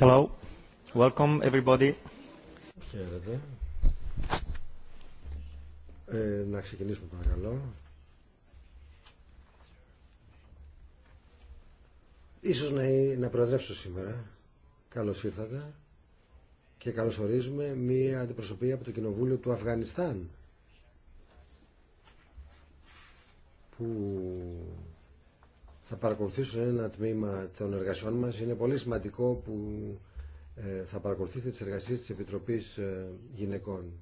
Hello. Welcome everybody. Χαίρετε. Ε, να ξεκινήσουμε παρακαλώ. Ίσως να, να προεδρεύσω σήμερα. Καλώς ήρθατε και καλωσορίζουμε μία αντιπροσωπεία από το Κοινοβούλιο του Αφγανιστάν που θα παρακολουθήσουν ένα τμήμα των εργασιών μας. Είναι πολύ σημαντικό που ε, θα παρακολουθήσετε τις εργασίες της Επιτροπής ε, Γυναικών.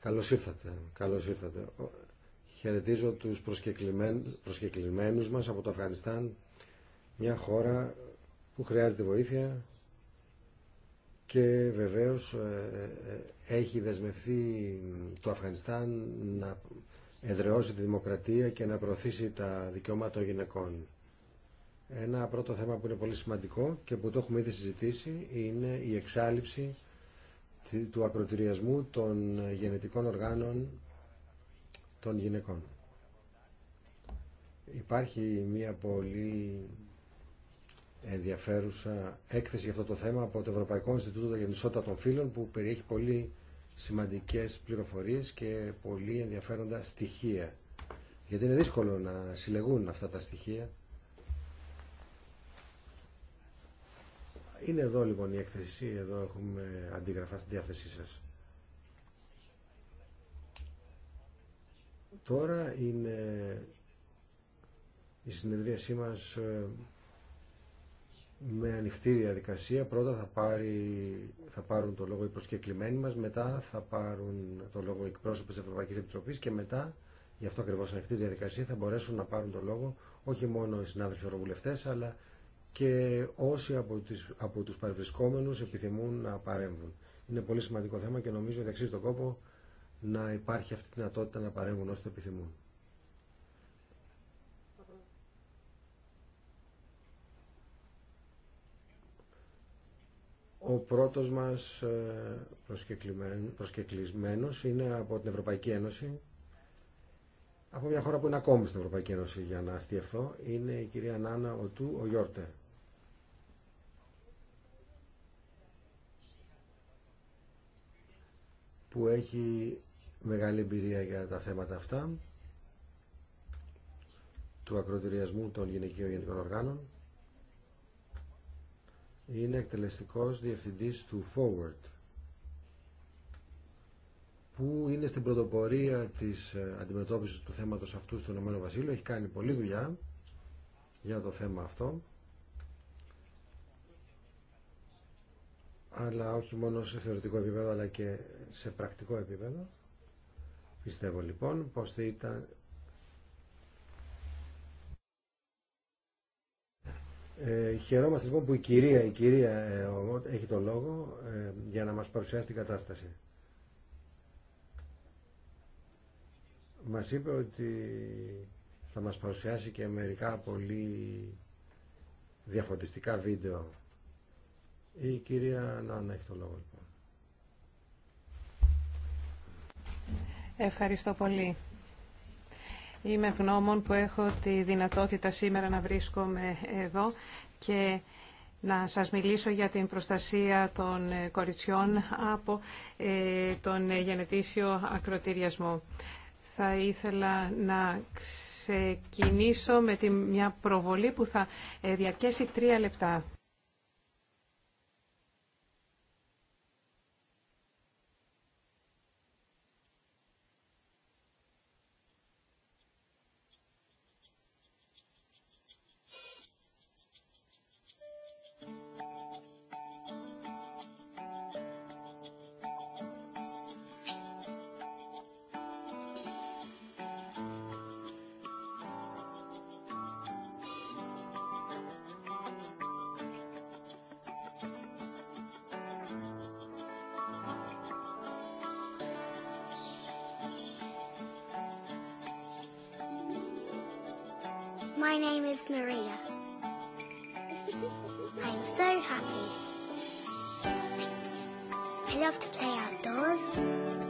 Καλώς ήρθατε. Καλώς ήρθατε. Χαιρετίζω τους προσκεκλημένους μας από το Αφγανιστάν, μια χώρα που χρειάζεται βοήθεια και βεβαίως ε, έχει δεσμευθεί το Αφγανιστάν να εδραιώσει τη δημοκρατία και να προωθήσει τα δικαιώματα των γυναικών. Ένα πρώτο θέμα που είναι πολύ σημαντικό και που το έχουμε ήδη συζητήσει είναι η εξάλληψη του ακροτηριασμού των γενετικών οργάνων των γυναικών. Υπάρχει μια πολύ ενδιαφέρουσα έκθεση για αυτό το θέμα από το Ευρωπαϊκό Ινστιτούτο για την Ισότητα των Φύλων που περιέχει πολύ σημαντικές πληροφορίες και πολύ ενδιαφέροντα στοιχεία. Γιατί είναι δύσκολο να συλλεγούν αυτά τα στοιχεία Είναι εδώ λοιπόν η έκθεση, εδώ έχουμε αντίγραφα στη διάθεσή σας. Τώρα είναι η συνεδρίασή μας ε, με ανοιχτή διαδικασία. Πρώτα θα, πάρει, θα πάρουν το λόγο οι προσκεκλημένοι μας, μετά θα πάρουν το λόγο οι εκπρόσωποι της Ευρωπαϊκής Επιτροπής και μετά, γι' αυτό ακριβώς ανοιχτή διαδικασία, θα μπορέσουν να πάρουν το λόγο όχι μόνο οι συνάδελφοι ευρωβουλευτές, αλλά και όσοι από, τις, από τους παρευρισκόμενους επιθυμούν να παρέμβουν. Είναι πολύ σημαντικό θέμα και νομίζω ότι αξίζει τον κόπο να υπάρχει αυτή η δυνατότητα να παρέμβουν όσοι το επιθυμούν. Ο πρώτος μας ε, προσκεκλισμένος είναι από την Ευρωπαϊκή Ένωση, από μια χώρα που είναι ακόμη στην Ευρωπαϊκή Ένωση για να αυτό, είναι η κυρία Νάνα Οτού Ογιόρτε. που έχει μεγάλη εμπειρία για τα θέματα αυτά του ακροτηριασμού των γυναικείων γενικών οργάνων είναι εκτελεστικός διευθυντής του Forward που είναι στην πρωτοπορία της ε, αντιμετώπισης του θέματος αυτού στον Ηνωμένο Βασίλειο έχει κάνει πολλή δουλειά για το θέμα αυτό αλλά όχι μόνο σε θεωρητικό επίπεδο αλλά και σε πρακτικό επίπεδο. Πιστεύω λοιπόν πως ήταν Ε, χαιρόμαστε λοιπόν που η κυρία, η κυρία ε, ο, έχει το λόγο ε, για να μας παρουσιάσει την κατάσταση. Μας είπε ότι θα μας παρουσιάσει και μερικά πολύ διαφωτιστικά βίντεο η κυρία Νάννα, έχει το λόγο λοιπόν. Ευχαριστώ πολύ. Είμαι ευγνώμων που έχω τη δυνατότητα σήμερα να βρίσκομαι εδώ και να σας μιλήσω για την προστασία των κοριτσιών από ε, τον γενετήσιο ακροτηριασμό. Θα ήθελα να ξεκινήσω με μια προβολή που θα ε, διαρκέσει τρία λεπτά. My name is Maria. I'm so happy. I love to play outdoors.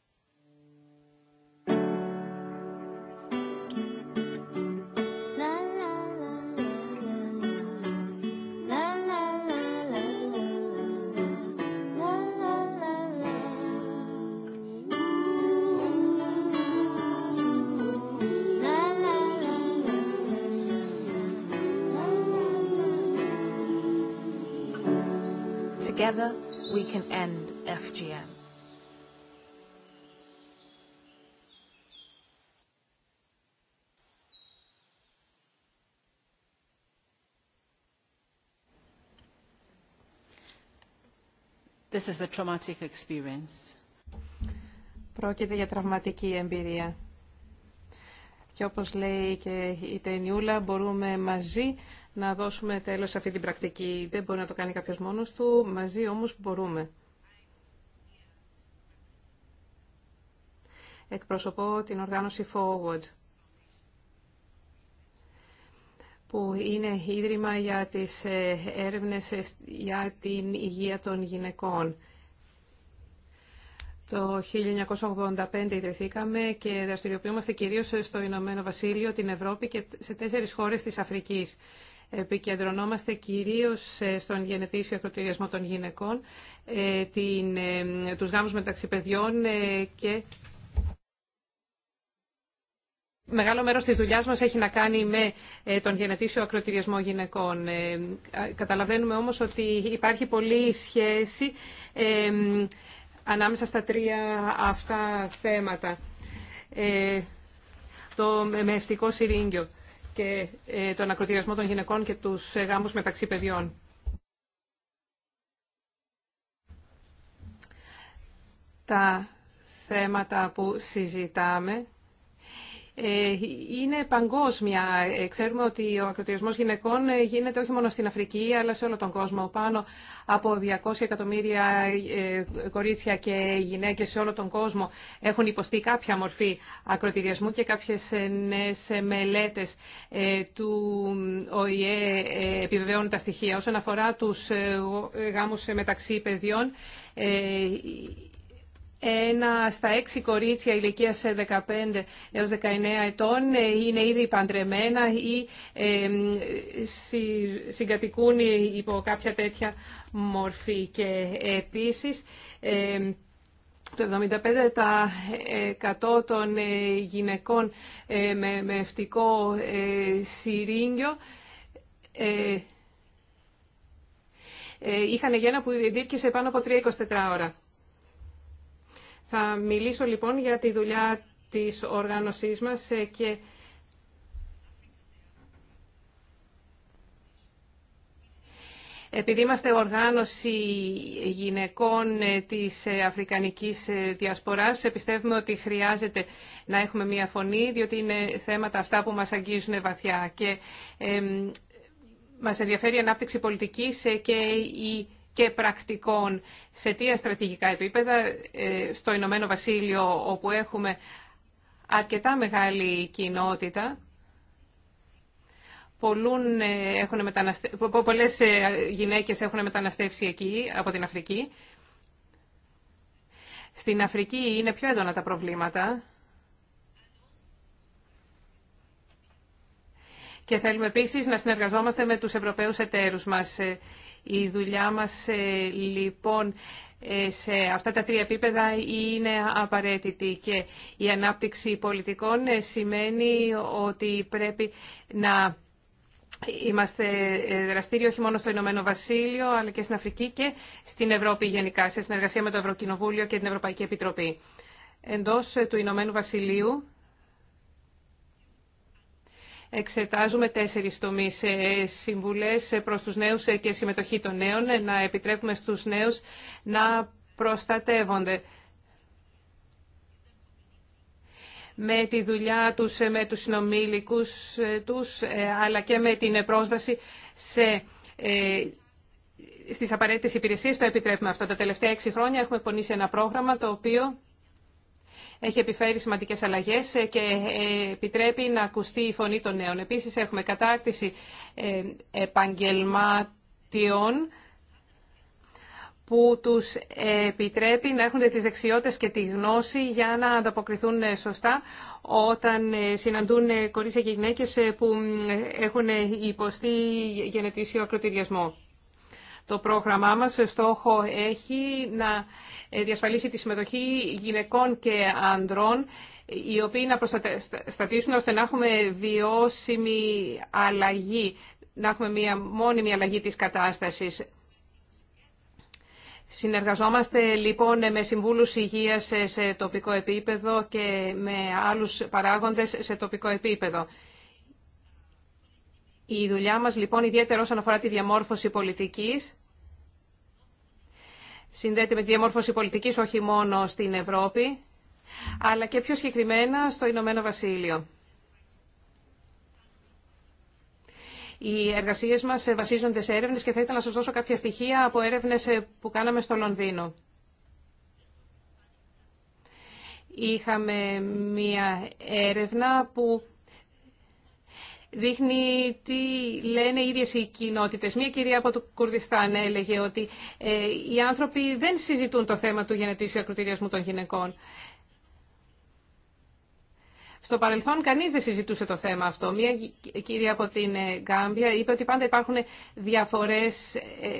we can end FGM. This is a traumatic experience. Πρόκειται για τραυματική εμπειρία. Και όπως λέει και η Τενιούλα, μπορούμε μαζί να δώσουμε τέλος σε αυτή την πρακτική. Δεν μπορεί να το κάνει κάποιος μόνος του, μαζί όμως μπορούμε. Εκπροσωπώ την οργάνωση Forward, που είναι ίδρυμα για τις ε, έρευνες ε, για την υγεία των γυναικών. Το 1985 ιδρυθήκαμε και δραστηριοποιούμαστε κυρίως στο Ηνωμένο Βασίλειο, την Ευρώπη και σε τέσσερις χώρες της Αφρικής επικεντρωνόμαστε κυρίως στον γενετήσιο ακροτηριασμό των γυναικών, την, τους γάμους μεταξύ παιδιών και... Μεγάλο μέρος της δουλειάς μας έχει να κάνει με τον γενετήσιο ακροτηριασμό γυναικών. Καταλαβαίνουμε όμως ότι υπάρχει πολλή σχέση ανάμεσα στα τρία αυτά θέματα. Το μευτικό συρίγγιο και ε, τον ακροτηριασμό των γυναικών και τους ε, γάμους μεταξύ παιδιών. Τα θέματα που συζητάμε ε, είναι παγκόσμια. Ε, ξέρουμε ότι ο ακροτηριασμός γυναικών ε, γίνεται όχι μόνο στην Αφρική, αλλά σε όλο τον κόσμο. Πάνω από 200 εκατομμύρια κορίτσια και γυναίκες σε όλο τον κόσμο έχουν υποστεί κάποια μορφή ακροτηριασμού και κάποιες νέες μελέτες του ΟΗΕ επιβεβαιώνουν τα στοιχεία. Όσον αφορά τους γάμους μεταξύ παιδιών, ένα στα έξι κορίτσια ηλικίας 15 έως 19 ετών είναι ήδη παντρεμένα ή συγκατοικούν υπό κάποια τέτοια μορφή. Και επίσης το 75% ε, των ε, γυναικών ε, με, με ε, είχαν γένα που διήρκησε πάνω από 3-24 ώρα. Θα μιλήσω λοιπόν για τη δουλειά της οργάνωσής μας ε, και Επειδή είμαστε οργάνωση γυναικών ε, της ε, Αφρικανικής Διασποράς, πιστεύουμε ότι χρειάζεται να έχουμε μία φωνή, διότι είναι θέματα αυτά που μας αγγίζουν βαθιά. Και ε, μας ενδιαφέρει η ανάπτυξη πολιτικής και η και πρακτικών σε τι στρατηγικά επίπεδα ε, στο Ηνωμένο Βασίλειο όπου έχουμε αρκετά μεγάλη κοινότητα. Πολλούν, ε, έχουν μεταναστε... Πολλές ε, γυναίκες έχουν μεταναστεύσει εκεί από την Αφρική. Στην Αφρική είναι πιο έντονα τα προβλήματα. Και θέλουμε επίσης να συνεργαζόμαστε με τους Ευρωπαίους εταίρους μας. Η δουλειά μας ε, λοιπόν ε, σε αυτά τα τρία επίπεδα είναι απαραίτητη και η ανάπτυξη πολιτικών ε, σημαίνει ότι πρέπει να Είμαστε δραστήριοι όχι μόνο στο Ηνωμένο Βασίλειο, αλλά και στην Αφρική και στην Ευρώπη γενικά, σε συνεργασία με το Ευρωκοινοβούλιο και την Ευρωπαϊκή Επιτροπή. Εντός του Ηνωμένου Βασιλείου Εξετάζουμε τέσσερις τομείς ε, συμβουλές ε, προς τους νέους ε, και συμμετοχή των νέων, να επιτρέπουμε στους νέους να προστατεύονται. με τη δουλειά τους, με τους συνομήλικους τους, αλλά και με την πρόσβαση σε, στις απαραίτητες υπηρεσίες. Το επιτρέπουμε αυτό. Τα τελευταία έξι χρόνια έχουμε πονήσει ένα πρόγραμμα το οποίο έχει επιφέρει σημαντικές αλλαγέ ε, και ε, επιτρέπει να ακουστεί η φωνή των νέων. Επίσης έχουμε κατάρτιση ε, επαγγελματιών που τους επιτρέπει να έχουν τις δεξιότητες και τη γνώση για να ανταποκριθούν σωστά όταν συναντούν κορίτσια και γυναίκες που έχουν υποστεί γενετήσιο ακροτηριασμό. Το πρόγραμμά μας στόχο έχει να διασφαλίσει τη συμμετοχή γυναικών και ανδρών οι οποίοι να προστατήσουν ώστε να έχουμε βιώσιμη αλλαγή, να έχουμε μία μόνιμη αλλαγή της κατάστασης. Συνεργαζόμαστε λοιπόν με συμβούλους υγείας σε τοπικό επίπεδο και με άλλους παράγοντες σε τοπικό επίπεδο. Η δουλειά μας λοιπόν, ιδιαίτερα όσον αφορά τη διαμόρφωση πολιτικής, συνδέεται με τη διαμόρφωση πολιτικής όχι μόνο στην Ευρώπη, αλλά και πιο συγκεκριμένα στο Ηνωμένο Βασίλειο. Οι εργασίε μα βασίζονται σε έρευνε και θα ήθελα να σα δώσω κάποια στοιχεία από έρευνε που κάναμε στο Λονδίνο. Είχαμε μία έρευνα που δείχνει τι λένε οι ίδιες οι κοινότητες. Μία κυρία από το Κουρδιστάν έλεγε ότι ε, οι άνθρωποι δεν συζητούν το θέμα του γενετήσιου ακροτηριασμού των γυναικών. Στο παρελθόν κανεί δεν συζητούσε το θέμα αυτό. Μία κυρία από την ε, Γκάμπια είπε ότι πάντα υπάρχουν διαφορέ ε,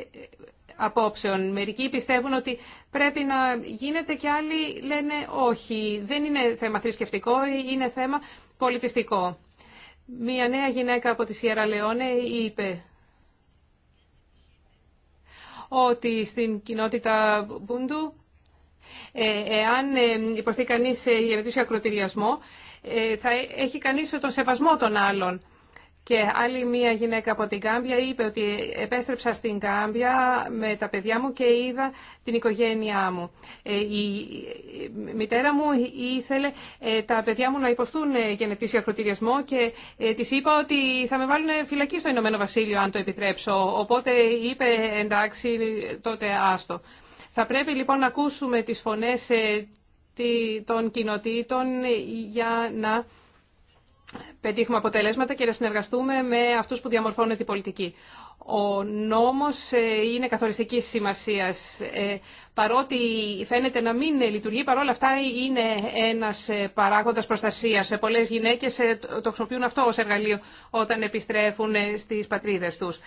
απόψεων. Μερικοί πιστεύουν ότι πρέπει να γίνεται και άλλοι λένε όχι. Δεν είναι θέμα θρησκευτικό, είναι θέμα πολιτιστικό. Μία νέα γυναίκα από τη Σιέρα Λεόνε είπε ότι στην κοινότητα Μπούντου, ε, εάν ε, υποστεί κανείς γενετήσιο ακροτηριασμό, ε, θα έχει κανείς τον σεβασμό των άλλων. Και άλλη μία γυναίκα από την Κάμπια είπε ότι επέστρεψα στην Κάμπια με τα παιδιά μου και είδα την οικογένειά μου. Ε, η μητέρα μου ήθελε ε, τα παιδιά μου να υποστούν ε, γενετήσιο ακροτηριασμό και της είπα ότι θα με βάλουν φυλακή στο Ηνωμένο Βασίλειο αν το επιτρέψω. Οπότε είπε εντάξει τότε άστο. Θα πρέπει λοιπόν να ακούσουμε τις φωνές των κοινοτήτων για να πετύχουμε αποτελέσματα και να συνεργαστούμε με αυτούς που διαμορφώνουν την πολιτική. Ο νόμος ε, είναι καθοριστικής σημασίας. Ε, παρότι φαίνεται να μην λειτουργεί, παρόλα αυτά είναι ένας ε, παράγοντας προστασίας. Πολλές γυναίκες το χρησιμοποιούν αυτό ως εργαλείο όταν επιστρέφουν στις πατρίδες τους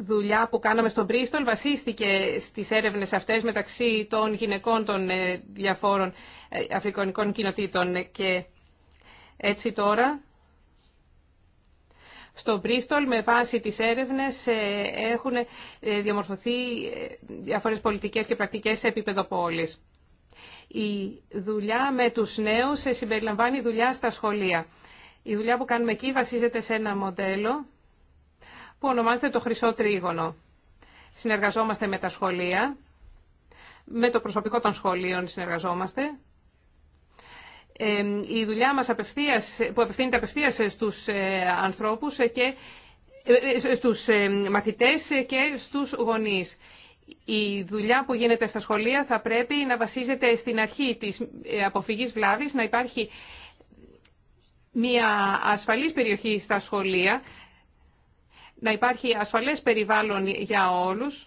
δουλειά που κάναμε στον Πρίστολ βασίστηκε στις έρευνες αυτές μεταξύ των γυναικών των ε, διαφόρων ε, αφρικανικών κοινοτήτων και έτσι τώρα στο Πρίστολ με βάση τις έρευνες ε, έχουν διαμορφωθεί διάφορες πολιτικές και πρακτικές σε επίπεδο πόλης. Η δουλειά με τους νέους συμπεριλαμβάνει δουλειά στα σχολεία. Η δουλειά που κάνουμε εκεί βασίζεται σε ένα μοντέλο που ονομάζεται το Χρυσό Τρίγωνο. Συνεργαζόμαστε με τα σχολεία, με το προσωπικό των σχολείων συνεργαζόμαστε. η δουλειά μας απευθείας, που απευθύνεται απευθείας στους ε, ανθρώπους και ε, ε, στους μαθητές και στους γονείς. Η δουλειά που γίνεται στα σχολεία θα πρέπει να βασίζεται στην αρχή της αποφυγής βλάβης, να υπάρχει μια ασφαλής περιοχή στα σχολεία, να υπάρχει ασφαλές περιβάλλον για όλους,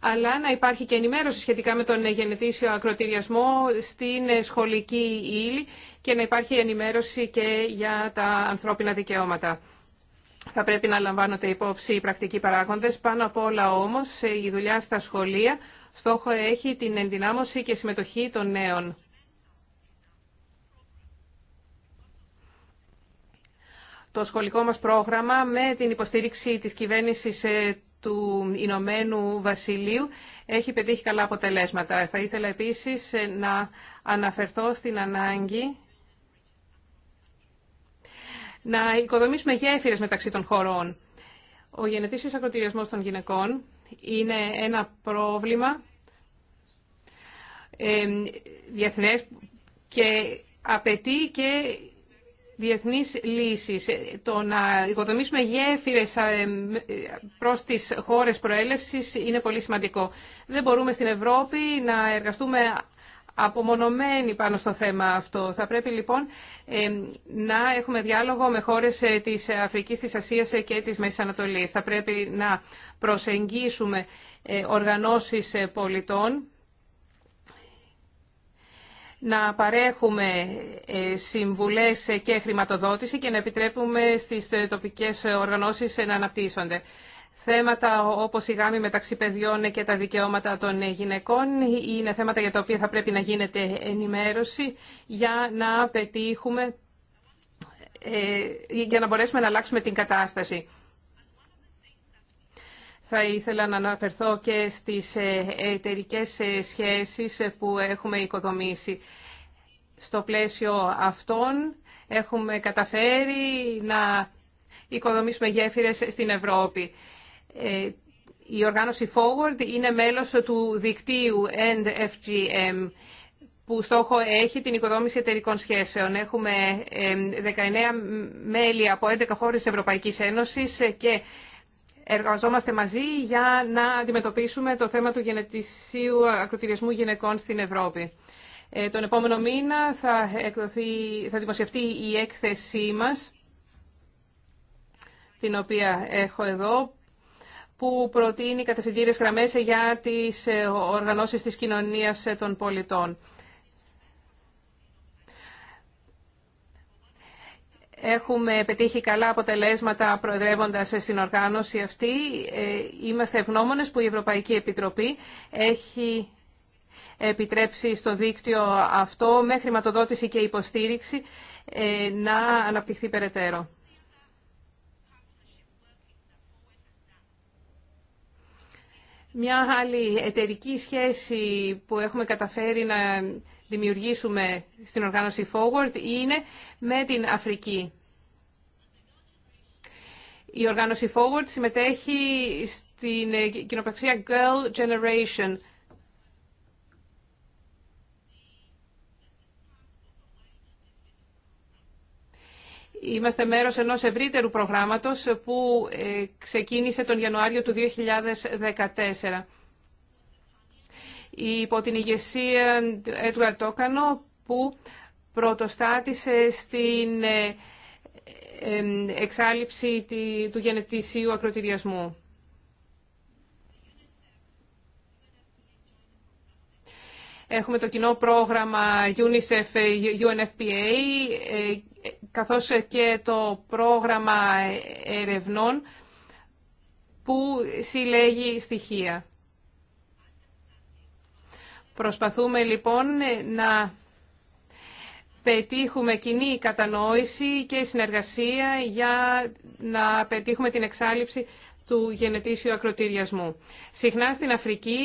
αλλά να υπάρχει και ενημέρωση σχετικά με τον γενετήσιο ακροτηριασμό στην σχολική ύλη και να υπάρχει ενημέρωση και για τα ανθρώπινα δικαιώματα. Θα πρέπει να λαμβάνονται υπόψη οι πρακτικοί παράγοντες. Πάνω απ' όλα όμως η δουλειά στα σχολεία στόχο έχει την ενδυνάμωση και συμμετοχή των νέων. το σχολικό μας πρόγραμμα με την υποστήριξη της κυβέρνησης ε, του Ηνωμένου Βασιλείου έχει πετύχει καλά αποτελέσματα. Θα ήθελα επίσης ε, να αναφερθώ στην ανάγκη να οικοδομήσουμε γέφυρες μεταξύ των χωρών. Ο γενετήσιος ακροτηριασμός των γυναικών είναι ένα πρόβλημα ε, διεθνές και απαιτεί και διεθνείς λύσεις, ε, το να οικοδομήσουμε γέφυρε ε, ε, προς τις χώρες προέλευσης είναι πολύ σημαντικό. Δεν μπορούμε στην Ευρώπη να εργαστούμε απομονωμένοι πάνω στο θέμα αυτό. Θα πρέπει λοιπόν να έχουμε διάλογο με χώρες της Αφρικής, της Ασίας και της Μέσης Ανατολής. Θα πρέπει να προσεγγίσουμε οργανώσεις πολιτών να παρέχουμε ε, συμβουλές και χρηματοδότηση και να επιτρέπουμε στις ε, τοπικές οργανώσεις ε, να αναπτύσσονται. Θέματα όπως η γάμη μεταξύ παιδιών και τα δικαιώματα των γυναικών είναι θέματα για τα οποία θα πρέπει να γίνεται ενημέρωση για να πετύχουμε, για να μπορέσουμε να αλλάξουμε την κατάσταση. Θα ήθελα να αναφερθώ και στις ε, εταιρικέ ε, σχέσεις ε, που έχουμε οικοδομήσει. Στο πλαίσιο αυτών έχουμε καταφέρει να οικοδομήσουμε γέφυρες στην Ευρώπη. Η οργάνωση Forward είναι μέλος του δικτύου End που στόχο έχει την οικοδόμηση εταιρικών σχέσεων. Έχουμε 19 μέλη από 11 χώρες της Ευρωπαϊκής Ένωσης και εργαζόμαστε μαζί για να αντιμετωπίσουμε το θέμα του γενετησίου ακροτηριασμού γυναικών στην Ευρώπη. Ε, τον επόμενο μήνα θα, εκδοθεί, θα δημοσιευτεί η έκθεσή μας, την οποία έχω εδώ, που προτείνει κατευθυντήριες γραμμές για τις ε, οργανώσεις της κοινωνίας ε, των πολιτών. Έχουμε πετύχει καλά αποτελέσματα προεδρεύοντας σε συνοργάνωση αυτή. Ε, είμαστε ευγνώμονες που η Ευρωπαϊκή Επιτροπή έχει επιτρέψει στο δίκτυο αυτό με χρηματοδότηση και υποστήριξη ε, να αναπτυχθεί περαιτέρω. Μια άλλη εταιρική σχέση που έχουμε καταφέρει να δημιουργήσουμε στην οργάνωση Forward είναι με την Αφρική. Η οργάνωση Forward συμμετέχει στην ε, κοινοπραξία Girl Generation. Είμαστε μέρος ενός ευρύτερου προγράμματος που ε, ξεκίνησε τον Ιανουάριο του 2014 υπό την ηγεσία του Αρτόκανο που πρωτοστάτησε στην ε, ε, εξάλληψη του γενετήσιου ακροτηριασμού. Έχουμε το κοινό πρόγραμμα UNICEF UNFPA ε, καθώς και το πρόγραμμα ερευνών που συλλέγει στοιχεία. Προσπαθούμε λοιπόν να πετύχουμε κοινή κατανόηση και συνεργασία για να πετύχουμε την εξάλληψη του γενετήσιου ακροτηριασμού. Συχνά στην Αφρική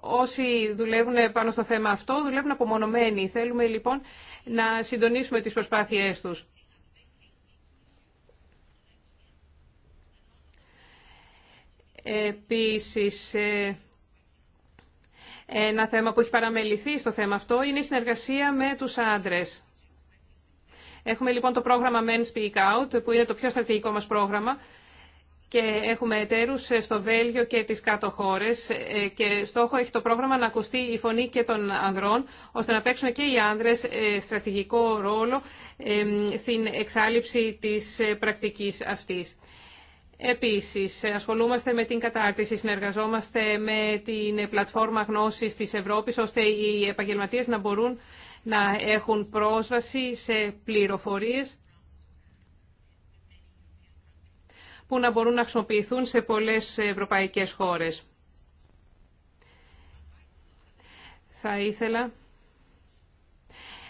όσοι δουλεύουν πάνω στο θέμα αυτό δουλεύουν απομονωμένοι. Θέλουμε λοιπόν να συντονίσουμε τις προσπάθειές τους. Επίσης, ε, ένα θέμα που έχει παραμεληθεί στο θέμα αυτό είναι η συνεργασία με τους άντρες. Έχουμε λοιπόν το πρόγραμμα Men Speak Out, που είναι το πιο στρατηγικό μας πρόγραμμα, και έχουμε εταίρους στο Βέλγιο και τις κάτω χώρες ε, και στόχο έχει το πρόγραμμα να ακουστεί η φωνή και των ανδρών ώστε να παίξουν και οι άνδρες ε, στρατηγικό ρόλο ε, στην εξάλληψη της πρακτικής αυτής. Επίσης, ασχολούμαστε με την κατάρτιση, συνεργαζόμαστε με την πλατφόρμα γνώσης της Ευρώπης, ώστε οι επαγγελματίες να μπορούν να έχουν πρόσβαση σε πληροφορίες που να μπορούν να χρησιμοποιηθούν σε πολλές ευρωπαϊκές χώρες. Θα ήθελα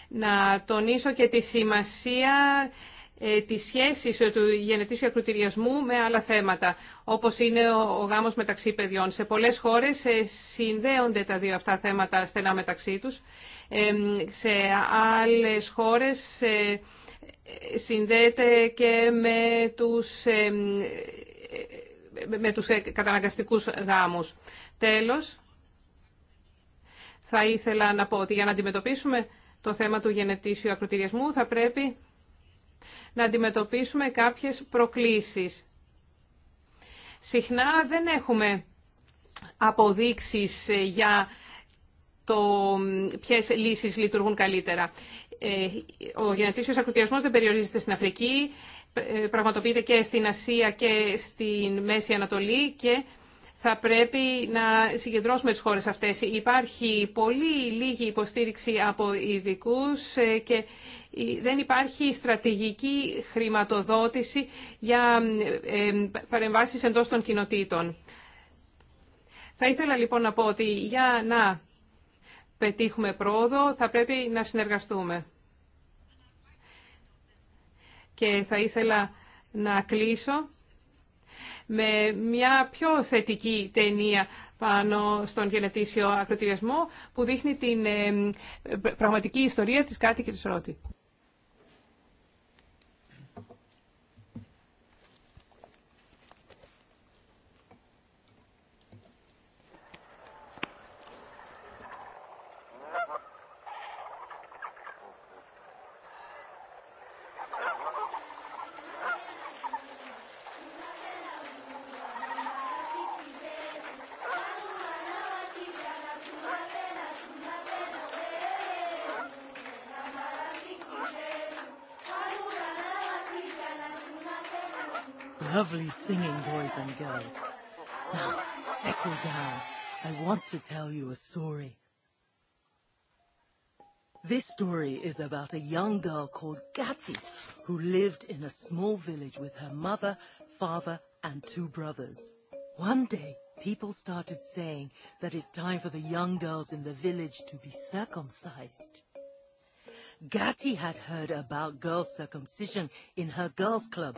να τονίσω και τη σημασία ε, Τη σχέση ε, του γενετήσιου ακροτηριασμού με άλλα θέματα, όπως είναι ο γάμος μεταξύ παιδιών. Σε πολλές χώρες ε, συνδέονται τα δύο αυτά θέματα στενά μεταξύ τους. Σε άλλες χώρες συνδέεται και με τους, με τους καταναγκαστικούς γάμους. Τέλος, θα ήθελα να πω ότι για να αντιμετωπίσουμε το θέμα του γενετήσιου ακροτηριασμού θα πρέπει να αντιμετωπίσουμε κάποιες προκλήσεις. Συχνά δεν έχουμε αποδείξεις ε, για το ποιες λύσεις λειτουργούν καλύτερα. Ε, ο γενετήσιος ακροτηριασμός δεν περιορίζεται στην Αφρική, ε, πραγματοποιείται και στην Ασία και στην Μέση Ανατολή και θα πρέπει να συγκεντρώσουμε τις χώρες αυτές. Υπάρχει πολύ λίγη υποστήριξη από ειδικού ε, και δεν υπάρχει στρατηγική χρηματοδότηση για ε, ε, παρεμβάσεις εντός των κοινοτήτων. Θα ήθελα λοιπόν να πω ότι για να πετύχουμε πρόοδο θα πρέπει να συνεργαστούμε. Και θα ήθελα να κλείσω με μια πιο θετική ταινία πάνω στον γενετήσιο ακροτηριασμό που δείχνει την ε, πραγματική ιστορία της Κάτι και Ρώτη. down. I want to tell you a story. This story is about a young girl called Gatti who lived in a small village with her mother, father, and two brothers. One day, people started saying that it's time for the young girls in the village to be circumcised. Gatti had heard about girl circumcision in her girls' club,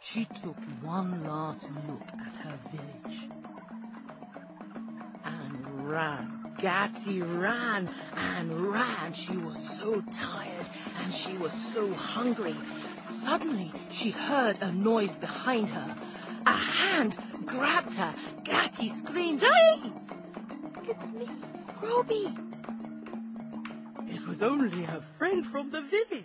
she took one last look at her village and ran. Gatsy ran and ran. She was so tired and she was so hungry. Suddenly she heard a noise behind her. A hand grabbed her. Gatty screamed, Hey! It's me, Robbie. It was only her friend from the village.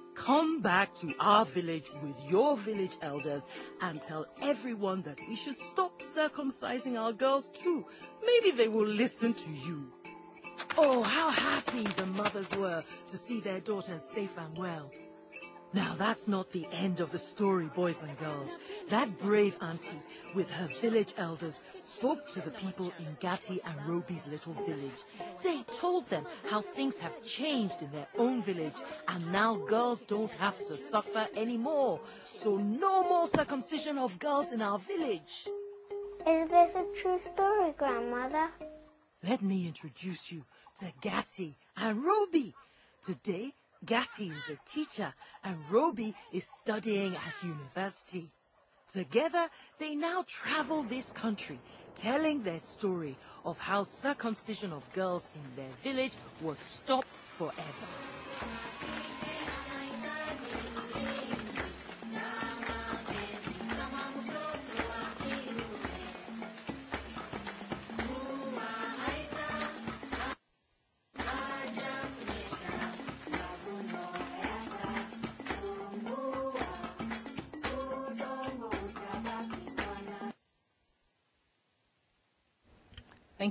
come back to our village with your village elders and tell everyone that we should stop circumcising our girls too. Maybe they will listen to you. Oh, how happy the mothers were to see their daughters safe and well. Now that's not the end of the story, boys and girls. That brave auntie, with her village elders, spoke to the people in Gatti and Roby's little village. They told them how things have changed in their own village, and now girls don't have to suffer anymore. So no more circumcision of girls in our village. Is this a true story, Grandmother? Let me introduce you to Gatti and Roby. Today, Gatti is a teacher and Roby is studying at university. Together, they now travel this country, telling their story of how circumcision of girls in their village was stopped forever.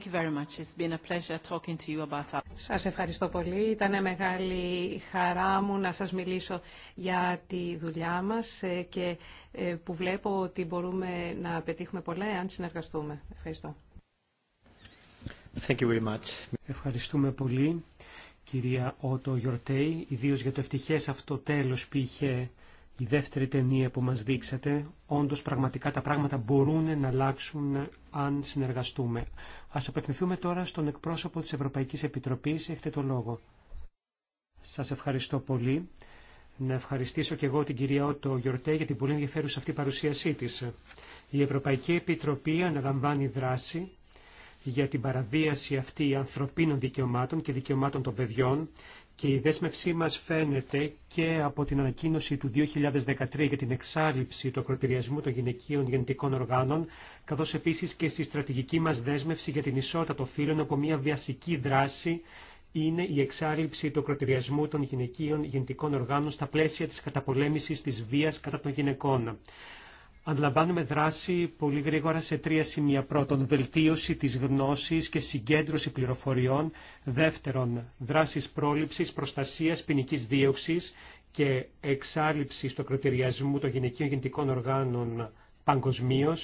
Thank you very much. It's been a pleasure talking to you about Σας ευχαριστώ πολύ. Ήταν μεγάλη χαρά μου να σας μιλήσω για τη δουλειά μας ε, και ε, που βλέπω ότι μπορούμε να πετύχουμε πολλά εάν συνεργαστούμε. Ευχαριστώ. Thank you very much. Ευχαριστούμε πολύ, κυρία Ότο Γιορτέη, ιδίως για το ευτυχές αυτό τέλος που είχε η δεύτερη ταινία που μας δείξατε, όντως πραγματικά τα πράγματα μπορούν να αλλάξουν αν συνεργαστούμε. Ας απευθυνθούμε τώρα στον εκπρόσωπο της Ευρωπαϊκής Επιτροπής. Έχετε το λόγο. Σας ευχαριστώ πολύ. Να ευχαριστήσω και εγώ την κυρία Ότο Γιορτέ για την πολύ ενδιαφέρουσα αυτή παρουσίασή της. Η Ευρωπαϊκή Επιτροπή αναλαμβάνει δράση για την παραβίαση αυτή ανθρωπίνων δικαιωμάτων και δικαιωμάτων των παιδιών και η δέσμευσή μας φαίνεται και από την ανακοίνωση του 2013 για την εξάλληψη του ακροτηριασμού των γυναικείων γεννητικών οργάνων, καθώς επίσης και στη στρατηγική μας δέσμευση για την ισότητα των φύλων από μια βιασική δράση είναι η εξάλληψη του ακροτηριασμού των γυναικείων γεννητικών οργάνων στα πλαίσια της καταπολέμησης της βίας κατά των γυναικών. Αντιλαμβάνουμε δράση πολύ γρήγορα σε τρία σημεία. Πρώτον, βελτίωση της γνώσης και συγκέντρωση πληροφοριών. Δεύτερον, δράσεις πρόληψης, προστασίας, ποινική δίωξη και εξάλληψη του ακροτηριασμού των γυναικείων γεννητικών οργάνων παγκοσμίω.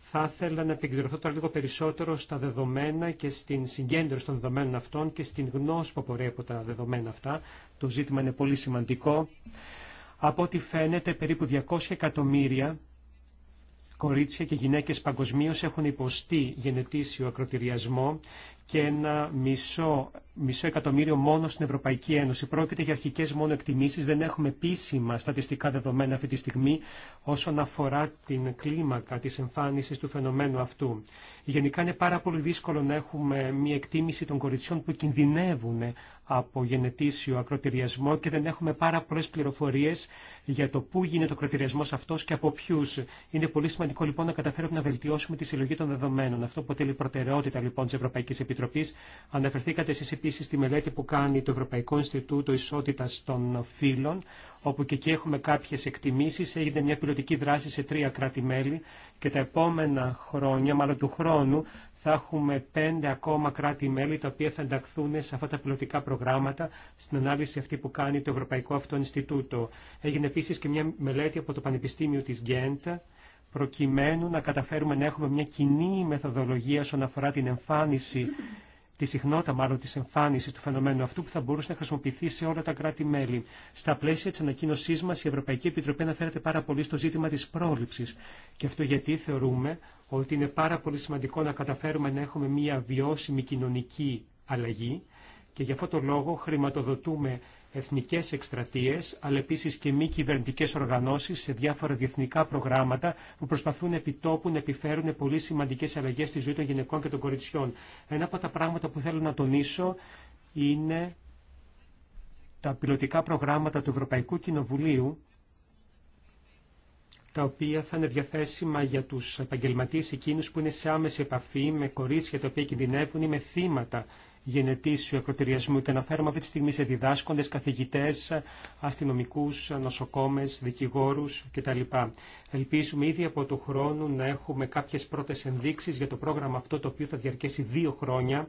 Θα ήθελα να επικεντρωθώ τώρα λίγο περισσότερο στα δεδομένα και στην συγκέντρωση των δεδομένων αυτών και στην γνώση που απορρέει από τα δεδομένα αυτά. Το ζήτημα είναι πολύ σημαντικό. Από ό,τι φαίνεται, περίπου 200 εκατομμύρια κορίτσια και γυναίκες παγκοσμίω έχουν υποστεί γενετήσιο ακροτηριασμό και ένα μισό, μισό εκατομμύριο μόνο στην Ευρωπαϊκή Ένωση. Πρόκειται για αρχικές μόνο εκτιμήσεις, δεν έχουμε επίσημα στατιστικά δεδομένα αυτή τη στιγμή όσον αφορά την κλίμακα της εμφάνισης του φαινομένου αυτού. Γενικά είναι πάρα πολύ δύσκολο να έχουμε μια εκτίμηση των κοριτσιών που κινδυνεύουν από γενετήσιο ακροτηριασμό και δεν έχουμε πάρα πολλέ πληροφορίε για το πού γίνεται ο ακροτηριασμό αυτό και από ποιου. Είναι πολύ σημαντικό λοιπόν να καταφέρουμε να βελτιώσουμε τη συλλογή των δεδομένων. Αυτό αποτελεί προτεραιότητα λοιπόν τη Ευρωπαϊκή Επιτροπή. Αναφερθήκατε εσεί επίση στη μελέτη που κάνει το Ευρωπαϊκό Ινστιτούτο Ισότητας των Φύλων, όπου και εκεί έχουμε κάποιε εκτιμήσει. Έγινε μια πιλωτική δράση σε τρία κράτη-μέλη και τα επόμενα χρόνια, μάλλον του χρόνου, θα έχουμε πέντε ακόμα κράτη-μέλη τα οποία θα ενταχθούν σε αυτά τα πιλωτικά προγράμματα στην ανάλυση αυτή που κάνει το Ευρωπαϊκό Αυτό Ινστιτούτο. Έγινε επίση και μια μελέτη από το Πανεπιστήμιο τη Γκέντα προκειμένου να καταφέρουμε να έχουμε μια κοινή μεθοδολογία όσον αφορά την εμφάνιση, τη συχνότητα μάλλον τη εμφάνιση του φαινομένου αυτού που θα μπορούσε να χρησιμοποιηθεί σε όλα τα κράτη-μέλη. Στα πλαίσια τη ανακοίνωσή μα, η Ευρωπαϊκή Επιτροπή αναφέρεται πάρα πολύ στο ζήτημα τη πρόληψη. Και αυτό γιατί θεωρούμε ότι είναι πάρα πολύ σημαντικό να καταφέρουμε να έχουμε μια βιώσιμη κοινωνική αλλαγή και γι' αυτό το λόγο χρηματοδοτούμε εθνικές εκστρατείες, αλλά επίσης και μη κυβερνητικές οργανώσεις σε διάφορα διεθνικά προγράμματα που προσπαθούν επιτόπου να επιφέρουν πολύ σημαντικές αλλαγές στη ζωή των γυναικών και των κοριτσιών. Ένα από τα πράγματα που θέλω να τονίσω είναι τα πιλωτικά προγράμματα του Ευρωπαϊκού Κοινοβουλίου τα οποία θα είναι διαθέσιμα για τους επαγγελματίες εκείνους που είναι σε άμεση επαφή με κορίτσια τα οποία κινδυνεύουν ή με θύματα γενετήσιου ακροτηριασμού και αναφέρομαι αυτή τη στιγμή σε διδάσκοντες, καθηγητές, αστυνομικούς, νοσοκόμες, δικηγόρους κτλ. Ελπίζουμε ήδη από το χρόνο να έχουμε κάποιες πρώτες ενδείξεις για το πρόγραμμα αυτό το οποίο θα διαρκέσει δύο χρόνια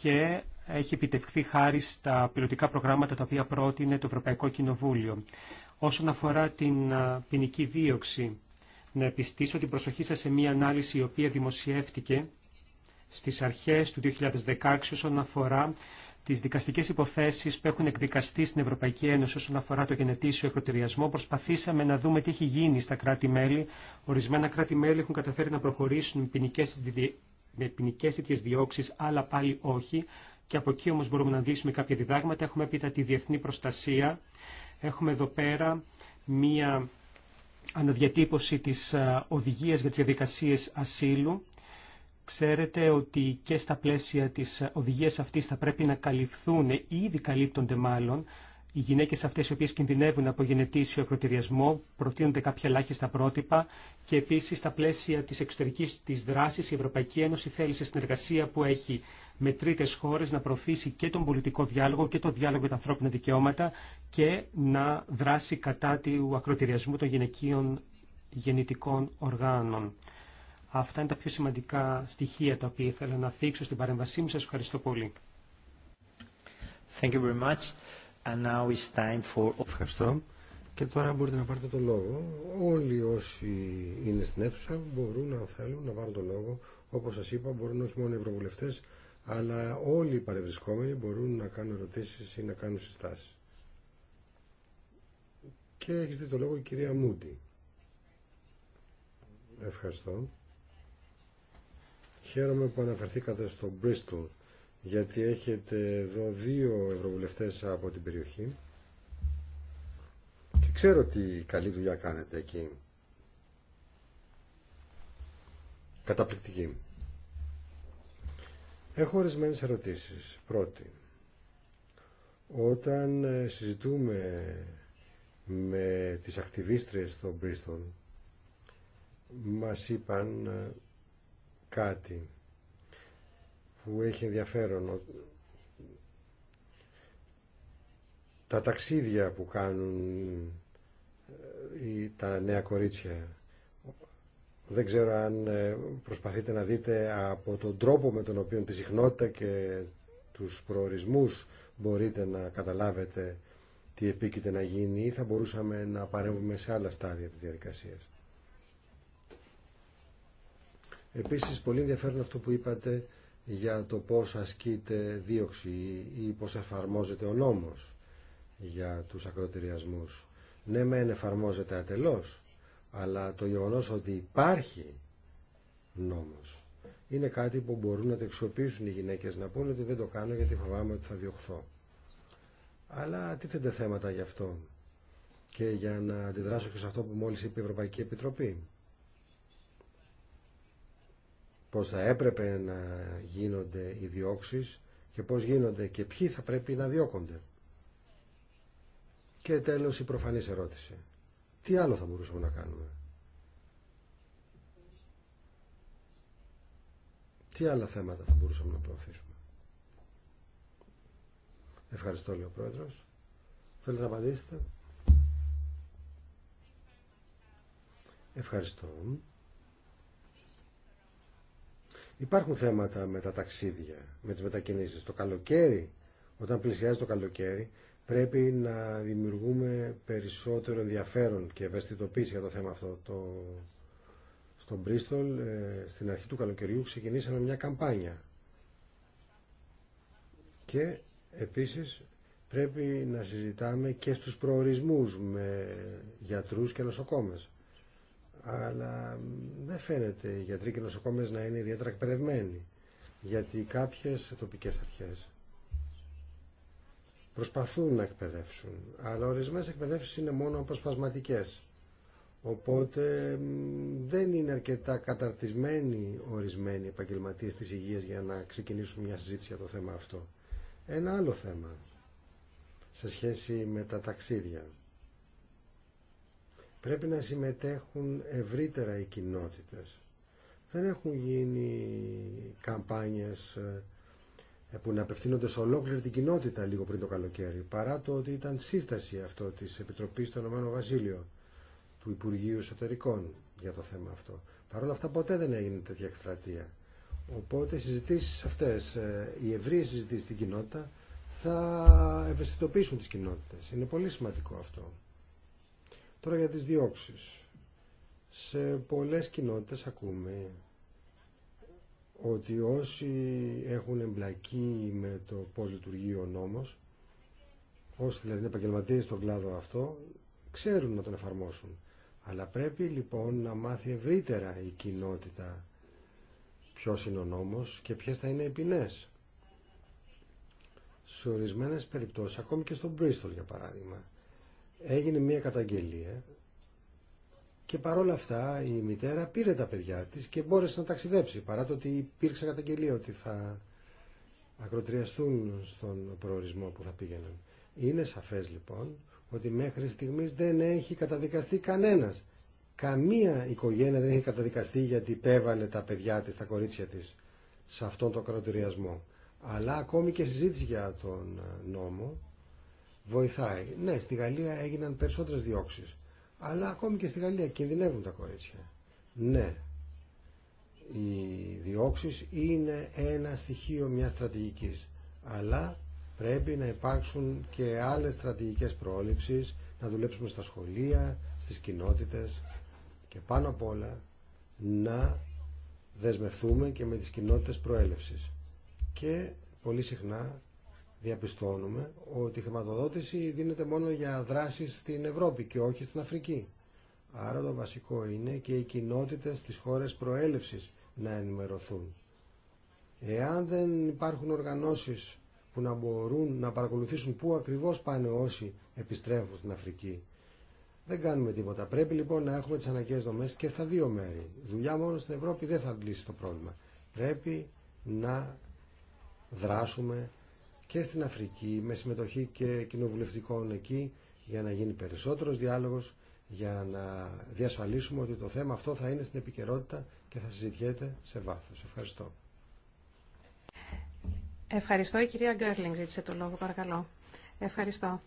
και έχει επιτευχθεί χάρη στα πιλωτικά προγράμματα τα οποία πρότεινε το Ευρωπαϊκό Κοινοβούλιο. Όσον αφορά την ποινική δίωξη, να επιστήσω την προσοχή σας σε μία ανάλυση η οποία δημοσιεύτηκε στις αρχές του 2016 όσον αφορά τι δικαστικές υποθέσεις που έχουν εκδικαστεί στην Ευρωπαϊκή Ένωση όσον αφορά το γενετήσιο εκροτηριασμό, προσπαθήσαμε να δούμε τι έχει γίνει στα κράτη-μέλη. Ορισμένα κράτη-μέλη έχουν καταφέρει να προχωρήσουν με ποινικέ τέτοιε διώξεις άλλα πάλι όχι. Και από εκεί όμω μπορούμε να δείσουμε κάποια διδάγματα. Έχουμε έπειτα τη διεθνή προστασία. Έχουμε εδώ πέρα μία αναδιατύπωση της ε, οδηγίας για τις διαδικασίες ασύλου Ξέρετε ότι και στα πλαίσια της οδηγίας αυτής θα πρέπει να καλυφθούν, ήδη καλύπτονται μάλλον, οι γυναίκες αυτές οι οποίες κινδυνεύουν από γενετήσιο ακροτηριασμό, προτείνονται κάποια ελάχιστα πρότυπα και επίσης στα πλαίσια της εξωτερικής της δράσης η Ευρωπαϊκή Ένωση θέλει σε συνεργασία που έχει με τρίτες χώρες να προωθήσει και τον πολιτικό διάλογο και το διάλογο για τα ανθρώπινα δικαιώματα και να δράσει κατά του ακροτηριασμού των γυναικείων γεννητικών οργάνων. Αυτά είναι τα πιο σημαντικά στοιχεία τα οποία ήθελα να θίξω στην παρέμβασή μου. Σας ευχαριστώ πολύ. Thank you very much. And now it's time for... Ευχαριστώ. Και τώρα μπορείτε να πάρετε το λόγο. Όλοι όσοι είναι στην αίθουσα μπορούν, να θέλουν, να πάρουν το λόγο. Όπως σας είπα, μπορούν όχι μόνο οι ευρωβουλευτές, αλλά όλοι οι παρευρισκόμενοι μπορούν να κάνουν ερωτήσεις ή να κάνουν συστάσεις. Και έχει δει το λόγο η κυρία Μούντι. Ευχαριστώ. Χαίρομαι που αναφερθήκατε στο Bristol, γιατί έχετε εδώ δύο ευρωβουλευτές από την περιοχή και ξέρω τι καλή δουλειά κάνετε εκεί. Καταπληκτική. Έχω ορισμένε ερωτήσεις. Πρώτη, όταν ε, συζητούμε με τις ακτιβίστρες στο Bristol, μας είπαν ε, κάτι που έχει ενδιαφέρον. Τα ταξίδια που κάνουν ε, τα νέα κορίτσια. Δεν ξέρω αν ε, προσπαθείτε να δείτε από τον τρόπο με τον οποίο τη συχνότητα και τους προορισμούς μπορείτε να καταλάβετε τι επίκειται να γίνει ή θα μπορούσαμε να παρέμβουμε σε άλλα στάδια της διαδικασίας. Επίσης, πολύ ενδιαφέρον αυτό που είπατε για το πώς ασκείται δίωξη ή πώς εφαρμόζεται ο νόμος για τους ακροτηριασμούς. Ναι, μεν εφαρμόζεται ατελώς, αλλά το γεγονός ότι υπάρχει νόμος είναι κάτι που μπορούν να το οι γυναίκες να πούν ότι δεν το κάνω γιατί φοβάμαι ότι θα διωχθώ. Αλλά θέτε θέματα γι' αυτό και για να αντιδράσω και σε αυτό που μόλις είπε η Ευρωπαϊκή Επιτροπή πώς θα έπρεπε να γίνονται οι διώξεις και πώς γίνονται και ποιοι θα πρέπει να διώκονται. Και τέλος η προφανής ερώτηση. Τι άλλο θα μπορούσαμε να κάνουμε. Τι άλλα θέματα θα μπορούσαμε να προωθήσουμε. Ευχαριστώ, λέει Πρόεδρος. Θέλετε να απαντήσετε. Ευχαριστώ. Υπάρχουν θέματα με τα ταξίδια, με τις μετακινήσεις. Το καλοκαίρι, όταν πλησιάζει το καλοκαίρι, πρέπει να δημιουργούμε περισσότερο ενδιαφέρον και ευαισθητοποίηση για το θέμα αυτό. Το... Στον Πρίστολ, ε, στην αρχή του καλοκαιριού, ξεκινήσαμε μια καμπάνια. Και επίσης πρέπει να συζητάμε και στους προορισμούς με γιατρούς και νοσοκόμες αλλά δεν φαίνεται οι γιατροί και νοσοκόμες να είναι ιδιαίτερα εκπαιδευμένοι γιατί κάποιες τοπικές αρχές προσπαθούν να εκπαιδεύσουν αλλά ορισμένες εκπαιδεύσεις είναι μόνο αποσπασματικές οπότε δεν είναι αρκετά καταρτισμένοι ορισμένοι επαγγελματίες της υγείας για να ξεκινήσουν μια συζήτηση για το θέμα αυτό ένα άλλο θέμα σε σχέση με τα ταξίδια Πρέπει να συμμετέχουν ευρύτερα οι κοινότητες. Δεν έχουν γίνει καμπάνιες ε, που να απευθύνονται σε ολόκληρη την κοινότητα λίγο πριν το καλοκαίρι, παρά το ότι ήταν σύσταση αυτό της Επιτροπής του Ηνωμένο Βασίλειο του Υπουργείου Εσωτερικών για το θέμα αυτό. Παρ' όλα αυτά ποτέ δεν έγινε τέτοια εκστρατεία. Οπότε οι συζητήσεις αυτές, ε, οι συζητήσεις στην κοινότητα θα ευαισθητοποιήσουν τις κοινότητες. Είναι πολύ σημαντικό αυτό. Τώρα για τις διώξεις. Σε πολλές κοινότητες ακούμε ότι όσοι έχουν εμπλακεί με το πώς λειτουργεί ο νόμος, όσοι δηλαδή είναι επαγγελματίε στον κλάδο αυτό, ξέρουν να τον εφαρμόσουν. Αλλά πρέπει λοιπόν να μάθει ευρύτερα η κοινότητα ποιος είναι ο νόμος και ποιες θα είναι οι ποινές. Σε ορισμένες περιπτώσεις, ακόμη και στον Bristol για παράδειγμα, έγινε μια καταγγελία και παρόλα αυτά η μητέρα πήρε τα παιδιά της και μπόρεσε να ταξιδέψει παρά το ότι υπήρξε καταγγελία ότι θα ακροτριαστούν στον προορισμό που θα πήγαιναν. Είναι σαφές λοιπόν ότι μέχρι στιγμής δεν έχει καταδικαστεί κανένας. Καμία οικογένεια δεν έχει καταδικαστεί γιατί υπέβαλε τα παιδιά της, τα κορίτσια της σε αυτόν τον ακροτηριασμό. Αλλά ακόμη και συζήτηση για τον νόμο βοηθάει. Ναι, στη Γαλλία έγιναν περισσότερες διώξεις. Αλλά ακόμη και στη Γαλλία κινδυνεύουν τα κορίτσια. Ναι, οι διώξει είναι ένα στοιχείο μιας στρατηγικής. Αλλά πρέπει να υπάρξουν και άλλες στρατηγικές πρόληψεις, να δουλέψουμε στα σχολεία, στις κοινότητες και πάνω απ' όλα να δεσμευτούμε και με τις κοινότητες προέλευσης. Και πολύ συχνά διαπιστώνουμε ότι η χρηματοδότηση δίνεται μόνο για δράσεις στην Ευρώπη και όχι στην Αφρική. Άρα το βασικό είναι και οι κοινότητες στις χώρες προέλευσης να ενημερωθούν. Εάν δεν υπάρχουν οργανώσεις που να μπορούν να παρακολουθήσουν πού ακριβώς πάνε όσοι επιστρέφουν στην Αφρική, δεν κάνουμε τίποτα. Πρέπει λοιπόν να έχουμε τις αναγκαίες δομές και στα δύο μέρη. δουλειά μόνο στην Ευρώπη δεν θα λύσει το πρόβλημα. Πρέπει να δράσουμε και στην Αφρική με συμμετοχή και κοινοβουλευτικών εκεί για να γίνει περισσότερος διάλογος για να διασφαλίσουμε ότι το θέμα αυτό θα είναι στην επικαιρότητα και θα συζητιέται σε βάθος. Ευχαριστώ. Ευχαριστώ. Η κυρία Γκέρλινγκ ζήτησε το λόγο, παρακαλώ. Ευχαριστώ.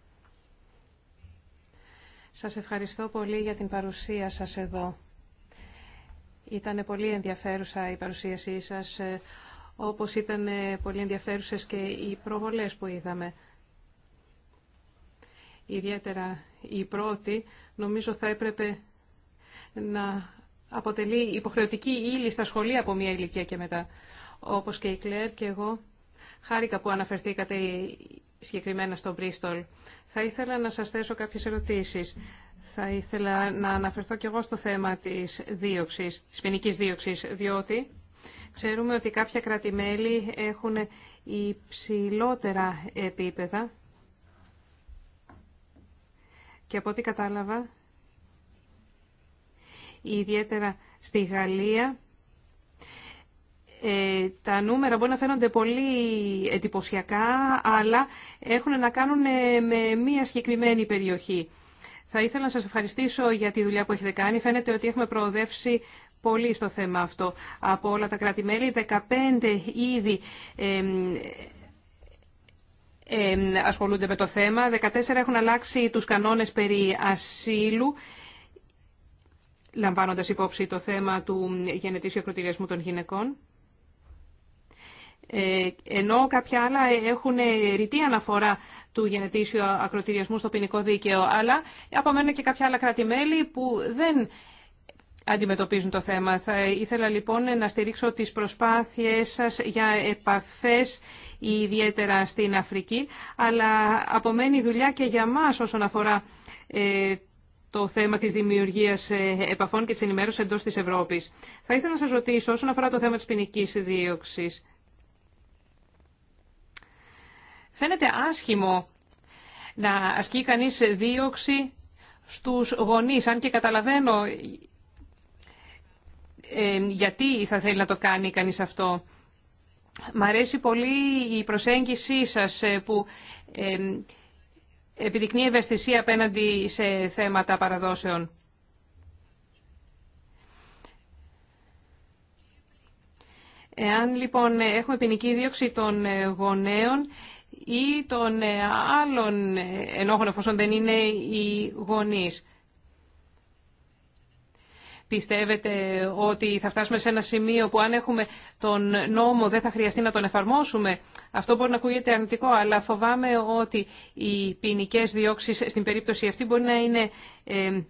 Σας ευχαριστώ πολύ για την παρουσία σας εδώ. Ήταν πολύ ενδιαφέρουσα η παρουσίασή σας όπως ήταν ε, πολύ ενδιαφέρουσες και οι προβολές που είδαμε. Ιδιαίτερα η πρώτη, νομίζω θα έπρεπε να αποτελεί υποχρεωτική ύλη στα σχολεία από μια ηλικία και μετά. Όπως και η Κλέρ και εγώ, χάρηκα που αναφερθήκατε συγκεκριμένα στο Μπρίστολ. Θα ήθελα να σας θέσω κάποιες ερωτήσεις. Θα ήθελα να αναφερθώ και εγώ στο θέμα της δίωξης, της ποινικής δίωξης, διότι Ξέρουμε ότι κάποια κρατημέλη έχουν υψηλότερα επίπεδα και από ό,τι κατάλαβα, ιδιαίτερα στη Γαλλία, ε, τα νούμερα μπορεί να φαίνονται πολύ εντυπωσιακά, αλλά έχουν να κάνουν ε, με μία συγκεκριμένη περιοχή. Θα ήθελα να σας ευχαριστήσω για τη δουλειά που έχετε κάνει. Φαίνεται ότι έχουμε προοδεύσει πολύ στο θέμα αυτό. Από όλα τα κράτη-μέλη, 15 ήδη ασχολούνται με το θέμα. 14 έχουν αλλάξει τους κανόνες περί ασύλου, λαμβάνοντας υπόψη το θέμα του γενετήσιου ακροτηριασμού των γυναικών. Ε, ενώ κάποια άλλα έχουν ρητή αναφορά του γενετήσιου ακροτηριασμού στο ποινικό δίκαιο, αλλά απομένουν και κάποια άλλα κράτη-μέλη που δεν αντιμετωπίζουν το θέμα. Θα ήθελα λοιπόν να στηρίξω τις προσπάθειές σας για επαφές ιδιαίτερα στην Αφρική, αλλά απομένει δουλειά και για μας όσον αφορά ε, το θέμα της δημιουργίας ε, επαφών και της ενημέρωσης εντός της Ευρώπης. Θα ήθελα να σας ρωτήσω όσον αφορά το θέμα της ποινική δίωξη. Φαίνεται άσχημο να ασκεί κανείς δίωξη στους γονείς, αν και καταλαβαίνω γιατί θα θέλει να το κάνει κανείς αυτό. Μ' αρέσει πολύ η προσέγγιση σας ε, που επιδεικνύει ευαισθησία απέναντι σε θέματα παραδόσεων. Εάν λοιπόν έχουμε ποινική δίωξη των ε, γονέων ή των ε, άλλων ενόχων εφόσον δεν είναι οι γονείς. Πιστεύετε ότι θα φτάσουμε σε ένα σημείο που αν έχουμε τον νόμο δεν θα χρειαστεί να τον εφαρμόσουμε. Αυτό μπορεί να ακούγεται αρνητικό, αλλά φοβάμαι ότι οι ποινικέ διώξει στην περίπτωση αυτή μπορεί να είναι. Ε,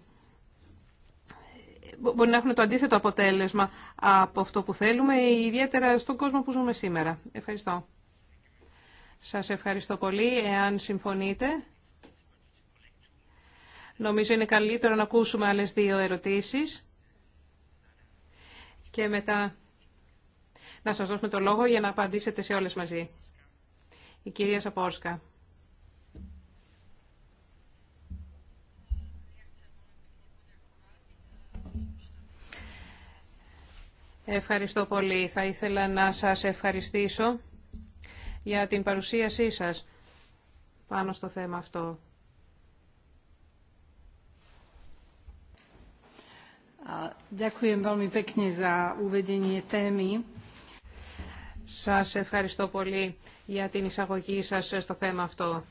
μπορεί να έχουν το αντίθετο αποτέλεσμα από αυτό που θέλουμε, ιδιαίτερα στον κόσμο που ζούμε σήμερα. Ευχαριστώ. Σας ευχαριστώ πολύ. Εάν συμφωνείτε, νομίζω είναι καλύτερο να ακούσουμε άλλες δύο ερωτήσεις και μετά να σας δώσουμε το λόγο για να απαντήσετε σε όλες μαζί. Η κυρία Σαπόρσκα. Ευχαριστώ πολύ. Θα ήθελα να σας ευχαριστήσω για την παρουσίασή σας πάνω στο θέμα αυτό. Ďakujem Σας ευχαριστώ πολύ για την εισαγωγή σας στο θέμα αυτό.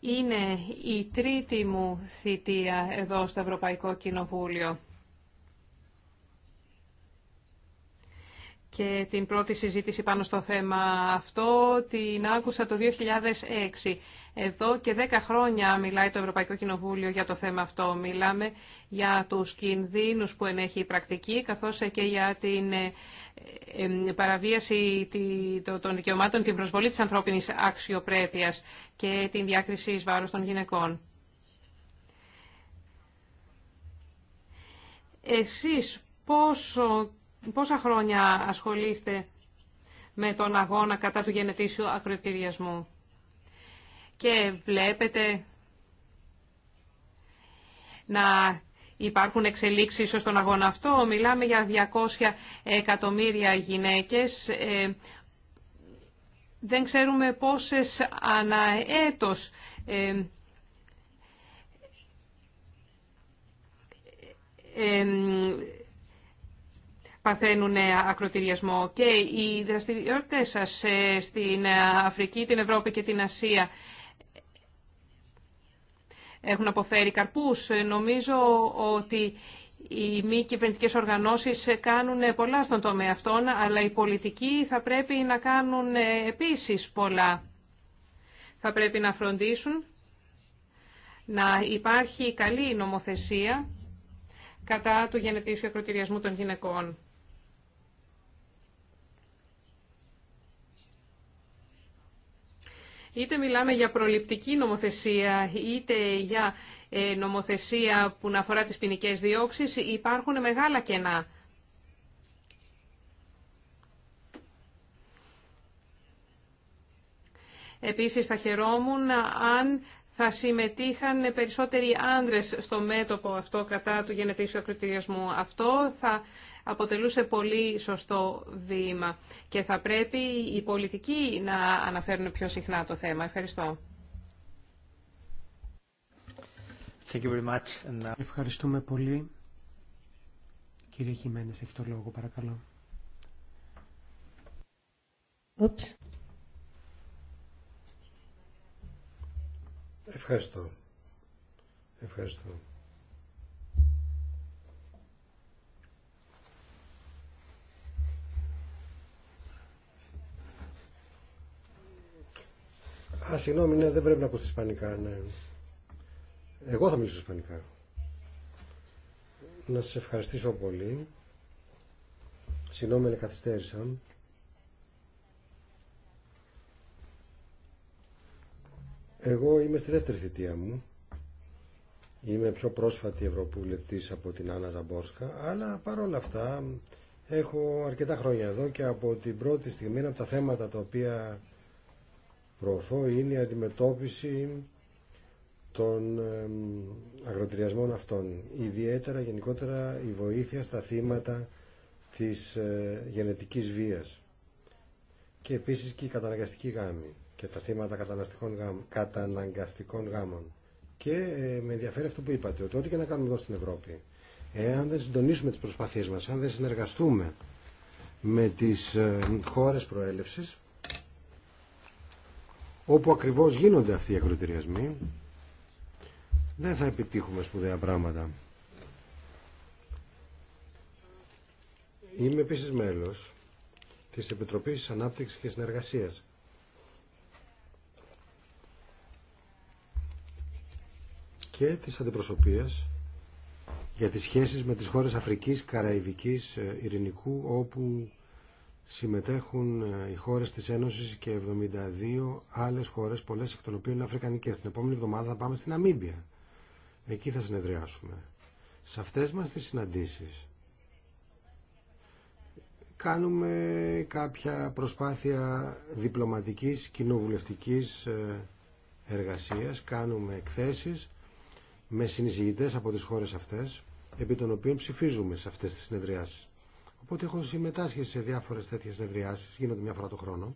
Είναι η τρίτη μου θητεία εδώ στο Ευρωπαϊκό Κοινοβούλιο. Και την πρώτη συζήτηση πάνω στο θέμα αυτό την άκουσα το 2006. Εδώ και 10 χρόνια μιλάει το Ευρωπαϊκό Κοινοβούλιο για το θέμα αυτό. Μιλάμε για τους κινδύνους που ενέχει η πρακτική, καθώς και για την ε, ε, ε, παραβίαση των δικαιωμάτων, την προσβολή της ανθρώπινης αξιοπρέπειας και την διάκριση εις βάρος των γυναικών. Εσείς πόσα χρόνια ασχολείστε με τον αγώνα κατά του γενετήσιου ακροτηριασμού και βλέπετε να υπάρχουν εξελίξεις στον αγώνα αυτό. Μιλάμε για 200 εκατομμύρια γυναίκες. Ε, δεν ξέρουμε πόσες αναέτος ε, ε, παθαίνουν ακροτηριασμό. Και οι δραστηριότητες σας στην Αφρική, την Ευρώπη και την Ασία έχουν αποφέρει καρπούς. Νομίζω ότι οι μη κυβερνητικέ οργανώσει κάνουν πολλά στον τομέα αυτών, αλλά οι πολιτικοί θα πρέπει να κάνουν επίση πολλά. Θα πρέπει να φροντίσουν να υπάρχει καλή νομοθεσία κατά του γενετήσιου ακροτηριασμού των γυναικών. Είτε μιλάμε για προληπτική νομοθεσία, είτε για ε, νομοθεσία που να αφορά τις ποινικέ διώξεις, υπάρχουν μεγάλα κενά. Επίσης θα χαιρόμουν αν θα συμμετείχαν περισσότεροι άνδρες στο μέτωπο αυτό κατά του γενετήσιου ακροτηριασμού. Αυτό θα αποτελούσε πολύ σωστό βήμα και θα πρέπει οι πολιτικοί να αναφέρουν πιο συχνά το θέμα. Ευχαριστώ. Thank you very much. And Ευχαριστούμε πολύ. Κύριε Χιμένες, έχει το λόγο, παρακαλώ. Oops. Ευχαριστώ. Ευχαριστώ. Α, συγγνώμη, ναι, δεν πρέπει να ακούσει Ισπανικά, ναι. Εγώ θα μιλήσω Ισπανικά. Να σα ευχαριστήσω πολύ. Συγγνώμη, αλλά καθυστέρησα. Εγώ είμαι στη δεύτερη θητεία μου. Είμαι πιο πρόσφατη ευρωπούλευτης από την Άννα Ζαμπόρσκα, αλλά παρόλα αυτά έχω αρκετά χρόνια εδώ και από την πρώτη στιγμή από τα θέματα τα οποία προωθώ είναι η αντιμετώπιση των αγροτηριασμών αυτών. Ιδιαίτερα, γενικότερα, η βοήθεια στα θύματα της ε, γενετικής βίας και επίσης και η καταναγκαστική γάμη και τα θύματα καταναγκαστικών γάμων. Και ε, με ενδιαφέρει αυτό που είπατε, ότι ό,τι και να κάνουμε εδώ στην Ευρώπη, εάν δεν συντονίσουμε τις προσπαθίες μας, αν δεν συνεργαστούμε με τις ε, χώρες προέλευσης, όπου ακριβώς γίνονται αυτοί οι ακροτηριασμοί δεν θα επιτύχουμε σπουδαία πράγματα. Είμαι επίσης μέλος της Επιτροπής Ανάπτυξης και Συνεργασίας. και της αντιπροσωπείας για τις σχέσεις με τις χώρες Αφρικής, Καραϊβικής, ε, Ειρηνικού, όπου συμμετέχουν ε, οι χώρες της Ένωσης και 72 άλλες χώρες, πολλές εκ των οποίων είναι αφρικανικές. Την επόμενη εβδομάδα θα πάμε στην Αμίμπια. Εκεί θα συνεδριάσουμε. Σε αυτές μας τις συναντήσεις κάνουμε κάποια προσπάθεια διπλωματικής, κοινοβουλευτικής ε, εργασίας, κάνουμε εκθέσεις με συνεισηγητές από τις χώρες αυτές, επί των οποίων ψηφίζουμε σε αυτές τις συνεδριάσεις. Οπότε έχω συμμετάσχει σε διάφορες τέτοιες συνεδριάσεις, γίνονται μια φορά το χρόνο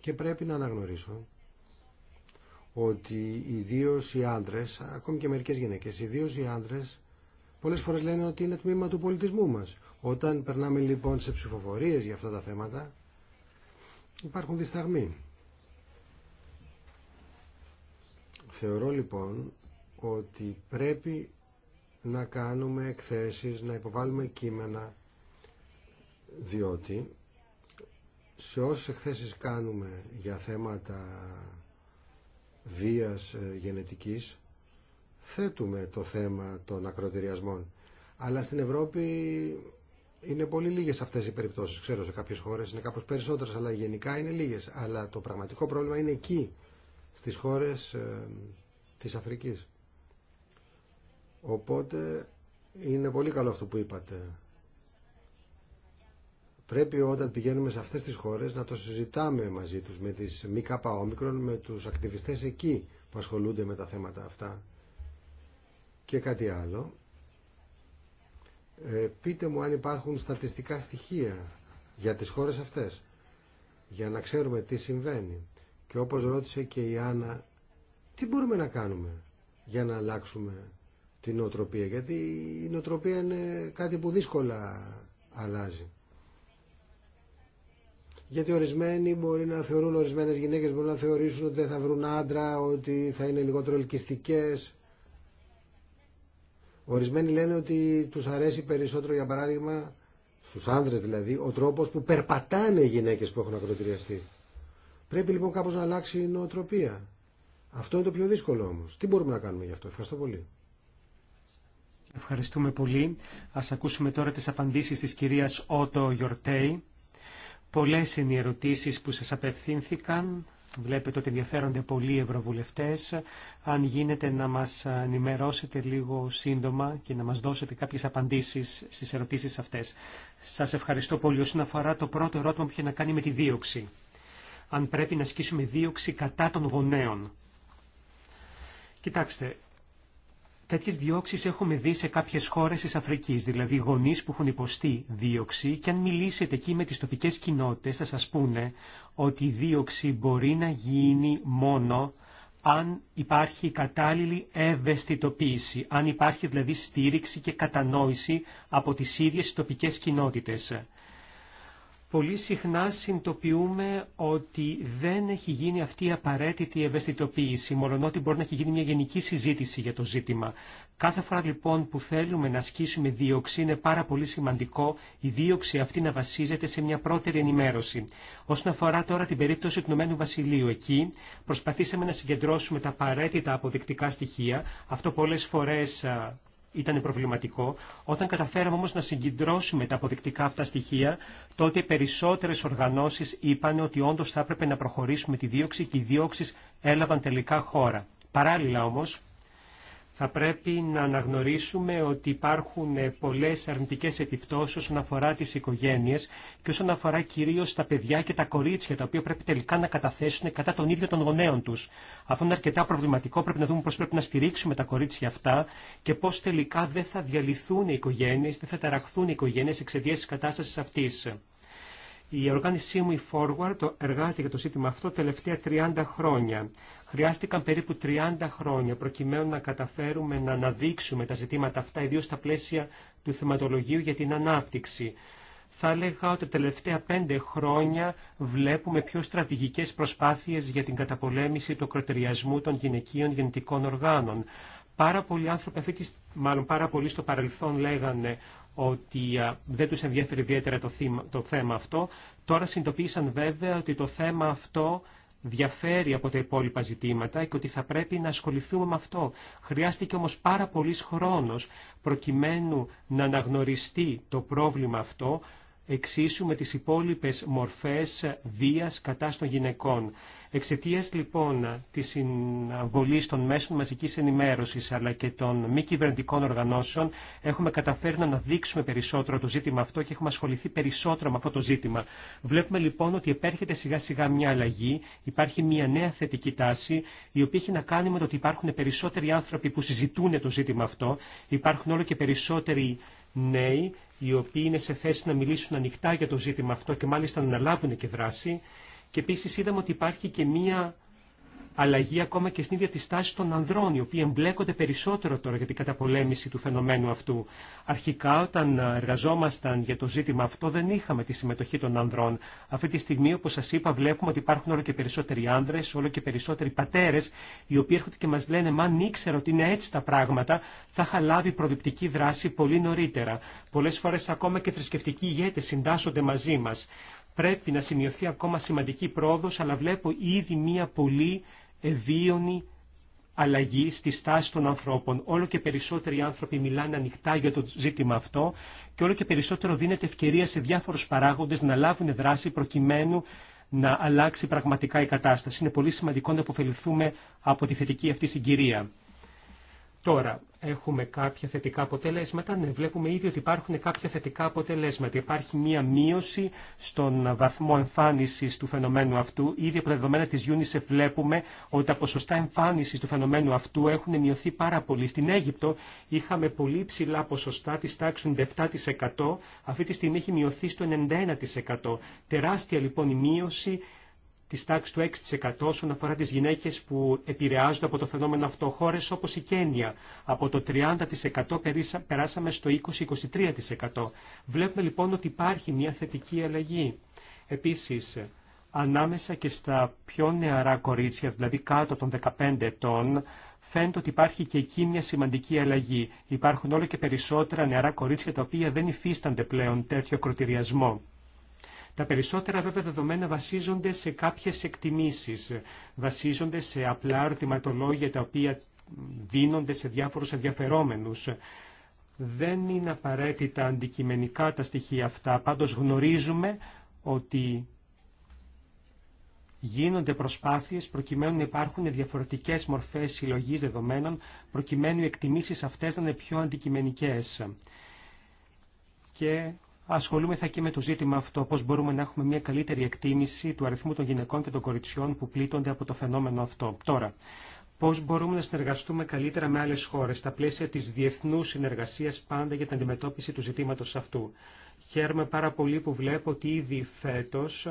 και πρέπει να αναγνωρίσω ότι ιδίω οι άντρε, ακόμη και μερικέ γυναίκε, ιδίω οι άντρε, πολλέ φορέ λένε ότι είναι τμήμα του πολιτισμού μα. Όταν περνάμε λοιπόν σε ψηφοφορίε για αυτά τα θέματα, υπάρχουν δισταγμοί. Θεωρώ λοιπόν ότι πρέπει να κάνουμε εκθέσεις, να υποβάλουμε κείμενα διότι σε όσες εκθέσεις κάνουμε για θέματα βίας ε, γενετικής θέτουμε το θέμα των ακροτηριασμών αλλά στην Ευρώπη είναι πολύ λίγες αυτές οι περιπτώσεις ξέρω σε κάποιες χώρες είναι κάπως περισσότερες αλλά γενικά είναι λίγες αλλά το πραγματικό πρόβλημα είναι εκεί στις χώρες ε, της Αφρικής οπότε είναι πολύ καλό αυτό που είπατε πρέπει όταν πηγαίνουμε σε αυτές τις χώρες να το συζητάμε μαζί τους με τις ΜΚΟ, με τους ακτιβιστές εκεί που ασχολούνται με τα θέματα αυτά. Και κάτι άλλο. Ε, πείτε μου αν υπάρχουν στατιστικά στοιχεία για τις χώρες αυτές, για να ξέρουμε τι συμβαίνει. Και όπως ρώτησε και η Άννα, τι μπορούμε να κάνουμε για να αλλάξουμε την νοοτροπία, γιατί η νοοτροπία είναι κάτι που δύσκολα αλλάζει γιατί ορισμένοι μπορεί να θεωρούν, ορισμένε γυναίκε μπορεί να θεωρήσουν ότι δεν θα βρουν άντρα, ότι θα είναι λιγότερο ελκυστικέ. Ορισμένοι λένε ότι του αρέσει περισσότερο, για παράδειγμα, στου άνδρε δηλαδή, ο τρόπο που περπατάνε οι γυναίκε που έχουν ακροτηριαστεί. Πρέπει λοιπόν κάπω να αλλάξει η νοοτροπία. Αυτό είναι το πιο δύσκολο όμω. Τι μπορούμε να κάνουμε γι' αυτό. Ευχαριστώ πολύ. Ευχαριστούμε πολύ. Ας ακούσουμε τώρα τις απαντήσεις της κυρίας Ότο Γιορτέη. Πολλές είναι οι ερωτήσεις που σας απευθύνθηκαν. Βλέπετε ότι ενδιαφέρονται πολλοί ευρωβουλευτές. Αν γίνεται να μας ενημερώσετε λίγο σύντομα και να μας δώσετε κάποιες απαντήσεις στις ερωτήσεις αυτές. Σας ευχαριστώ πολύ όσον αφορά το πρώτο ερώτημα που είχε να κάνει με τη δίωξη. Αν πρέπει να ασκήσουμε δίωξη κατά των γονέων. Κοιτάξτε, Τέτοιε διώξει έχουμε δει σε κάποιε χώρε τη Αφρική, δηλαδή γονεί που έχουν υποστεί δίωξη και αν μιλήσετε εκεί με τι τοπικέ κοινότητε θα σα πούνε ότι η δίωξη μπορεί να γίνει μόνο αν υπάρχει κατάλληλη ευαισθητοποίηση, αν υπάρχει δηλαδή στήριξη και κατανόηση από τις ίδιες τις τοπικές κοινότητες πολύ συχνά συνειδητοποιούμε ότι δεν έχει γίνει αυτή η απαραίτητη ευαισθητοποίηση, ότι μπορεί να έχει γίνει μια γενική συζήτηση για το ζήτημα. Κάθε φορά λοιπόν που θέλουμε να ασκήσουμε δίωξη είναι πάρα πολύ σημαντικό η δίωξη αυτή να βασίζεται σε μια πρώτερη ενημέρωση. Όσον αφορά τώρα την περίπτωση του Ηνωμένου Βασιλείου, εκεί προσπαθήσαμε να συγκεντρώσουμε τα απαραίτητα αποδεικτικά στοιχεία. Αυτό πολλές φορές ήταν προβληματικό. Όταν καταφέραμε όμως να συγκεντρώσουμε τα αποδεικτικά αυτά στοιχεία, τότε περισσότερες οργανώσεις είπαν ότι όντως θα έπρεπε να προχωρήσουμε τη δίωξη και οι δίωξεις έλαβαν τελικά χώρα. Παράλληλα όμως, θα πρέπει να αναγνωρίσουμε ότι υπάρχουν πολλές αρνητικές επιπτώσεις όσον αφορά τις οικογένειες και όσον αφορά κυρίως τα παιδιά και τα κορίτσια, τα οποία πρέπει τελικά να καταθέσουν κατά τον ίδιο των γονέων τους. Αυτό είναι αρκετά προβληματικό, πρέπει να δούμε πώς πρέπει να στηρίξουμε τα κορίτσια αυτά και πώς τελικά δεν θα διαλυθούν οι οικογένειες, δεν θα ταραχθούν οι οικογένειες εξαιτίας της κατάστασης αυτής. Η οργάνωσή μου, η Forward, εργάζεται για το ζήτημα αυτό τελευταία 30 χρόνια. Χρειάστηκαν περίπου 30 χρόνια προκειμένου να καταφέρουμε να αναδείξουμε τα ζητήματα αυτά, ιδίως στα πλαίσια του θεματολογίου για την ανάπτυξη. Θα έλεγα ότι τα τελευταία 5 χρόνια βλέπουμε πιο στρατηγικές προσπάθειες για την καταπολέμηση του κροτεριασμού των γυναικείων γεννητικών οργάνων. Πάρα πολλοί άνθρωποι, αυτή, μάλλον πάρα πολλοί στο παρελθόν λέγανε ότι δεν τους ενδιαφέρει ιδιαίτερα το θέμα αυτό. Τώρα συνειδητοποίησαν βέβαια ότι το θέμα αυτό διαφέρει από τα υπόλοιπα ζητήματα και ότι θα πρέπει να ασχοληθούμε με αυτό. Χρειάστηκε όμως πάρα πολύς χρόνος προκειμένου να αναγνωριστεί το πρόβλημα αυτό, εξίσου με τις υπόλοιπες μορφές βίας κατά των γυναικών. Εξαιτία λοιπόν τη συμβολή των μέσων μαζική ενημέρωση αλλά και των μη κυβερνητικών οργανώσεων, έχουμε καταφέρει να αναδείξουμε περισσότερο το ζήτημα αυτό και έχουμε ασχοληθεί περισσότερο με αυτό το ζήτημα. Βλέπουμε λοιπόν ότι επέρχεται σιγά σιγά μια αλλαγή, υπάρχει μια νέα θετική τάση, η οποία έχει να κάνει με το ότι υπάρχουν περισσότεροι άνθρωποι που συζητούν το ζήτημα αυτό, υπάρχουν όλο και περισσότεροι νέοι οι οποίοι είναι σε θέση να μιλήσουν ανοιχτά για το ζήτημα αυτό και μάλιστα να αναλάβουν και δράση. Και επίσης είδαμε ότι υπάρχει και μία αλλαγή ακόμα και στην ίδια τη στάση των ανδρών, οι οποίοι εμπλέκονται περισσότερο τώρα για την καταπολέμηση του φαινομένου αυτού. Αρχικά, όταν εργαζόμασταν για το ζήτημα αυτό, δεν είχαμε τη συμμετοχή των ανδρών. Αυτή τη στιγμή, όπω σα είπα, βλέπουμε ότι υπάρχουν όλο και περισσότεροι άνδρε, όλο και περισσότεροι πατέρε, οι οποίοι έρχονται και μα λένε, μα αν ήξερα ότι είναι έτσι τα πράγματα, θα είχα λάβει προδειπτική δράση πολύ νωρίτερα. Πολλέ φορέ ακόμα και θρησκευτικοί ηγέτε συντάσσονται μαζί μα. Πρέπει να σημειωθεί ακόμα σημαντική πρόοδος, αλλά βλέπω ήδη μία πολύ ευίωνη αλλαγή στη στάση των ανθρώπων. Όλο και περισσότεροι άνθρωποι μιλάνε ανοιχτά για το ζήτημα αυτό και όλο και περισσότερο δίνεται ευκαιρία σε διάφορους παράγοντες να λάβουν δράση προκειμένου να αλλάξει πραγματικά η κατάσταση. Είναι πολύ σημαντικό να αποφεληθούμε από τη θετική αυτή συγκυρία. Τώρα, έχουμε κάποια θετικά αποτελέσματα. Ναι, βλέπουμε ήδη ότι υπάρχουν κάποια θετικά αποτελέσματα. Υπάρχει μία μείωση στον βαθμό εμφάνισης του φαινομένου αυτού. Ήδη από τα δεδομένα της UNICEF βλέπουμε ότι τα ποσοστά εμφάνισης του φαινομένου αυτού έχουν μειωθεί πάρα πολύ. Στην Αίγυπτο είχαμε πολύ ψηλά ποσοστά της τάξης 97%, Αυτή τη στιγμή έχει μειωθεί στο 91%. Τεράστια λοιπόν η μείωση Τη τάξη του 6% όσον αφορά τι γυναίκε που επηρεάζονται από το φαινόμενο αυτό. Χώρε όπως η Κένια από το 30% περάσαμε στο 20-23%. Βλέπουμε λοιπόν ότι υπάρχει μια θετική αλλαγή. Επίση, ανάμεσα και στα πιο νεαρά κορίτσια, δηλαδή κάτω των 15 ετών, φαίνεται ότι υπάρχει και εκεί μια σημαντική αλλαγή. Υπάρχουν όλο και περισσότερα νεαρά κορίτσια τα οποία δεν υφίστανται πλέον τέτοιο κροτηριασμό. Τα περισσότερα βέβαια δεδομένα βασίζονται σε κάποιες εκτιμήσεις, βασίζονται σε απλά ερωτηματολόγια τα οποία δίνονται σε διάφορους ενδιαφερόμενους. Δεν είναι απαραίτητα αντικειμενικά τα στοιχεία αυτά, πάντως γνωρίζουμε ότι γίνονται προσπάθειες προκειμένου να υπάρχουν διαφορετικές μορφές συλλογή δεδομένων, προκειμένου οι εκτιμήσεις αυτές να είναι πιο αντικειμενικές. Και Ασχολούμεθα και με το ζήτημα αυτό, πώς μπορούμε να έχουμε μια καλύτερη εκτίμηση του αριθμού των γυναικών και των κοριτσιών που πλήττονται από το φαινόμενο αυτό. Τώρα, πώς μπορούμε να συνεργαστούμε καλύτερα με άλλες χώρες, στα πλαίσια της διεθνούς συνεργασίας πάντα για την αντιμετώπιση του ζητήματος αυτού. Χαίρομαι πάρα πολύ που βλέπω ότι ήδη φέτος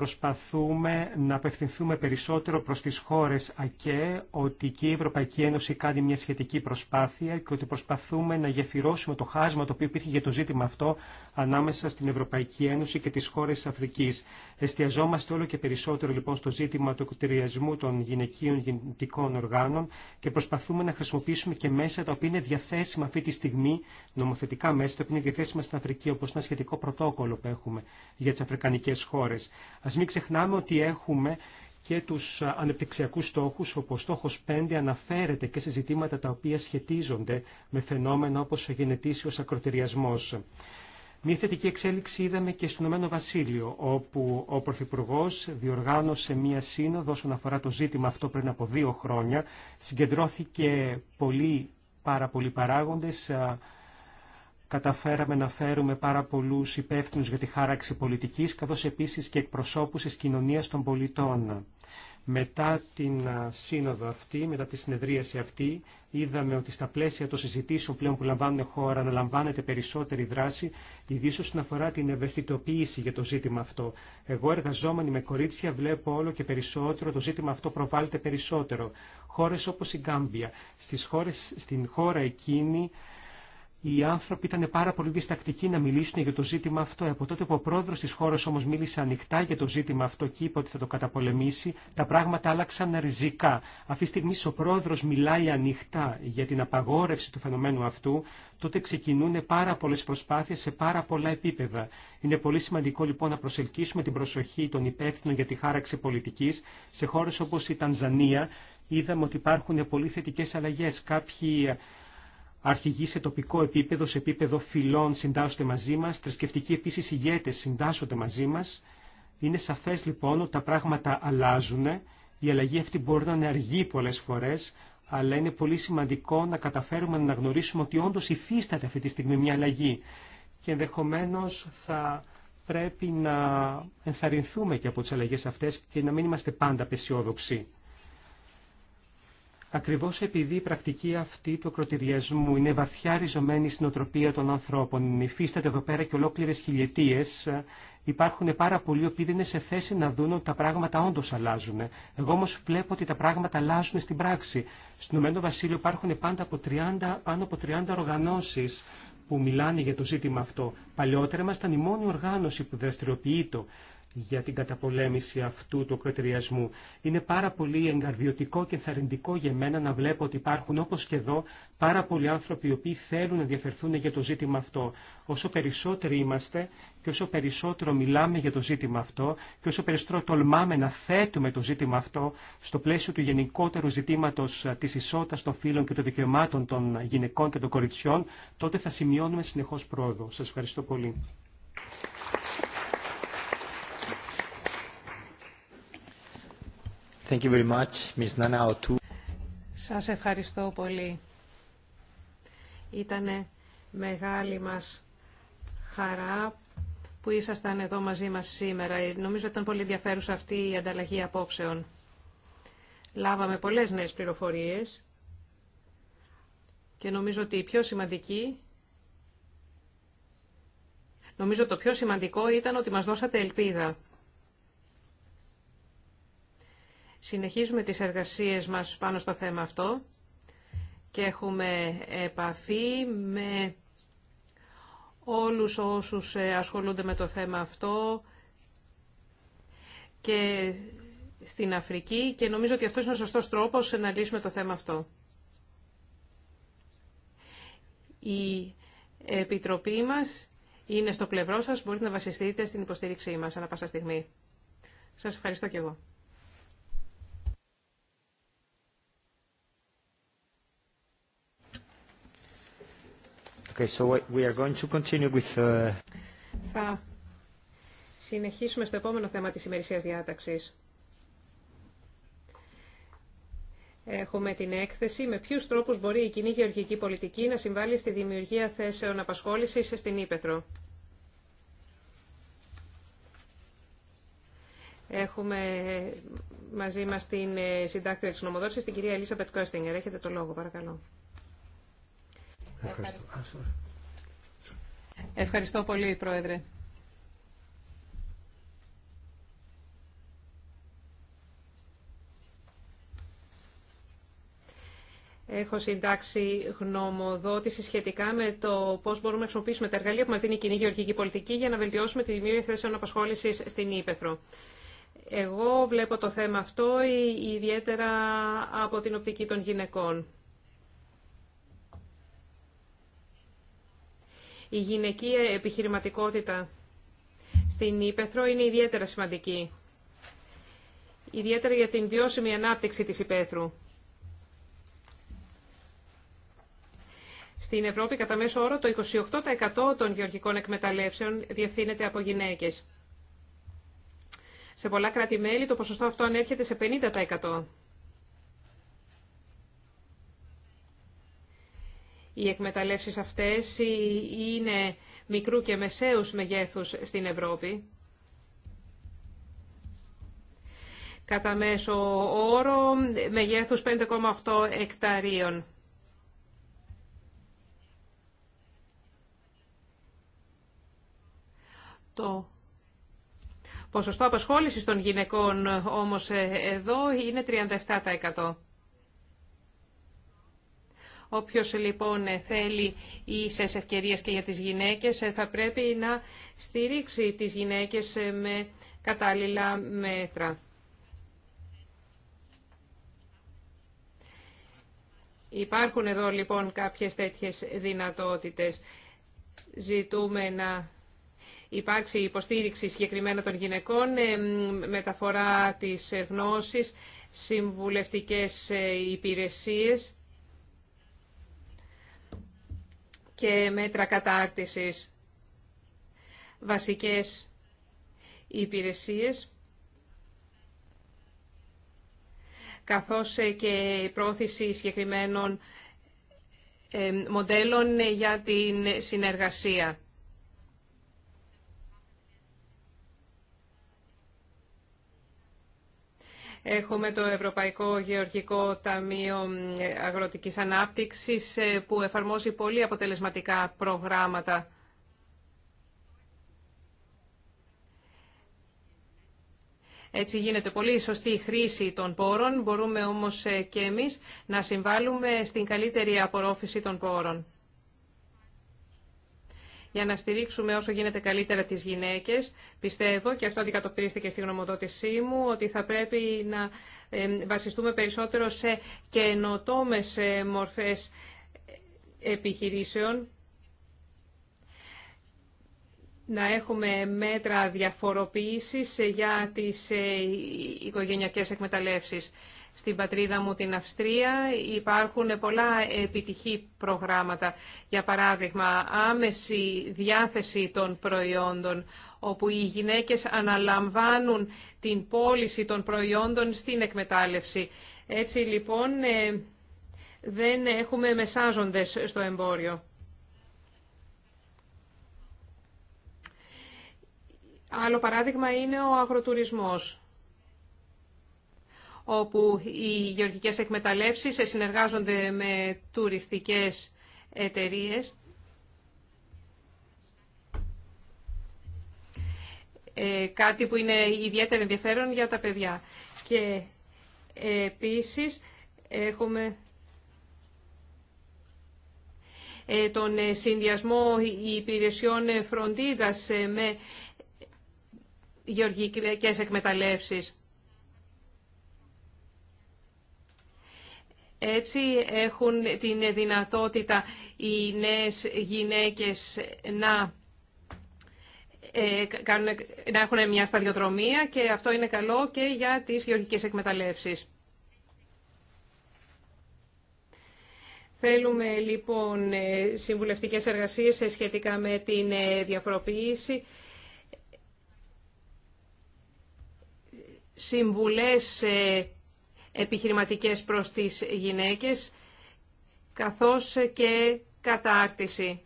προσπαθούμε να απευθυνθούμε περισσότερο προς τις χώρες ΑΚΕ, ότι και η Ευρωπαϊκή Ένωση κάνει μια σχετική προσπάθεια και ότι προσπαθούμε να γεφυρώσουμε το χάσμα το οποίο υπήρχε για το ζήτημα αυτό ανάμεσα στην Ευρωπαϊκή Ένωση και τις χώρες της Αφρικής. Εστιαζόμαστε όλο και περισσότερο λοιπόν στο ζήτημα του εκτηριασμού των γυναικείων γεννητικών οργάνων και προσπαθούμε να χρησιμοποιήσουμε και μέσα τα οποία είναι διαθέσιμα αυτή τη στιγμή, νομοθετικά μέσα τα οποία είναι διαθέσιμα στην Αφρική, όπως ένα σχετικό πρωτόκολλο που έχουμε για τις αφρικανικές χώρες. Ας μην ξεχνάμε ότι έχουμε και τους ανεπτυξιακούς στόχους, όπως ο στόχος 5 αναφέρεται και σε ζητήματα τα οποία σχετίζονται με φαινόμενα όπως ο γενετήσιος ακροτηριασμός. Μια θετική εξέλιξη είδαμε και στον Ηνωμένο Βασίλειο, όπου ο Πρωθυπουργό διοργάνωσε μία σύνοδο όσον αφορά το ζήτημα αυτό πριν από δύο χρόνια. Συγκεντρώθηκε πολύ πάρα πολλοί παράγοντες, καταφέραμε να φέρουμε πάρα πολλού υπεύθυνου για τη χάραξη πολιτική, καθώ επίση και εκπροσώπους τη κοινωνία των πολιτών. Μετά την σύνοδο αυτή, μετά τη συνεδρίαση αυτή, είδαμε ότι στα πλαίσια των συζητήσεων πλέον που λαμβάνουν χώρα να λαμβάνεται περισσότερη δράση, ιδίω όσον αφορά την ευαισθητοποίηση για το ζήτημα αυτό. Εγώ, εργαζόμενοι με κορίτσια, βλέπω όλο και περισσότερο το ζήτημα αυτό προβάλλεται περισσότερο. Χώρε όπω η Γκάμπια. Στις χώρες, στην χώρα εκείνη οι άνθρωποι ήταν πάρα πολύ διστακτικοί να μιλήσουν για το ζήτημα αυτό. Από τότε που ο πρόεδρο τη χώρα όμω μίλησε ανοιχτά για το ζήτημα αυτό και είπε ότι θα το καταπολεμήσει, τα πράγματα άλλαξαν ριζικά. Αυτή τη στιγμή ο πρόεδρο μιλάει ανοιχτά για την απαγόρευση του φαινομένου αυτού, τότε ξεκινούν πάρα πολλέ προσπάθειε σε πάρα πολλά επίπεδα. Είναι πολύ σημαντικό λοιπόν να προσελκύσουμε την προσοχή των υπεύθυνων για τη χάραξη πολιτική σε χώρε όπω η Τανζανία. Είδαμε ότι υπάρχουν πολύ θετικέ αλλαγέ αρχηγοί σε τοπικό επίπεδο, σε επίπεδο φυλών συντάσσονται μαζί μας, θρησκευτικοί επίσης ηγέτες συντάσσονται μαζί μας. Είναι σαφές λοιπόν ότι τα πράγματα αλλάζουν, η αλλαγή αυτή μπορεί να είναι αργή πολλές φορές, αλλά είναι πολύ σημαντικό να καταφέρουμε να αναγνωρίσουμε ότι όντως υφίσταται αυτή τη στιγμή μια αλλαγή και ενδεχομένω θα πρέπει να ενθαρρυνθούμε και από τις αλλαγές αυτές και να μην είμαστε πάντα απεσιόδοξοι ακριβώς επειδή η πρακτική αυτή του ακροτηριασμού είναι βαθιά ριζωμένη στην οτροπία των ανθρώπων. Υφίσταται εδώ πέρα και ολόκληρες χιλιετίες. Υπάρχουν πάρα πολλοί οποίοι δεν είναι σε θέση να δουν ότι τα πράγματα όντω αλλάζουν. Εγώ όμως βλέπω ότι τα πράγματα αλλάζουν στην πράξη. Στην Ηνωμένο Βασίλειο υπάρχουν πάντα από 30, πάνω από 30 οργανώσει που μιλάνε για το ζήτημα αυτό. Παλαιότερα ήμασταν η μόνη οργάνωση που δραστηριοποιεί το για την καταπολέμηση αυτού του ακροτηριασμού. Είναι πάρα πολύ εγκαρδιωτικό και ενθαρρυντικό για μένα να βλέπω ότι υπάρχουν όπως και εδώ πάρα πολλοί άνθρωποι οι οποίοι θέλουν να διαφερθούν για το ζήτημα αυτό. Όσο περισσότεροι είμαστε και όσο περισσότερο μιλάμε για το ζήτημα αυτό και όσο περισσότερο τολμάμε να θέτουμε το ζήτημα αυτό στο πλαίσιο του γενικότερου ζητήματος ε, της ισότητας των φύλων και των δικαιωμάτων των γυναικών και των κοριτσιών, τότε θα σημειώνουμε συνεχώς πρόοδο. Σας ευχαριστώ πολύ. Thank Σας ευχαριστώ πολύ. Ήτανε μεγάλη μας χαρά που ήσασταν εδώ μαζί μας σήμερα. Νομίζω ήταν πολύ ενδιαφέρουσα αυτή η ανταλλαγή απόψεων. Λάβαμε πολλές νέες πληροφορίες και νομίζω ότι η πιο σημαντική Νομίζω το πιο σημαντικό ήταν ότι μας δώσατε ελπίδα. Συνεχίζουμε τις εργασίες μας πάνω στο θέμα αυτό και έχουμε επαφή με όλους όσους ε, ασχολούνται με το θέμα αυτό και στην Αφρική και νομίζω ότι αυτός είναι ο σωστός τρόπος να λύσουμε το θέμα αυτό. Η Επιτροπή μας είναι στο πλευρό σας, μπορείτε να βασιστείτε στην υποστήριξή μας ανά πάσα στιγμή. Σας ευχαριστώ και εγώ. so we are going to continue with... Uh, Θα συνεχίσουμε στο επόμενο θέμα της ημερησίας διάταξης. Έχουμε την έκθεση με ποιους τρόπους μπορεί η κοινή γεωργική πολιτική να συμβάλλει στη δημιουργία θέσεων απασχόλησης στην Ήπεθρο. Έχουμε μαζί μας την ε, συντάκτρια της νομοδότησης, την κυρία Ελίσα Πετκόστιγκερ. Έχετε το λόγο, παρακαλώ. Ευχαριστώ. πολύ, Πρόεδρε. Έχω συντάξει γνωμοδότηση σχετικά με το πώ μπορούμε να χρησιμοποιήσουμε τα εργαλεία που μα δίνει η κοινή γεωργική πολιτική για να βελτιώσουμε τη δημιουργία θέσεων απασχόληση στην Ήπεθρο. Εγώ βλέπω το θέμα αυτό ιδιαίτερα από την οπτική των γυναικών. Η γυναική επιχειρηματικότητα στην Ήπεθρο είναι ιδιαίτερα σημαντική. Ιδιαίτερα για την βιώσιμη ανάπτυξη της Ήπεθρου. Στην Ευρώπη, κατά μέσο όρο, το 28% των γεωργικών εκμεταλλεύσεων διευθύνεται από γυναίκες. Σε πολλά κράτη-μέλη το ποσοστό αυτό ανέρχεται σε 50%. Οι εκμεταλλεύσεις αυτές είναι μικρού και μεσαίους μεγέθους στην Ευρώπη. Κατά μέσο όρο μεγέθους 5,8 εκταρίων. Το ποσοστό απασχόλησης των γυναικών όμως ε, εδώ είναι 37%. Όποιος λοιπόν θέλει ίσες ευκαιρίες και για τις γυναίκες ε, θα πρέπει να στηρίξει τις γυναίκες ε, με κατάλληλα μέτρα. Υπάρχουν εδώ λοιπόν κάποιες τέτοιες δυνατότητες. Ζητούμε να υπάρξει υποστήριξη συγκεκριμένα των γυναικών, ε, μεταφορά της γνώσης, συμβουλευτικές υπηρεσίες και μέτρα κατάρτισης, βασικές υπηρεσίες, καθώς και η πρόθεση συγκεκριμένων ε, μοντέλων για την συνεργασία. Έχουμε το Ευρωπαϊκό Γεωργικό Ταμείο Αγροτικής Ανάπτυξης ε, που εφαρμόζει πολύ αποτελεσματικά προγράμματα. Έτσι γίνεται πολύ σωστή χρήση των πόρων, μπορούμε όμως ε, και εμείς να συμβάλλουμε στην καλύτερη απορρόφηση των πόρων για να στηρίξουμε όσο γίνεται καλύτερα τις γυναίκες. Πιστεύω, και αυτό αντικατοπτρίστηκε στη γνωμοδότησή μου, ότι θα πρέπει να βασιστούμε περισσότερο σε καινοτόμες ε, μορφές ε, επιχειρήσεων, να έχουμε μέτρα διαφοροποίησης ε, για τις οικογενειακές εκμεταλλεύσεις. Στην πατρίδα μου την Αυστρία υπάρχουν πολλά επιτυχή προγράμματα. Για παράδειγμα, άμεση διάθεση των προϊόντων, όπου οι γυναίκες αναλαμβάνουν την πώληση των προϊόντων στην εκμετάλλευση. Έτσι λοιπόν ε, δεν έχουμε μεσάζοντες στο εμπόριο. Άλλο παράδειγμα είναι ο αγροτουρισμός όπου οι γεωργικές εκμεταλλεύσεις συνεργάζονται με τουριστικές εταιρείες. Ε, κάτι που είναι ιδιαίτερα ενδιαφέρον για τα παιδιά. Και επίσης έχουμε ε, τον συνδυασμό υπηρεσιών φροντίδας ε, με γεωργικές εκμεταλλεύσεις. Έτσι έχουν την δυνατότητα οι νέες γυναίκες να, ε, να έχουν μια σταδιοδρομία και αυτό είναι καλό και για τις γεωργικές εκμεταλλεύσεις. Θέλουμε λοιπόν ε, συμβουλευτικές εργασίες σχετικά με την ε, διαφοροποίηση, συμβουλές επιχειρηματικές προς τις γυναίκες, καθώς και κατάρτιση.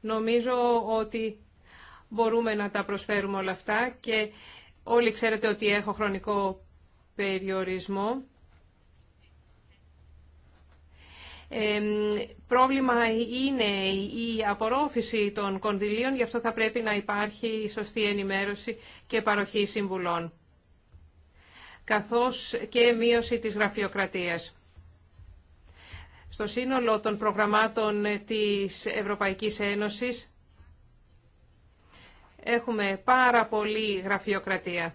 Νομίζω ότι μπορούμε να τα προσφέρουμε όλα αυτά και όλοι ξέρετε ότι έχω χρονικό περιορισμό. πρόβλημα είναι η απορρόφηση των κονδυλίων, γι' αυτό θα πρέπει να υπάρχει σωστή ενημέρωση και παροχή συμβουλών καθώς και μείωση της γραφειοκρατίας. Στο σύνολο των προγραμμάτων της Ευρωπαϊκής Ένωσης έχουμε πάρα πολύ γραφειοκρατία.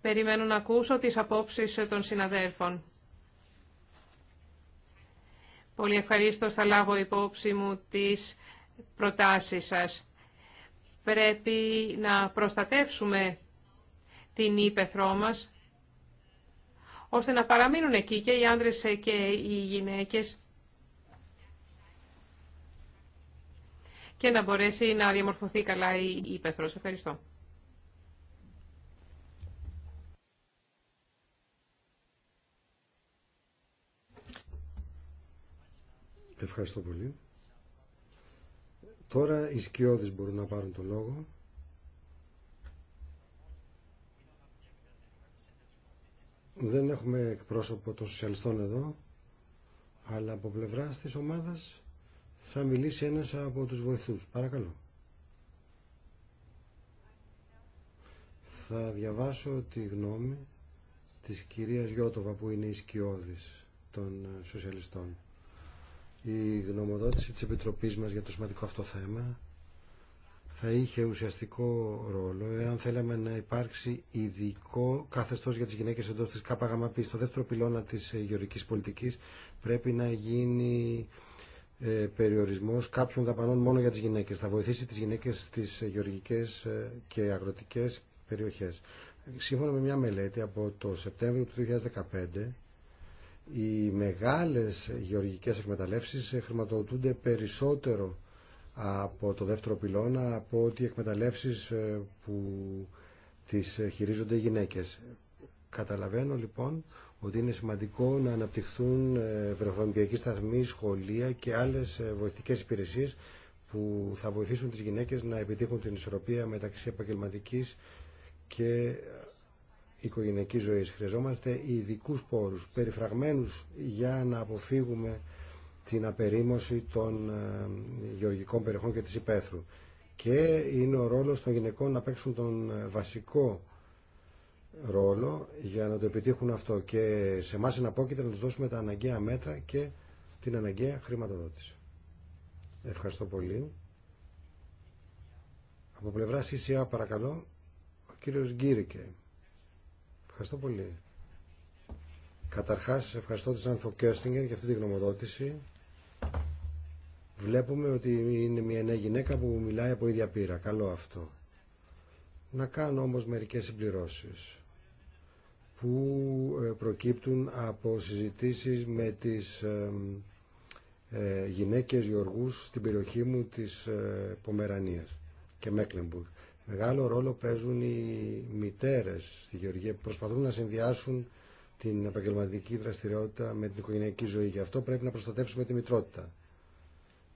Περιμένω να ακούσω τις απόψεις των συναδέλφων. Πολύ ευχαρίστω θα λάβω υπόψη μου τις προτάσεις σας. Πρέπει να προστατεύσουμε την ύπεθρό μας, ώστε να παραμείνουν εκεί και οι άνδρες και οι γυναίκες και να μπορέσει να διαμορφωθεί καλά η ύπεθρος. Ευχαριστώ. Ευχαριστώ πολύ. Τώρα οι σκιώδεις μπορούν να πάρουν το λόγο. Δεν έχουμε εκπρόσωπο των σοσιαλιστών εδώ, αλλά από πλευρά τη ομάδα θα μιλήσει ένας από τους βοηθούς. Παρακαλώ. Θα διαβάσω τη γνώμη της κυρίας Γιώτοβα που είναι η σκιώδης των σοσιαλιστών. Η γνωμοδότηση της Επιτροπής μας για το σημαντικό αυτό θέμα θα είχε ουσιαστικό ρόλο εάν θέλαμε να υπάρξει ειδικό καθεστώ για τις γυναίκες εντός της ΚΓΠ Στο δεύτερο πυλώνα τη ε, γεωργική πολιτική πρέπει να γίνει ε, περιορισμό κάποιων δαπανών μόνο για τι γυναίκε, Θα βοηθήσει τι γυναίκε στι γεωργικέ ε, και αγροτικέ περιοχέ. Σύμφωνα με μια μελέτη από το Σεπτέμβριο του 2015, οι μεγάλες γεωργικές εκμεταλλεύσεις χρηματοδοτούνται περισσότερο από το δεύτερο πυλώνα από ότι εκμεταλλεύσεις ε, που τις ε, χειρίζονται οι γυναίκες. Καταλαβαίνω λοιπόν ότι είναι σημαντικό να αναπτυχθούν ε, βρεφονιπιακοί σταθμοί, σχολεία και άλλες βοηθητικές υπηρεσίες που θα βοηθήσουν τις γυναίκες να επιτύχουν την ισορροπία μεταξύ επαγγελματικής και οικογενειακής ζωής. Χρειαζόμαστε ειδικού πόρους, περιφραγμένους για να αποφύγουμε την απερίμωση των ε, γεωργικών περιοχών και της υπαίθρου. Και είναι ο ρόλος των γυναικών να παίξουν τον ε, βασικό ρόλο για να το επιτύχουν αυτό και σε εμάς εναπόκειται να τους δώσουμε τα αναγκαία μέτρα και την αναγκαία χρηματοδότηση. Ευχαριστώ πολύ. Από πλευρά CCA παρακαλώ, ο κύριος Γκύρικε. Ευχαριστώ πολύ. Καταρχάς ευχαριστώ τη Σανθο για αυτή τη γνωμοδότηση Βλέπουμε ότι είναι μια νέα γυναίκα που μιλάει από ίδια πείρα. Καλό αυτό. Να κάνω όμως μερικές συμπληρώσεις που ε, προκύπτουν από συζητήσεις με τις ε, γυναίκες γιοργούς στην περιοχή μου της ε, Πομερανίας και Μέκλεμπουργκ. Μεγάλο ρόλο παίζουν οι μητέρες στη γεωργία που προσπαθούν να συνδυάσουν την επαγγελματική δραστηριότητα με την οικογενειακή ζωή. Γι' αυτό πρέπει να προστατεύσουμε τη μητρότητα.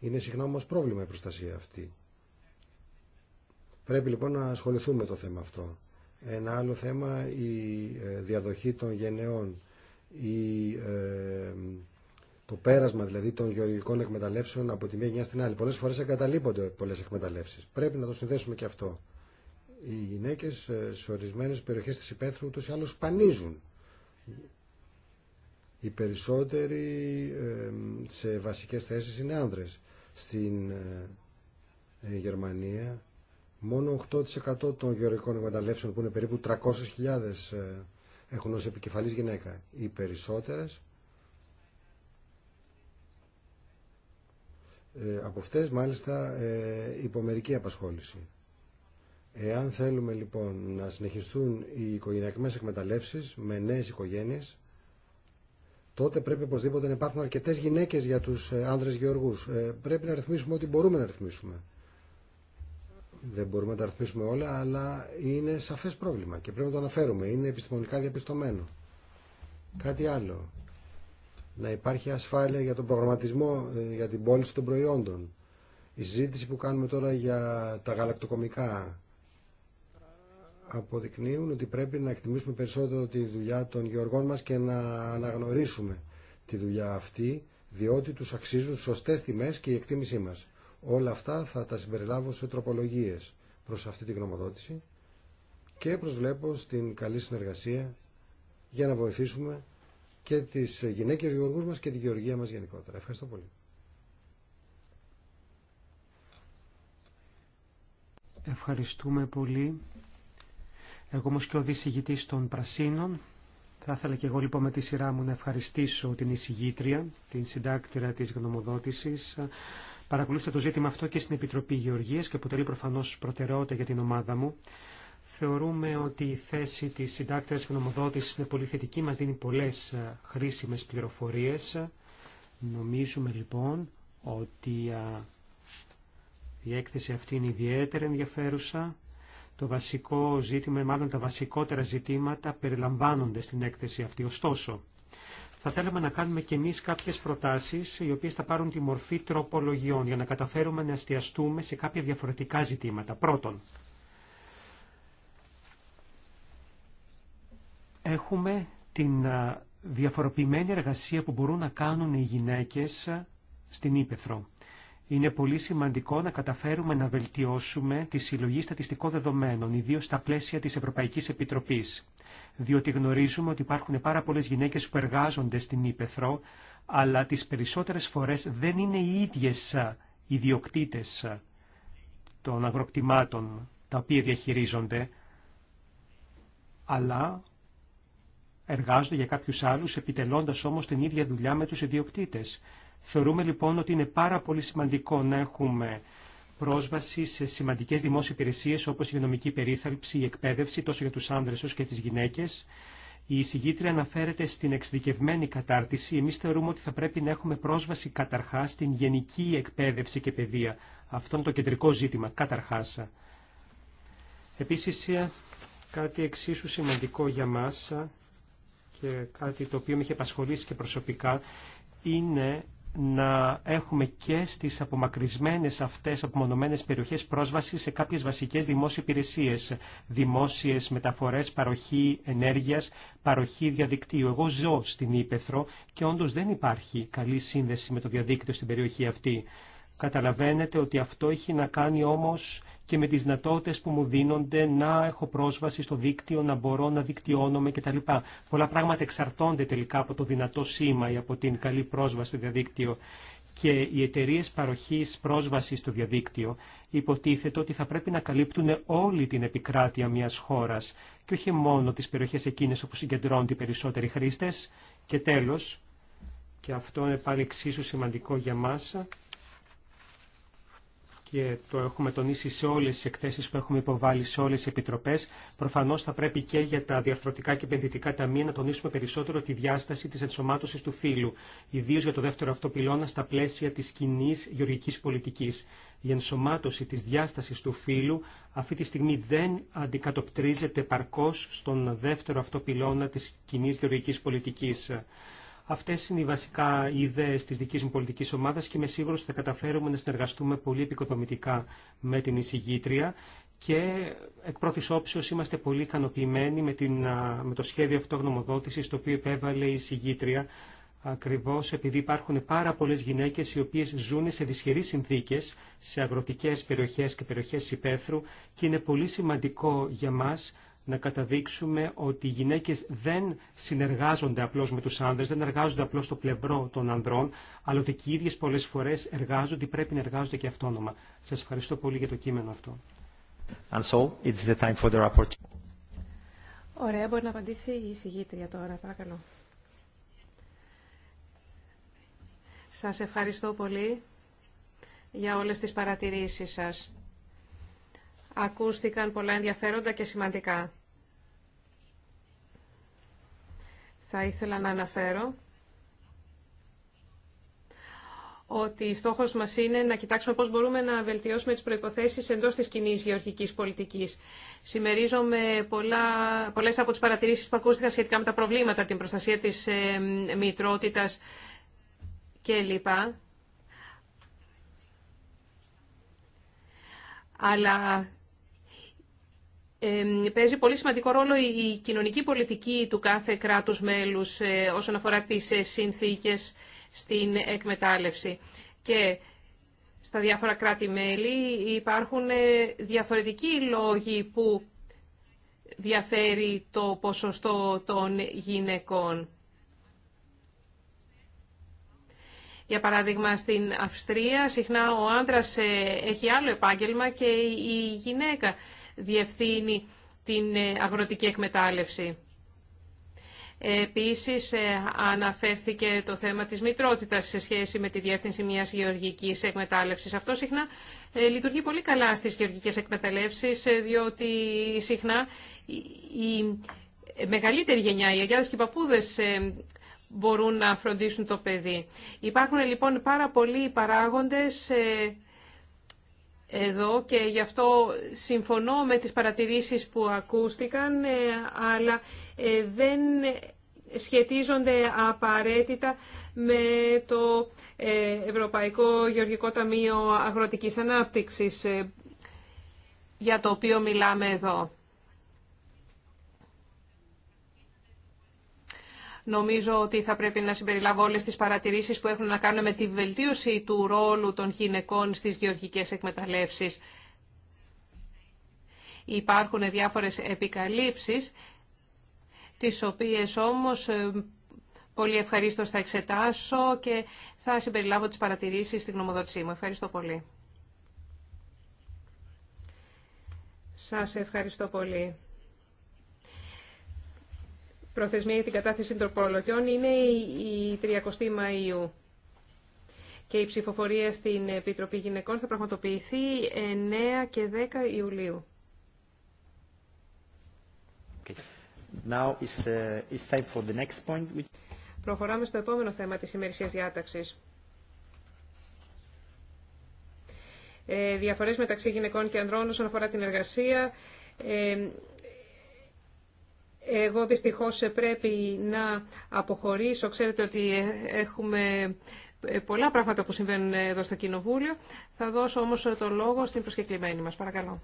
Είναι συχνά όμω πρόβλημα η προστασία αυτή. Πρέπει λοιπόν να ασχοληθούμε με το θέμα αυτό. Ένα άλλο θέμα, η ε, διαδοχή των γενεών, η, ε, το πέρασμα δηλαδή των γεωργικών εκμεταλλεύσεων από τη μία γενιά στην άλλη. Πολλές φορές εγκαταλείπονται πολλές εκμεταλλεύσεις. Πρέπει να το συνδέσουμε και αυτό. Οι γυναίκες ε, σε ορισμένε περιοχές της υπαίθρου τους ή άλλως σπανίζουν οι περισσότεροι σε βασικές θέσεις είναι άνδρες. Στην ε, ε, Γερμανία μόνο 8% των γεωργικών εκμεταλλεύσεων που είναι περίπου 300.000 ε, έχουν ως επικεφαλής γυναίκα. Οι περισσότερες από αυτές μάλιστα υπομερική απασχόληση. Εάν θέλουμε λοιπόν να συνεχιστούν οι οικογενειακές εκμεταλλεύσεις με νέες οικογένειες, τότε πρέπει οπωσδήποτε να υπάρχουν αρκετές γυναίκες για τους ε, άνδρες γεωργούς. Ε, πρέπει να ρυθμίσουμε ό,τι μπορούμε να ρυθμίσουμε. Δεν μπορούμε να τα ρυθμίσουμε όλα, αλλά είναι σαφές πρόβλημα και πρέπει να το αναφέρουμε. Είναι επιστημονικά διαπιστωμένο. Κάτι άλλο. Να υπάρχει ασφάλεια για τον προγραμματισμό, ε, για την πώληση των προϊόντων. Η συζήτηση που κάνουμε τώρα για τα γαλακτοκομικά, αποδεικνύουν ότι πρέπει να εκτιμήσουμε περισσότερο τη δουλειά των γεωργών μας και να αναγνωρίσουμε τη δουλειά αυτή, διότι τους αξίζουν σωστές τιμές και η εκτίμησή μας. Όλα αυτά θα τα συμπεριλάβω σε τροπολογίες προς αυτή τη γνωμοδότηση και προσβλέπω στην καλή συνεργασία για να βοηθήσουμε και τις γυναίκες γεωργούς μας και τη γεωργία μας γενικότερα. Ευχαριστώ πολύ. Ευχαριστούμε πολύ. Εγώ όμω και ο δισηγητής των Πρασίνων. Θα ήθελα και εγώ λοιπόν με τη σειρά μου να ευχαριστήσω την εισηγήτρια, την συντάκτηρα τη γνωμοδότηση. Παρακολούθησα το ζήτημα αυτό και στην Επιτροπή Γεωργίας και αποτελεί προφανώ προτεραιότητα για την ομάδα μου. Θεωρούμε ότι η θέση τη συντάκτηρα γνωμοδότηση είναι πολύ θετική, μα δίνει πολλέ ε, χρήσιμε πληροφορίε. Νομίζουμε λοιπόν ότι ε, η έκθεση αυτή είναι ιδιαίτερα ενδιαφέρουσα το βασικό ζήτημα, μάλλον τα βασικότερα ζητήματα περιλαμβάνονται στην έκθεση αυτή. Ωστόσο, θα θέλαμε να κάνουμε κι εμείς κάποιες προτάσεις οι οποίες θα πάρουν τη μορφή τροπολογιών για να καταφέρουμε να εστιαστούμε σε κάποια διαφορετικά ζητήματα. Πρώτον, έχουμε την διαφοροποιημένη εργασία που μπορούν να κάνουν οι γυναίκες στην Ήπεθρο είναι πολύ σημαντικό να καταφέρουμε να βελτιώσουμε τη συλλογή στατιστικών δεδομένων, ιδίω στα πλαίσια τη Ευρωπαϊκή Επιτροπή, Διότι γνωρίζουμε ότι υπάρχουν πάρα πολλέ γυναίκες που εργάζονται στην Ήπεθρο, αλλά τις περισσότερες φορές δεν είναι οι ίδιε ιδιοκτήτε των αγροκτημάτων τα οποία διαχειρίζονται, αλλά εργάζονται για κάποιους άλλους, επιτελώντας όμως την ίδια δουλειά με τους ιδιοκτήτες. Θεωρούμε λοιπόν ότι είναι πάρα πολύ σημαντικό να έχουμε πρόσβαση σε σημαντικέ δημόσιε υπηρεσίε όπω η υγειονομική περίθαλψη, η εκπαίδευση τόσο για του άνδρε όσο και τι γυναίκε. Η εισηγήτρια αναφέρεται στην εξειδικευμένη κατάρτιση. Εμεί θεωρούμε ότι θα πρέπει να έχουμε πρόσβαση καταρχά στην γενική εκπαίδευση και παιδεία. Αυτό είναι το κεντρικό ζήτημα, καταρχά. Επίση, κάτι εξίσου σημαντικό για μα και κάτι το οποίο με είχε απασχολήσει και προσωπικά είναι να έχουμε και στις απομακρυσμένες αυτές απομονωμένες περιοχές πρόσβαση σε κάποιες βασικές δημόσιες υπηρεσίες, δημόσιες μεταφορές, παροχή ενέργειας, παροχή διαδικτύου. Εγώ ζω στην Ήπεθρο και όντως δεν υπάρχει καλή σύνδεση με το διαδίκτυο στην περιοχή αυτή. Καταλαβαίνετε ότι αυτό έχει να κάνει όμως και με τις δυνατότητε που μου δίνονται να έχω πρόσβαση στο δίκτυο, να μπορώ να δικτυώνομαι κτλ. Πολλά πράγματα εξαρτώνται τελικά από το δυνατό σήμα ή από την καλή πρόσβαση στο διαδίκτυο. Και οι εταιρείε παροχή πρόσβαση στο διαδίκτυο υποτίθεται ότι θα πρέπει να καλύπτουν όλη την επικράτεια μια χώρα και όχι μόνο τι περιοχέ εκείνε όπου συγκεντρώνονται οι περισσότεροι χρήστε. Και τέλο, και αυτό είναι πάλι εξίσου σημαντικό για μας, και το έχουμε τονίσει σε όλες τις εκθέσεις που έχουμε υποβάλει σε όλες τις επιτροπές, προφανώς θα πρέπει και για τα διαρθρωτικά και επενδυτικά ταμεία να τονίσουμε περισσότερο τη διάσταση της ενσωμάτωσης του φύλου, ιδίως για το δεύτερο αυτό πυλώνα στα πλαίσια της κοινή γεωργικής πολιτικής. Η ενσωμάτωση της διάστασης του φύλου αυτή τη στιγμή δεν αντικατοπτρίζεται παρκώς στον δεύτερο αυτό πυλώνα της κοινή γεωργικής πολιτικής. Αυτέ είναι οι βασικά ιδέε τη δική μου πολιτική ομάδα και είμαι σίγουρο ότι θα καταφέρουμε να συνεργαστούμε πολύ επικοδομητικά με την εισηγήτρια και εκ πρώτη όψεω είμαστε πολύ ικανοποιημένοι με, την, με το σχέδιο αυτογνωμοδότησης το οποίο επέβαλε η εισηγήτρια Ακριβώ, επειδή υπάρχουν πάρα πολλέ γυναίκε οι οποίε ζουν σε δυσχερεί συνθήκε σε αγροτικέ περιοχέ και περιοχέ υπαίθρου και είναι πολύ σημαντικό για μα να καταδείξουμε ότι οι γυναίκες δεν συνεργάζονται απλώς με τους άνδρες, δεν εργάζονται απλώς στο πλευρό των ανδρών, αλλά ότι και οι ίδιες πολλές φορές εργάζονται, πρέπει να εργάζονται και αυτόνομα. Σας ευχαριστώ πολύ για το κείμενο αυτό. And so, it's the time for the report. Ωραία, μπορεί να απαντήσει η συγγήτρια τώρα, παρακαλώ. Σας ευχαριστώ πολύ για όλες τις παρατηρήσεις σας. Ακούστηκαν πολλά ενδιαφέροντα και σημαντικά. θα ήθελα να αναφέρω ότι στόχος μας είναι να κοιτάξουμε πώς μπορούμε να βελτιώσουμε τις προϋποθέσεις εντός της κοινή γεωργικής πολιτικής. Σημερίζομαι πολλά, πολλές από τις παρατηρήσεις που ακούστηκαν σχετικά με τα προβλήματα, την προστασία της ε, μητρότητας κλπ. Αλλά παίζει πολύ σημαντικό ρόλο η κοινωνική πολιτική του κάθε κράτους μέλους ε, όσον αφορά τις ε, συνθήκες στην εκμετάλλευση. Και στα διάφορα κράτη-μέλη υπάρχουν ε, διαφορετικοί λόγοι που διαφέρει το ποσοστό των γυναικών. Για παράδειγμα, στην Αυστρία συχνά ο άντρας έχει άλλο επάγγελμα και η γυναίκα διευθύνει την ε, αγροτική εκμετάλλευση. Επίσης ε, αναφέρθηκε το θέμα της μητρότητας σε σχέση με τη διεύθυνση μιας γεωργικής εκμετάλλευσης. Αυτό συχνά ε, λειτουργεί πολύ καλά στις γεωργικές εκμεταλλεύσεις, διότι συχνά η μεγαλύτερη γενιά, οι αγιάδες και οι παππούδες μπορούν να φροντίσουν το παιδί. Υπάρχουν λοιπόν πάρα πολλοί παράγοντες εδώ και γι' αυτό συμφωνώ με τις παρατηρήσεις που ακούστηκαν, ε, αλλά ε, δεν σχετίζονται απαραίτητα με το ε, Ευρωπαϊκό Γεωργικό Ταμείο Αγροτικής Ανάπτυξης, για το οποίο μιλάμε εδώ. Νομίζω ότι θα πρέπει να συμπεριλάβω όλες τις παρατηρήσεις που έχουν να κάνουν με τη βελτίωση του ρόλου των γυναικών στις γεωργικές εκμεταλλεύσεις. Υπάρχουν διάφορες επικαλύψεις, τις οποίες όμως ε, πολύ ευχαρίστω θα εξετάσω και θα συμπεριλάβω τις παρατηρήσεις στην γνωμοδότησή μου. Ευχαριστώ πολύ. Σας ευχαριστώ πολύ προθεσμία για την κατάθεση των τροπολογιών είναι η 30 Μαΐου. Και η ψηφοφορία στην Επιτροπή Γυναικών θα πραγματοποιηθεί 9 και 10 Ιουλίου. uh, Προχωράμε στο επόμενο θέμα της ημερησίας διάταξης. Ε, διαφορές μεταξύ γυναικών και ανδρών όσον αφορά την εργασία, ε, εγώ δυστυχώς πρέπει να αποχωρήσω. Ξέρετε ότι έχουμε πολλά πράγματα που συμβαίνουν εδώ στο Κοινοβούλιο. Θα δώσω όμως το λόγο στην προσκεκλημένη μας. Παρακαλώ.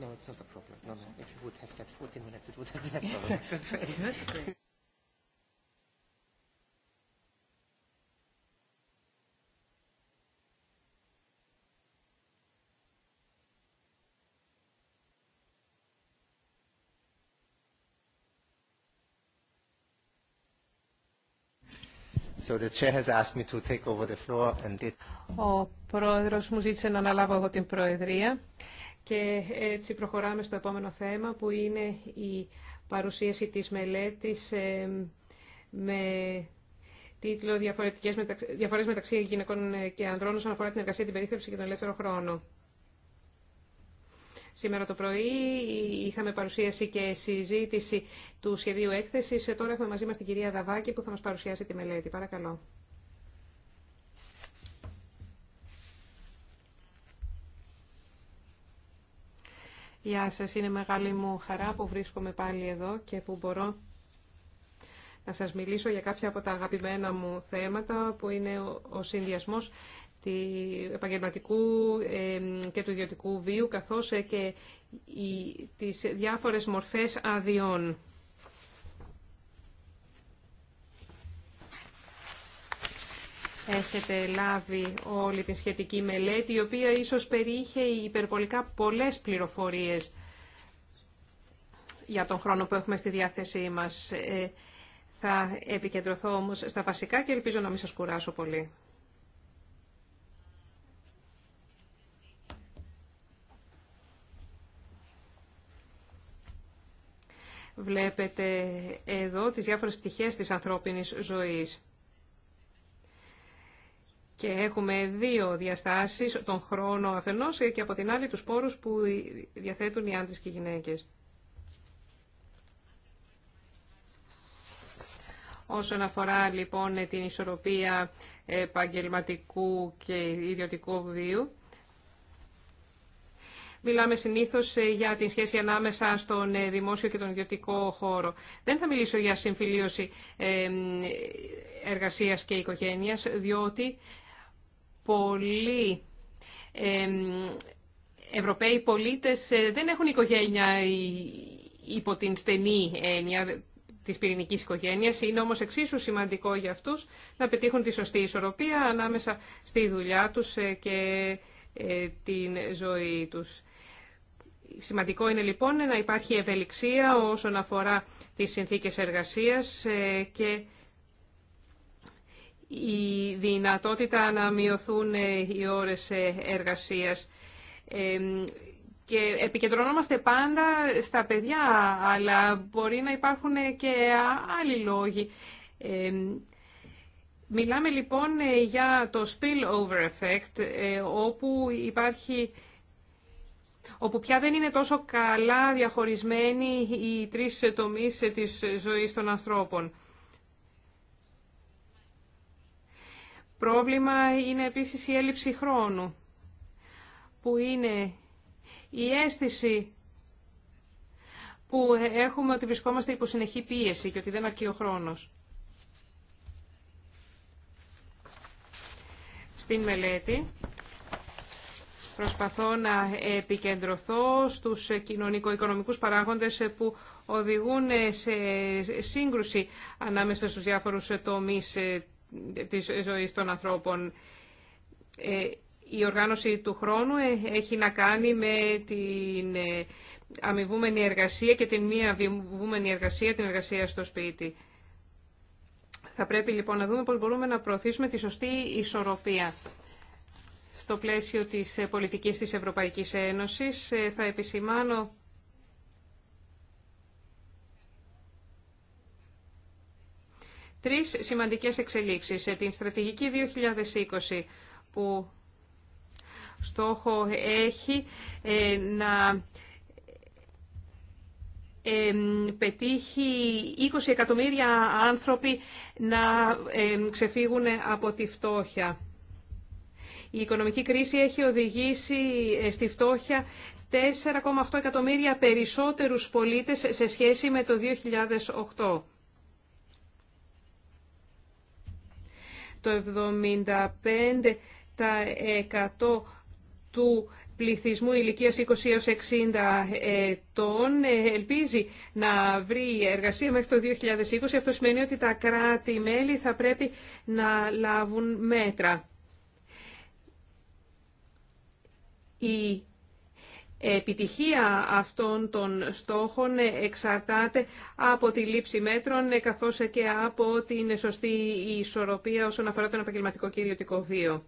No, it's not a problem. No, no. If you would have said 40 minutes, it would have been a problem. That's great. Ο πρόεδρος μου ζήτησε να αναλάβω εγώ την προεδρία. Και έτσι προχωράμε στο επόμενο θέμα που είναι η παρουσίαση της μελέτης ε, με τίτλο «Διαφορετικές «Διαφορές μεταξύ γυναικών και ανδρών όσον αφορά την εργασία, την περίθευση και τον ελεύθερο χρόνο». Σήμερα το πρωί είχαμε παρουσίαση και συζήτηση του σχεδίου έκθεσης. Ε, τώρα έχουμε μαζί μας την κυρία Δαβάκη που θα μας παρουσιάσει τη μελέτη. Παρακαλώ. Γεια σας, είναι μεγάλη μου χαρά που βρίσκομαι πάλι εδώ και που μπορώ να σας μιλήσω για κάποια από τα αγαπημένα μου θέματα που είναι ο συνδυασμός του επαγγελματικού και του ιδιωτικού βίου καθώς ε, και τις διάφορες μορφές αδειών. έχετε λάβει όλη τη σχετική μελέτη, η οποία ίσως περιείχε υπερβολικά πολλές πληροφορίες για τον χρόνο που έχουμε στη διάθεσή μας. Ε, θα επικεντρωθώ όμως στα βασικά και ελπίζω να μην σας κουράσω πολύ. Βλέπετε εδώ τις διάφορες πτυχές της ανθρώπινης ζωής. Και έχουμε δύο διαστάσεις, τον χρόνο αφενός και από την άλλη τους πόρους που διαθέτουν οι άντρες και οι γυναίκες. Όσον αφορά λοιπόν την ισορροπία επαγγελματικού και ιδιωτικού βίου, μιλάμε συνήθως ε, για την σχέση ανάμεσα στον ε, δημόσιο και τον ιδιωτικό χώρο. Δεν θα μιλήσω για συμφιλίωση ε, εργασίας και οικογένειας, διότι πολλοί Ευρωπαίοι πολίτες ε, δεν έχουν οικογένεια υπό την στενή έννοια της πυρηνικής οικογένειας. Είναι όμως εξίσου σημαντικό για αυτούς να πετύχουν τη σωστή ισορροπία ανάμεσα στη δουλειά τους ε, και ε, την ζωή τους. Σημαντικό είναι λοιπόν να υπάρχει ευελιξία όσον αφορά τις συνθήκες εργασίας και η δυνατότητα να μειωθούν ε, οι ώρες ε, εργασίας. Ε, και επικεντρωνόμαστε πάντα στα παιδιά, αλλά μπορεί να υπάρχουν και άλλοι λόγοι. Μιλάμε λοιπόν για το spillover effect, όπου υπάρχει όπου πια δεν είναι τόσο καλά διαχωρισμένοι οι τρεις τομείς της ζωής των ανθρώπων. Πρόβλημα είναι επίσης η έλλειψη χρόνου, που είναι η αίσθηση που έχουμε ότι βρισκόμαστε υπό συνεχή πίεση και ότι δεν αρκεί ο χρόνος. Στην μελέτη προσπαθώ να επικεντρωθώ στους κοινωνικο-οικονομικούς παράγοντες που οδηγούν σε σύγκρουση ανάμεσα στους διάφορους τομείς της ζωής των ανθρώπων. Ε, η οργάνωση του χρόνου ε, έχει να κάνει με την ε, αμοιβούμενη εργασία και την μία αμοιβούμενη εργασία, την εργασία στο σπίτι. Θα πρέπει λοιπόν να δούμε πώς μπορούμε να προωθήσουμε τη σωστή ισορροπία. Στο πλαίσιο της πολιτικής της Ευρωπαϊκής Ένωσης θα επισημάνω τρεις σημαντικές εξελίξεις. Ε, την στρατηγική 2020 που στόχο έχει ε, να ε, πετύχει 20 εκατομμύρια άνθρωποι να ξεφύγουν από τη φτώχεια. Η οικονομική κρίση έχει οδηγήσει στη φτώχεια 4,8 εκατομμύρια περισσότερους πολίτες σε σχέση με το 2008. Το 75% του πληθυσμού ηλικίας 20 έως 60 ετών ελπίζει να βρει εργασία μέχρι το 2020. Αυτό σημαίνει ότι τα κράτη-μέλη θα πρέπει να λάβουν μέτρα. Η επιτυχία αυτών των στόχων εξαρτάται από τη λήψη μέτρων καθώς και από την σωστή ισορροπία όσον αφορά τον επαγγελματικό και ιδιωτικό βίο.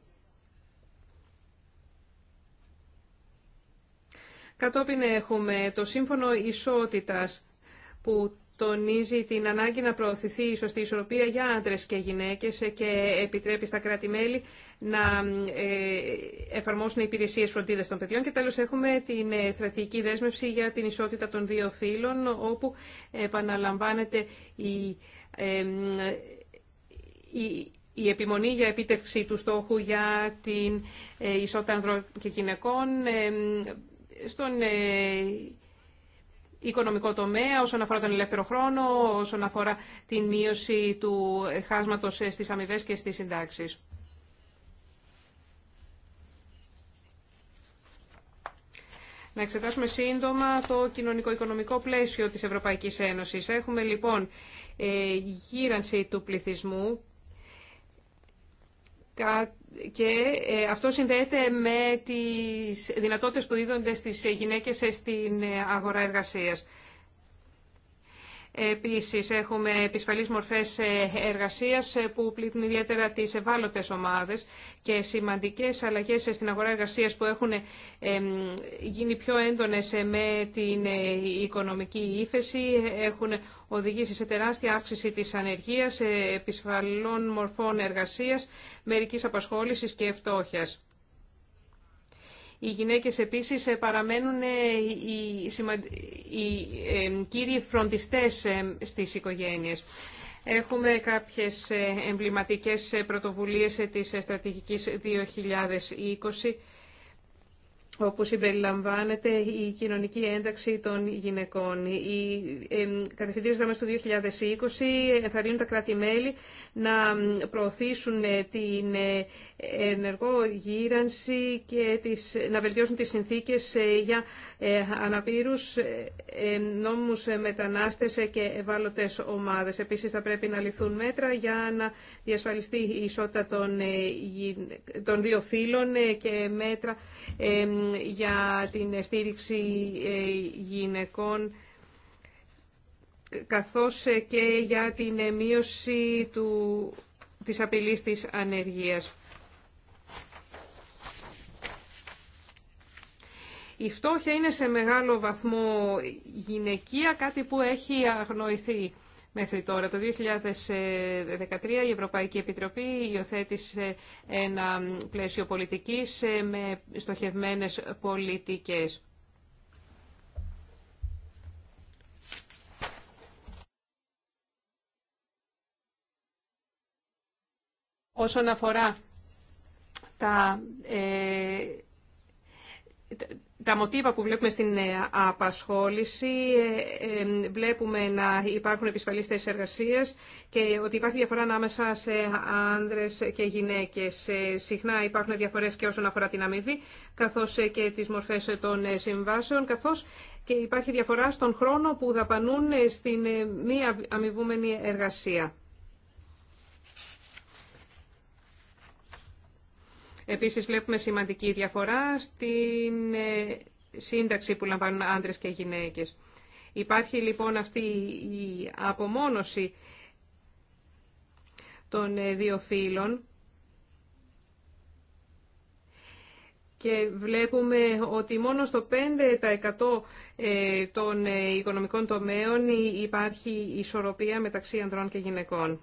Κατόπιν έχουμε το Σύμφωνο Ισότητας που τονίζει την ανάγκη να προωθηθεί η σωστή ισορροπία για άντρες και γυναίκες και επιτρέπει στα κράτη-μέλη να ε, εφαρμόσουν οι υπηρεσίε φροντίδα των παιδιών. Και τέλο, έχουμε την ε, στρατηγική δέσμευση για την ισότητα των δύο φύλων, όπου επαναλαμβάνεται η. η επιμονή για επίτευξη του στόχου για την ε, ισότητα ανδρών και γυναικών στον οικονομικό τομέα, όσον αφορά τον ελεύθερο χρόνο, όσον αφορά την μείωση του χάσματος στις αμοιβέ και στις συντάξεις. να εξετάσουμε σύντομα το κοινωνικό-οικονομικό πλαίσιο της Ευρωπαϊκής Ένωσης. Έχουμε λοιπόν ε, γύρανση του πληθυσμού και ε, αυτό συνδέεται με τις δυνατότητες που δίδονται στις γυναίκες στην ε, αγορά εργασίας. Επίσης, έχουμε επισφαλείς μορφές ε, εργασίας ε, που πλήττουν ιδιαίτερα τις ευάλωτες ομάδες και σημαντικές αλλαγές στην αγορά εργασίας που έχουν ε, γίνει πιο έντονες με την οικονομική ύφεση, έχουν οδηγήσει σε τεράστια αύξηση της ανεργίας, επισφαλών μορφών εργασίας, μερικής απασχόλησης και φτώχειας. Οι γυναίκες επίσης ε, παραμένουν ε, οι, ε, κύριοι φροντιστές στις οικογένειες. Έχουμε κάποιες εμβληματικές πρωτοβουλίες της στρατηγικής 2020 όπου συμπεριλαμβάνεται η κοινωνική ένταξη των γυναικών. Οι κατευθυντήρες γραμμές του 2020 ενθαρρύνουν τα κράτη-μέλη να προωθήσουν ε, την ε, ενεργό γύρανση και τις, να βελτιώσουν τις συνθήκες ε, για αναπήρους νόμους μετανάστες και ευάλωτες ομάδες. Επίσης θα πρέπει να ληφθούν μέτρα για να διασφαλιστεί η ισότητα των, των δύο φύλων και μέτρα για την στήριξη ε, γυναικών καθώς και για την ε, μείωση του, της απειλής της ανεργίας. Η φτώχεια είναι σε μεγάλο βαθμό γυναικεία, κάτι που έχει αγνοηθεί μέχρι τώρα. Το 2013 η Ευρωπαϊκή Επιτροπή υιοθέτησε ένα πλαίσιο πολιτικής ε, με στοχευμένες πολιτικές. Όσον αφορά τα, ε, τα μοτίβα που βλέπουμε στην ε, απασχόληση, ε, ε, βλέπουμε να υπάρχουν επισφαλείς θέσεις και ότι υπάρχει διαφορά ανάμεσα σε άνδρες και γυναίκες. Συχνά υπάρχουν διαφορές και όσον αφορά την αμοιβή, καθώς και τις μορφές των συμβάσεων, καθώς και υπάρχει διαφορά στον χρόνο που δαπανούν στην μη αμοιβούμενη εργασία. Επίσης βλέπουμε σημαντική διαφορά στην ε, σύνταξη που λαμβάνουν άντρες και γυναίκες. Υπάρχει λοιπόν αυτή η απομόνωση των ε, δύο φύλων και βλέπουμε ότι μόνο στο 5% ε, των οικονομικών τομέων υπάρχει ισορροπία μεταξύ ανδρών και γυναικών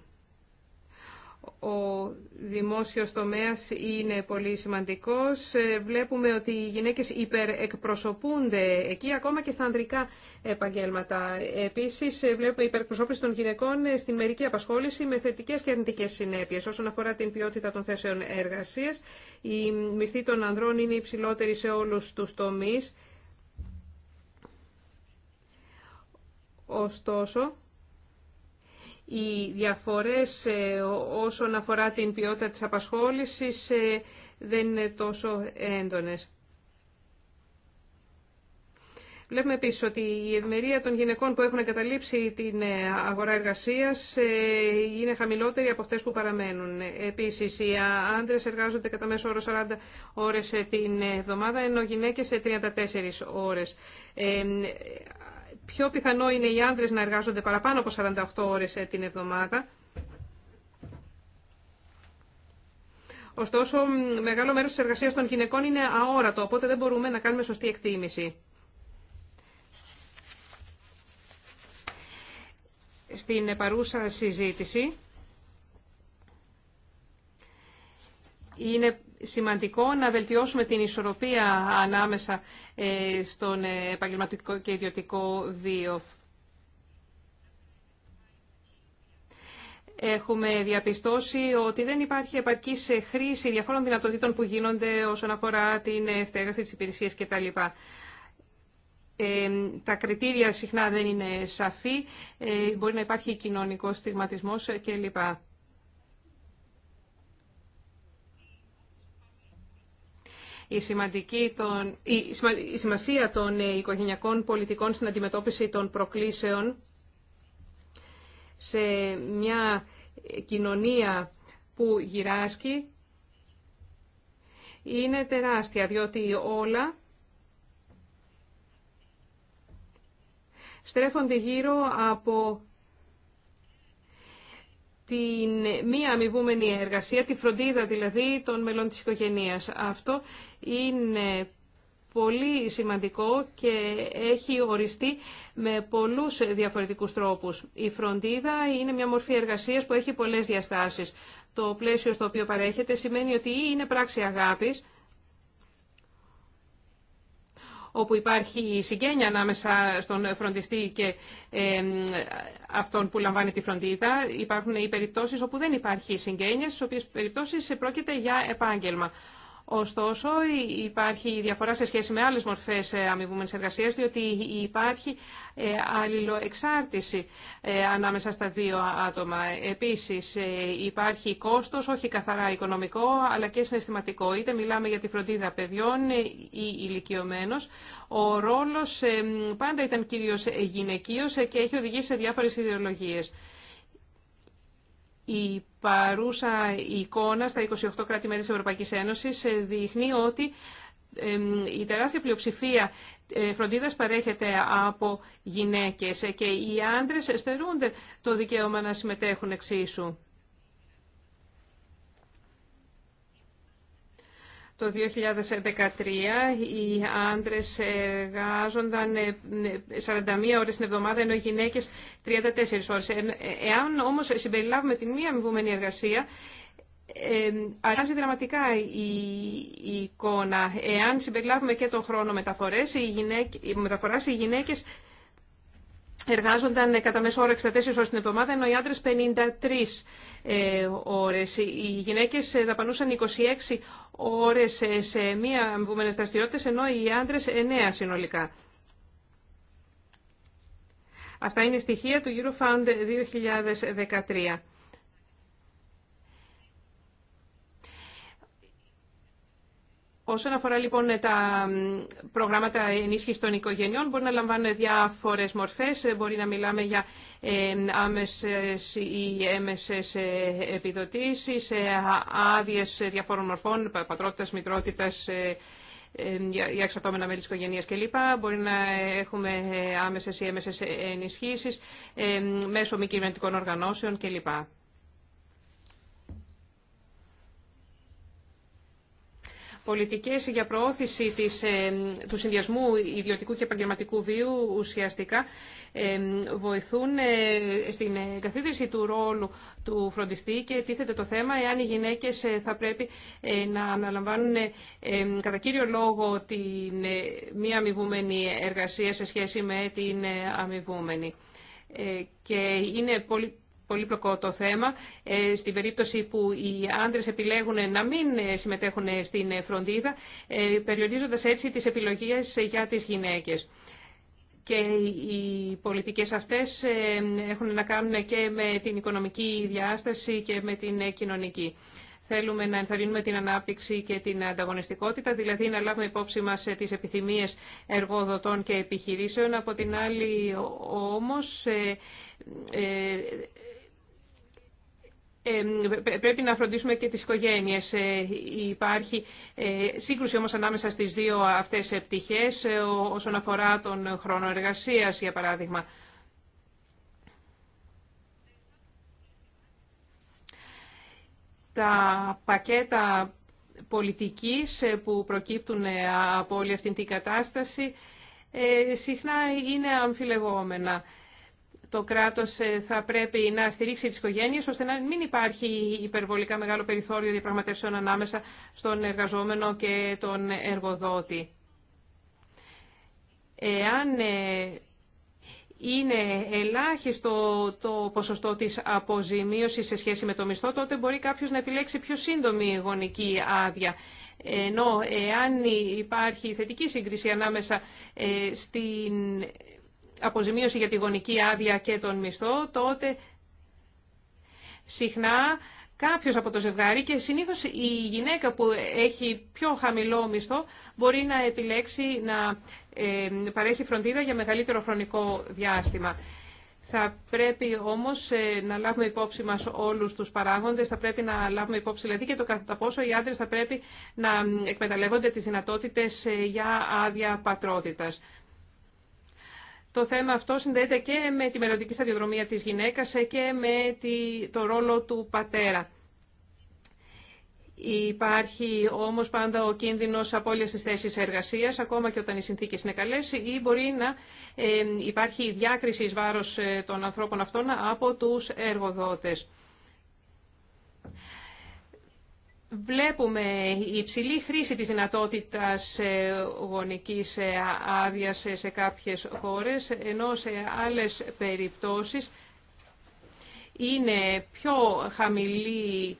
ο δημόσιος τομέας είναι πολύ σημαντικός. Ε, βλέπουμε ότι οι γυναίκες υπερεκπροσωπούνται εκεί, ακόμα και στα ανδρικά επαγγέλματα. Επίσης, ε, βλέπουμε υπερεκπροσώπηση των γυναικών ε, στην μερική απασχόληση με θετικές και αρνητικές συνέπειες. Όσον αφορά την ποιότητα των θέσεων εργασίας, η μισθή των ανδρών είναι υψηλότερη σε όλους τους τομείς. Ωστόσο, οι διαφορές ε, όσον αφορά την ποιότητα της απασχόλησης ε, δεν είναι τόσο έντονες. Βλέπουμε επίσης ότι η ευμερία των γυναικών που έχουν καταλήψει την ε, αγορά εργασίας είναι χαμηλότερη από αυτές που παραμένουν. Επίσης, οι άντρες εργάζονται κατά μέσο όρο 40 ώρες την εβδομάδα, ενώ οι γυναίκες σε 34 ώρες πιο πιθανό είναι οι άνδρες να εργάζονται παραπάνω από 48 ώρες ε, την εβδομάδα. Ωστόσο, μεγάλο μέρος της εργασίας των γυναικών είναι αόρατο, οπότε δεν μπορούμε να κάνουμε σωστή εκτίμηση. Στην παρούσα συζήτηση είναι σημαντικό να βελτιώσουμε την ισορροπία ανάμεσα ε, στον ε, επαγγελματικό και ιδιωτικό βίο. Έχουμε διαπιστώσει ότι δεν υπάρχει επαρκή χρήση διαφόρων δυνατοτήτων που γίνονται όσον αφορά την στέγαση της υπηρεσίας κτλ. Ε, τα κριτήρια συχνά δεν είναι σαφή, μπορεί να υπάρχει κοινωνικός στιγματισμός κλπ. Η, σημαντική των, η, σημασία των ε, οικογενειακών πολιτικών στην αντιμετώπιση των προκλήσεων σε μια ε, κοινωνία που γυράσκει είναι τεράστια, διότι όλα στρέφονται γύρω από την μη αμοιβούμενη εργασία, τη φροντίδα δηλαδή των μελών της οικογένειας. Αυτό είναι πολύ σημαντικό και έχει οριστεί με πολλούς διαφορετικούς τρόπους. Η φροντίδα είναι μια μορφή εργασίας που έχει πολλές διαστάσεις. Το πλαίσιο στο οποίο παρέχεται σημαίνει ότι ή είναι πράξη αγάπης, όπου υπάρχει συγγένεια ανάμεσα στον φροντιστή και αυτόν που λαμβάνει τη φροντίδα. Υπάρχουν οι περιπτώσεις όπου δεν υπάρχει συγγένεια, στις οποίες περιπτώσεις πρόκειται για επάγγελμα. Ωστόσο, υπάρχει διαφορά σε σχέση με άλλες μορφές ε, αμοιβούμενης εργασίας, διότι υπάρχει ε, αλληλοεξάρτηση ε, ανάμεσα στα δύο άτομα. Επίσης, υπάρχει κόστος, όχι καθαρά οικονομικό, αλλά και συναισθηματικό. Είτε μιλάμε για τη φροντίδα παιδιών ή ηλικιωμένος. Ο ρόλος πάντα ήταν κυρίως γυναικείος και έχει οδηγήσει σε διάφορες ιδεολογίες. Η παρούσα εικόνα στα 28 κράτη-μέλη της Ευρωπαϊκής Ένωσης ε, δείχνει ότι η τεράστια πλειοψηφία ε, φροντίδας παρέχεται από γυναίκες ε, και οι άντρες στερούνται το δικαίωμα να συμμετέχουν εξίσου. Το 2013 οι άντρες εργάζονταν 41 ε, ε, ώρες την εβδομάδα, ενώ οι γυναίκες 34 ώρες. Ε, εάν όμως συμπεριλάβουμε την μία αμοιβούμενη εργασία, ε, αλλάζει δραματικά η, η, εικόνα. Εάν συμπεριλάβουμε και τον χρόνο μεταφορές, οι γυναίκ, μεταφοράς, οι γυναίκες εργάζονταν κατά μέσο όρο 64 ώρες την εβδομάδα, ενώ οι άντρες 53 ε, ώρες. Οι γυναίκες ε, δαπανούσαν 26 ώρες ε, σε μία αμβούμενες δραστηριότητες, ενώ οι άντρες 9 συνολικά. Αυτά είναι στοιχεία του Eurofound 2013. Όσον αφορά λοιπόν τα προγράμματα ενίσχυσης των οικογενειών, μπορεί να λαμβάνουν διάφορες μορφές. Μπορεί να μιλάμε για ε, άμεσες ή έμεσες ε, επιδοτήσεις, ε, άδειε διαφόρων μορφών, πατρότητας, μητρότητας, για εξαρτώμενα μέλη της οικογένειας κλπ. Μπορεί να έχουμε άμεσες ή έμεσες ενισχύσεις μέσω μη κυβερνητικών οργανώσεων κλπ. πολιτικές για προώθηση ε, του συνδυασμού ιδιωτικού και επαγγελματικού βίου ουσιαστικά ε, βοηθούν ε, στην καθίδρυση του ρόλου του φροντιστή και τίθεται το θέμα εάν οι γυναίκες θα πρέπει να αναλαμβάνουν κατά κύριο λόγο την μη αμοιβούμενη εργασία σε σχέση με την αμοιβούμενη. Και είναι πολύ πολύπλοκο το θέμα. Ε, στην περίπτωση που οι άντρε επιλέγουν να μην ε, συμμετέχουν ε, στην φροντίδα, περιορίζοντα έτσι τι επιλογέ για τι γυναίκε. Και οι πολιτικές αυτές έχουν να κάνουν και με την οικονομική διάσταση και με την κοινωνική. Θέλουμε να ενθαρρύνουμε την ανάπτυξη και την ανταγωνιστικότητα, δηλαδή να λάβουμε υπόψη μας τις επιθυμίες εργοδοτών και επιχειρήσεων. Από την άλλη όμως πρέπει να φροντίσουμε και τις οικογένειες. Ε, υπάρχει ε, σύγκρουση όμως ανάμεσα στις δύο αυτές πτυχές ε, όσον αφορά τον χρόνο εργασίας, για παράδειγμα. Τα πακέτα πολιτικής που προκύπτουν από όλη αυτή την κατάσταση συχνά είναι αμφιλεγόμενα το κράτος ε, θα πρέπει να στηρίξει τις οικογένειες ώστε να μην υπάρχει υπερβολικά μεγάλο περιθώριο διαπραγματεύσεων ανάμεσα στον εργαζόμενο και τον εργοδότη. Εάν ε, είναι ελάχιστο το ποσοστό της αποζημίωσης σε σχέση με το μισθό, τότε μπορεί κάποιος να επιλέξει πιο σύντομη γονική άδεια. Ενώ εάν υπάρχει θετική σύγκριση ανάμεσα ε, στην αποζημίωση για τη γονική άδεια και τον μισθό, τότε συχνά κάποιος από το ζευγάρι και συνήθως η γυναίκα που έχει πιο χαμηλό μισθό μπορεί να επιλέξει να ε, παρέχει φροντίδα για μεγαλύτερο χρονικό διάστημα. Θα πρέπει όμως ε, να λάβουμε υπόψη μας όλους τους παράγοντες, θα πρέπει να λάβουμε υπόψη δηλαδή και το κατά πόσο οι άντρες θα πρέπει να ε, εκμεταλλεύονται τις δυνατότητες για άδεια πατρότητας το θέμα αυτό συνδέεται και με τη μελλοντική σταδιοδρομία της γυναίκας και με το ρόλο του πατέρα. Υπάρχει όμως πάντα ο κίνδυνος απώλειας της θέσης εργασίας, ακόμα και όταν οι συνθήκες είναι καλές, ή μπορεί να ε, υπάρχει διάκριση εις βάρος ε, των ανθρώπων αυτών από τους εργοδότες. Βλέπουμε η υψηλή χρήση της δυνατότητας ε, γονικής ε, άδεια ε, σε κάποιες χώρες, ενώ σε άλλες περιπτώσεις είναι πιο χαμηλή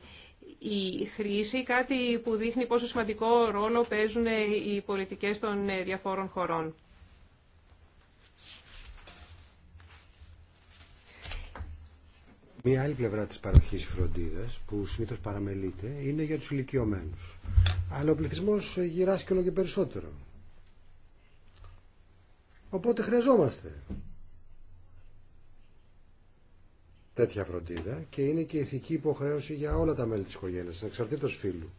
η χρήση, κάτι που δείχνει πόσο σημαντικό ρόλο παίζουν οι πολιτικές των διαφόρων χωρών. Μία άλλη πλευρά της παροχής φροντίδας που συνήθως παραμελείται είναι για τους ηλικιωμένους. Αλλά ο πληθυσμός γυράσκει και όλο και περισσότερο. Οπότε χρειαζόμαστε τέτοια φροντίδα και είναι και ηθική υποχρέωση για όλα τα μέλη της οικογένειας, εξαρτήτως φίλου.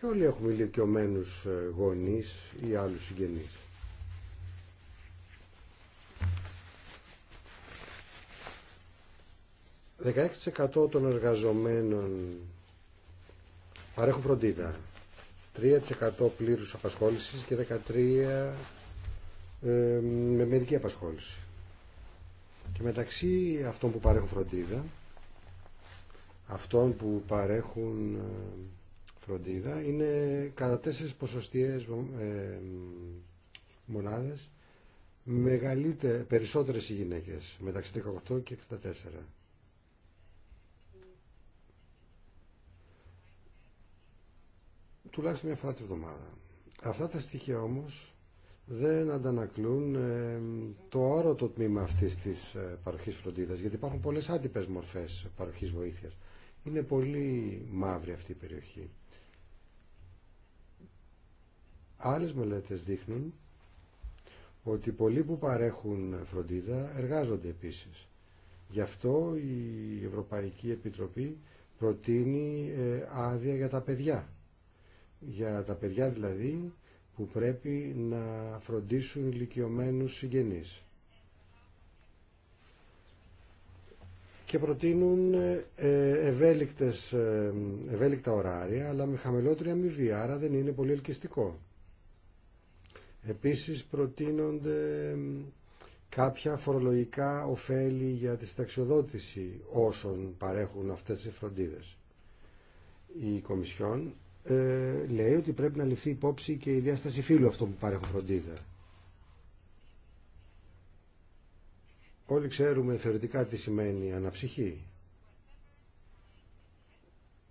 Και όλοι έχουμε ηλικιωμένους ε, γονείς ή άλλους συγγενείς. 16% των εργαζομένων παρέχουν φροντίδα, 3% πλήρους απασχόλησης και 13% ε, με μερική απασχόληση. Και μεταξύ αυτών που παρέχουν φροντίδα, αυτών που παρέχουν ε, φροντίδα, είναι κατά τέσσερις ποσοστιαίες ε, μονάδες μεγαλύτερε, περισσότερες οι γυναίκες, μεταξύ 18 και 64. τουλάχιστον μια φορά τη βδομάδα. Αυτά τα στοιχεία όμως δεν αντανακλούν ε, το όρο το τμήμα αυτής της ε, παροχής φροντίδας, γιατί υπάρχουν πολλές άτυπες μορφές παροχής βοήθειας. Είναι πολύ μαύρη αυτή η περιοχή. Άλλες μελέτες δείχνουν ότι πολλοί που παρέχουν φροντίδα εργάζονται επίσης. Γι' αυτό η Ευρωπαϊκή Επιτροπή προτείνει ε, άδεια για τα παιδιά για τα παιδιά δηλαδή που πρέπει να φροντίσουν ηλικιωμένους συγγενείς. Και προτείνουν ε, ευέλικτες, ε, ευέλικτα ωράρια, αλλά με χαμηλότερη αμοιβή, άρα δεν είναι πολύ ελκυστικό. Επίσης προτείνονται κάποια φορολογικά ωφέλη για τη συνταξιοδότηση όσων παρέχουν αυτές τις φροντίδες. Η Κομισιόν ε, λέει ότι πρέπει να ληφθεί υπόψη και η διάσταση φύλου αυτό που παρέχουν φροντίδα. Όλοι ξέρουμε θεωρητικά τι σημαίνει αναψυχή.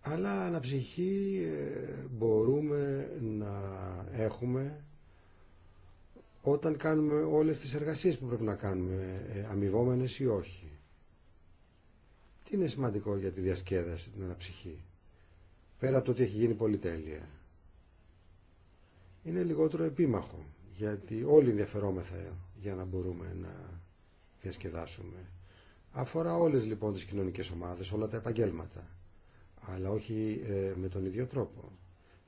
Αλλά αναψυχή ε, μπορούμε να έχουμε όταν κάνουμε όλες τις εργασίες που πρέπει να κάνουμε, ε, αμοιβόμενες ή όχι. Τι είναι σημαντικό για τη διασκέδαση, την αναψυχή πέρα από το ότι έχει γίνει πολυτέλεια. Είναι λιγότερο επίμαχο, γιατί όλοι ενδιαφερόμεθα για να μπορούμε να διασκεδάσουμε. Αφορά όλες λοιπόν τις κοινωνικές ομάδες, όλα τα επαγγέλματα, αλλά όχι ε, με τον ίδιο τρόπο.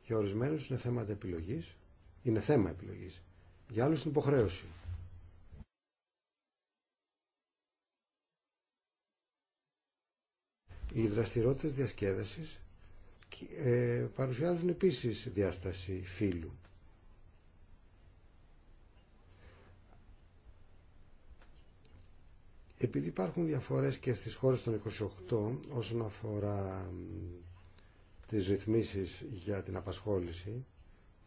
Για ορισμένους είναι θέματα επιλογής, είναι θέμα επιλογής. Για άλλους είναι υποχρέωση. Οι δραστηριότητες διασκέδασης ε, παρουσιάζουν επίσης διάσταση φύλου. Επειδή υπάρχουν διαφορές και στις χώρες των 28 όσον αφορά τις ρυθμίσεις για την απασχόληση,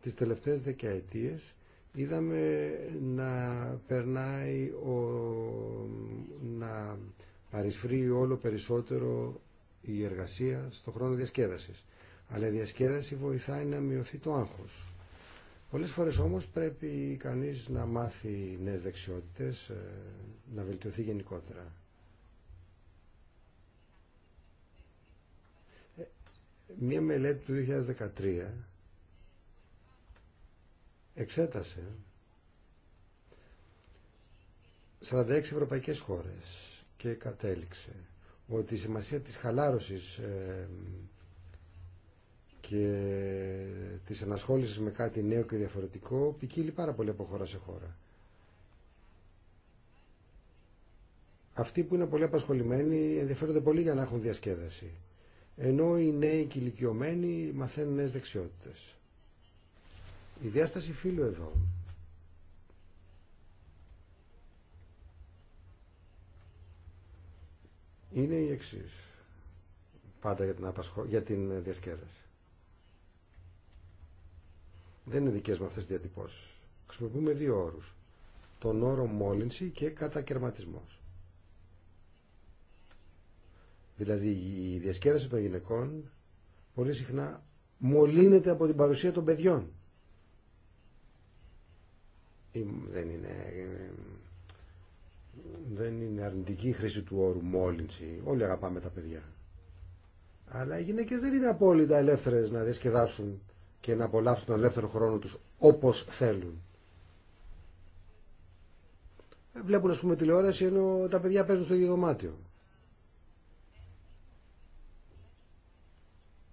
τις τελευταίες δεκαετίες είδαμε να περνάει να παρισφρεί όλο περισσότερο η εργασία στο χρόνο διασκέδασης. Αλλά η διασκέδαση βοηθάει να μειωθεί το άγχος. Πολλές φορές όμως πρέπει κανείς να μάθει νέες δεξιότητες, ε, να βελτιωθεί γενικότερα. Ε, μία μελέτη του 2013 εξέτασε 46 ευρωπαϊκές χώρες και κατέληξε ότι η σημασία της χαλάρωσης ε, και τη ενασχόλησης με κάτι νέο και διαφορετικό ποικίλει πάρα πολύ από χώρα σε χώρα. Αυτοί που είναι πολύ απασχολημένοι ενδιαφέρονται πολύ για να έχουν διασκέδαση. Ενώ οι νέοι και ηλικιωμένοι μαθαίνουν νέε δεξιότητε. Η διάσταση φίλου εδώ είναι η εξής. Πάντα για την, απασχο... για την διασκέδαση. Δεν είναι δικές μου αυτές τις διατυπώσεις. Χρησιμοποιούμε δύο όρους. Τον όρο μόλυνση και κατακαιρματισμός. Δηλαδή η διασκέδαση των γυναικών πολύ συχνά μολύνεται από την παρουσία των παιδιών. Δεν είναι, δεν είναι αρνητική η χρήση του όρου μόλυνση. Όλοι αγαπάμε τα παιδιά. Αλλά οι γυναίκες δεν είναι απόλυτα ελεύθερες να διασκεδάσουν και να απολαύσουν τον ελεύθερο χρόνο τους όπως θέλουν. Ε, βλέπουν ας πούμε τηλεόραση ενώ τα παιδιά παίζουν στο ίδιο δωμάτιο.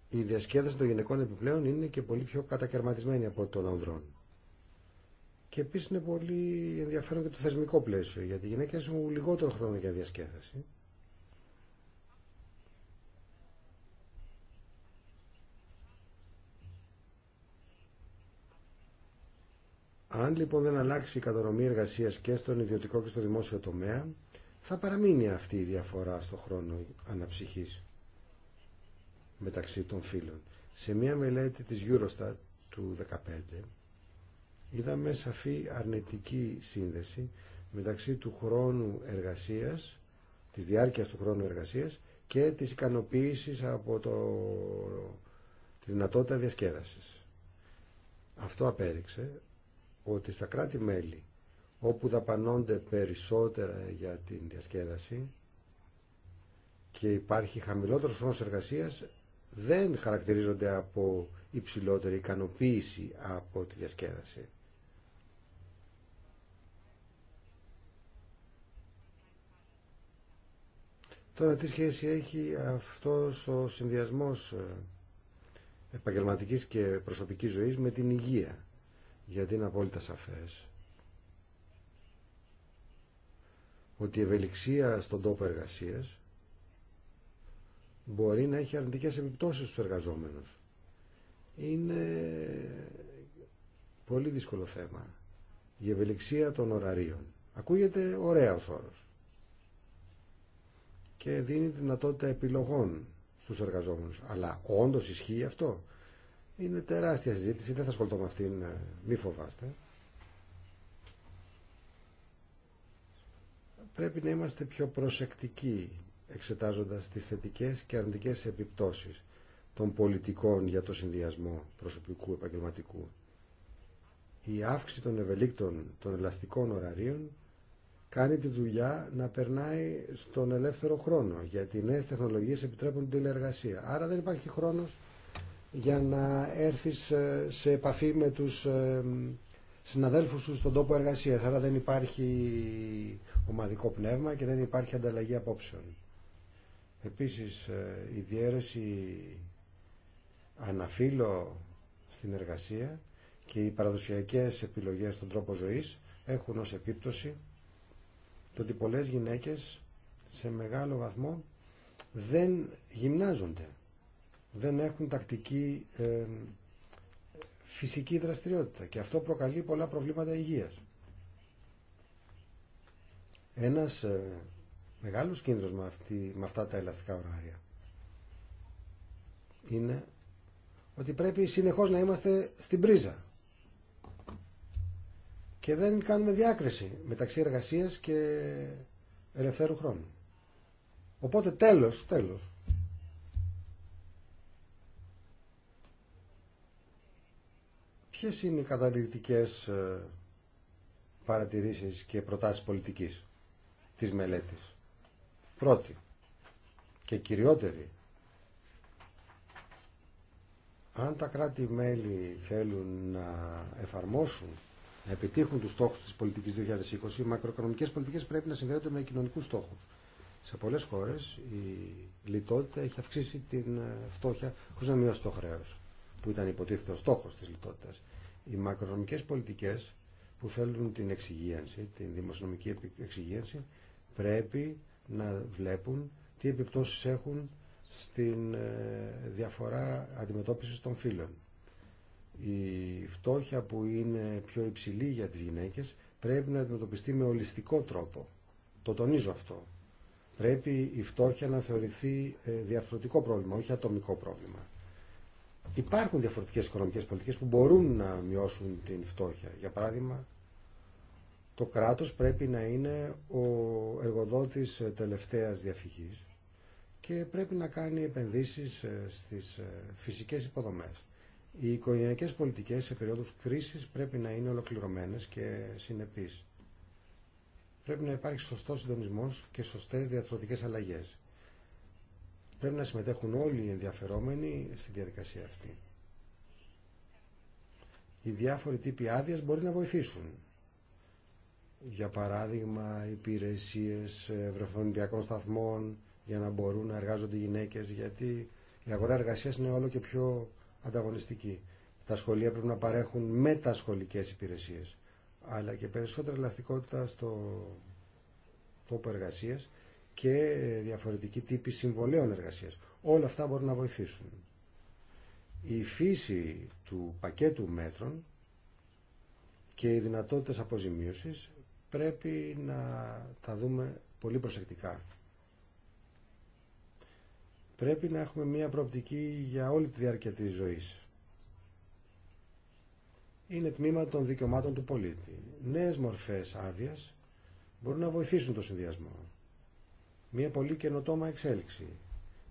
Η διασκέδαση των γυναικών επιπλέον είναι και πολύ πιο κατακαιρματισμένη από των ανδρών. Και επίση είναι πολύ ενδιαφέρον και το θεσμικό πλαίσιο, γιατί οι γυναίκε έχουν λιγότερο χρόνο για διασκέδαση. Αν λοιπόν δεν αλλάξει η κατανομή εργασία και στον ιδιωτικό και στο δημόσιο τομέα, θα παραμείνει αυτή η διαφορά στο χρόνο αναψυχής μεταξύ των φίλων. Σε μια μελέτη της Eurostat του 2015 είδαμε σαφή αρνητική σύνδεση μεταξύ του χρόνου εργασίας, της διάρκειας του χρόνου εργασίας και της ικανοποίησης από το, τη δυνατότητα διασκέδασης. Αυτό απέδειξε ότι στα κράτη-μέλη όπου δαπανώνται περισσότερα για την διασκέδαση και υπάρχει χαμηλότερος χρόνος εργασίας δεν χαρακτηρίζονται από υψηλότερη ικανοποίηση από τη διασκέδαση. Τώρα τι σχέση έχει αυτός ο συνδυασμός ε, επαγγελματικής και προσωπικής ζωής με την υγεία γιατί είναι απόλυτα σαφές ότι η ευελιξία στον τόπο εργασίας μπορεί να έχει αρνητικές επιπτώσεις στους εργαζόμενους. Είναι πολύ δύσκολο θέμα. Η ευελιξία των ωραρίων. Ακούγεται ωραία ως όρος. Και δίνει δυνατότητα επιλογών στους εργαζόμενους. Αλλά όντως ισχύει αυτό. Είναι τεράστια συζήτηση, δεν θα ασχοληθώ με αυτήν, ε, μη φοβάστε. Πρέπει να είμαστε πιο προσεκτικοί εξετάζοντας τις θετικές και αρνητικές επιπτώσεις των πολιτικών για το συνδυασμό προσωπικού επαγγελματικού. Η αύξηση των ευελίκτων των ελαστικών ωραρίων κάνει τη δουλειά να περνάει στον ελεύθερο χρόνο, γιατί οι νέες τεχνολογίες επιτρέπουν τηλεεργασία. Άρα δεν υπάρχει χρόνος για να έρθεις ε, σε επαφή με τους ε, συναδέλφους σου στον τόπο εργασίας. Άρα δεν υπάρχει ομαδικό πνεύμα και δεν υπάρχει ανταλλαγή απόψεων. Επίσης ε, η διαίρεση αναφύλω στην εργασία και οι παραδοσιακές επιλογές στον τρόπο ζωής έχουν ως επίπτωση το ότι πολλές γυναίκες σε μεγάλο βαθμό δεν γυμνάζονται δεν έχουν τακτική ε, φυσική δραστηριότητα και αυτό προκαλεί πολλά προβλήματα υγείας. Ένας ε, μεγάλος κίνδυνος με, αυτή, με αυτά τα ελαστικά ωράρια είναι ότι πρέπει συνεχώς να είμαστε στην πρίζα και δεν κάνουμε διάκριση μεταξύ εργασίας και ελευθέρου χρόνου. Οπότε τέλος, τέλος, Ποιες είναι οι καταληκτικές ε, παρατηρήσεις και προτάσεις πολιτικής της μελέτης. Πρώτη και κυριότερη, αν τα κράτη-μέλη θέλουν να εφαρμόσουν, να επιτύχουν τους στόχους της πολιτικής 2020, οι μακροοικονομικές πολιτικές πρέπει να συνδέονται με κοινωνικούς στόχους. Σε πολλές χώρες η λιτότητα έχει αυξήσει την ε, φτώχεια χωρίς να μειώσει το χρέος, που ήταν υποτίθεται ο στόχος της λιτότητας. Οι μακρονομικές πολιτικές που θέλουν την εξυγίανση, την δημοσιονομική εξυγίανση, πρέπει να βλέπουν τι επιπτώσεις έχουν στην ε, διαφορά αντιμετώπισης των φύλων. Η φτώχεια που είναι πιο υψηλή για τις γυναίκες πρέπει να αντιμετωπιστεί με ολιστικό τρόπο. Το τονίζω αυτό. Πρέπει η φτώχεια να θεωρηθεί ε, διαρθρωτικό πρόβλημα, όχι ατομικό πρόβλημα. Υπάρχουν διαφορετικές οικονομικές πολιτικές που μπορούν να μειώσουν την φτώχεια. Για παράδειγμα, το κράτος πρέπει να είναι ο εργοδότης τελευταίας διαφυγής και πρέπει να κάνει επενδύσεις ε, στις ε, φυσικές υποδομές. Οι οικογενειακέ πολιτικές σε περίοδους κρίσης πρέπει να είναι ολοκληρωμένες και συνεπεί Πρέπει να υπάρχει σωστό συντονισμό και σωστέ διαθροτικές αλλαγέ. Πρέπει να συμμετέχουν όλοι οι ενδιαφερόμενοι στη διαδικασία αυτή. Οι διάφοροι τύποι άδειας μπορεί να βοηθήσουν. Για παράδειγμα, υπηρεσίες ευρωφωνημιακών σταθμών για να μπορούν να εργάζονται οι γυναίκες γιατί η αγορά εργασίας είναι όλο και πιο ανταγωνιστική. Τα σχολεία πρέπει να παρέχουν μετασχολικές υπηρεσίες αλλά και περισσότερη ελαστικότητα στο τόπο εργασίας και διαφορετική τύποι συμβολέων εργασίας. Όλα αυτά μπορούν να βοηθήσουν. Η φύση του πακέτου μέτρων και οι δυνατότητες αποζημίωσης πρέπει να τα δούμε πολύ προσεκτικά. Πρέπει να έχουμε μία προοπτική για όλη τη διάρκεια της ζωής. Είναι τμήμα των δικαιωμάτων του πολίτη. Νέες μορφές άδειας μπορούν να βοηθήσουν το συνδυασμό μια πολύ καινοτόμα εξέλιξη.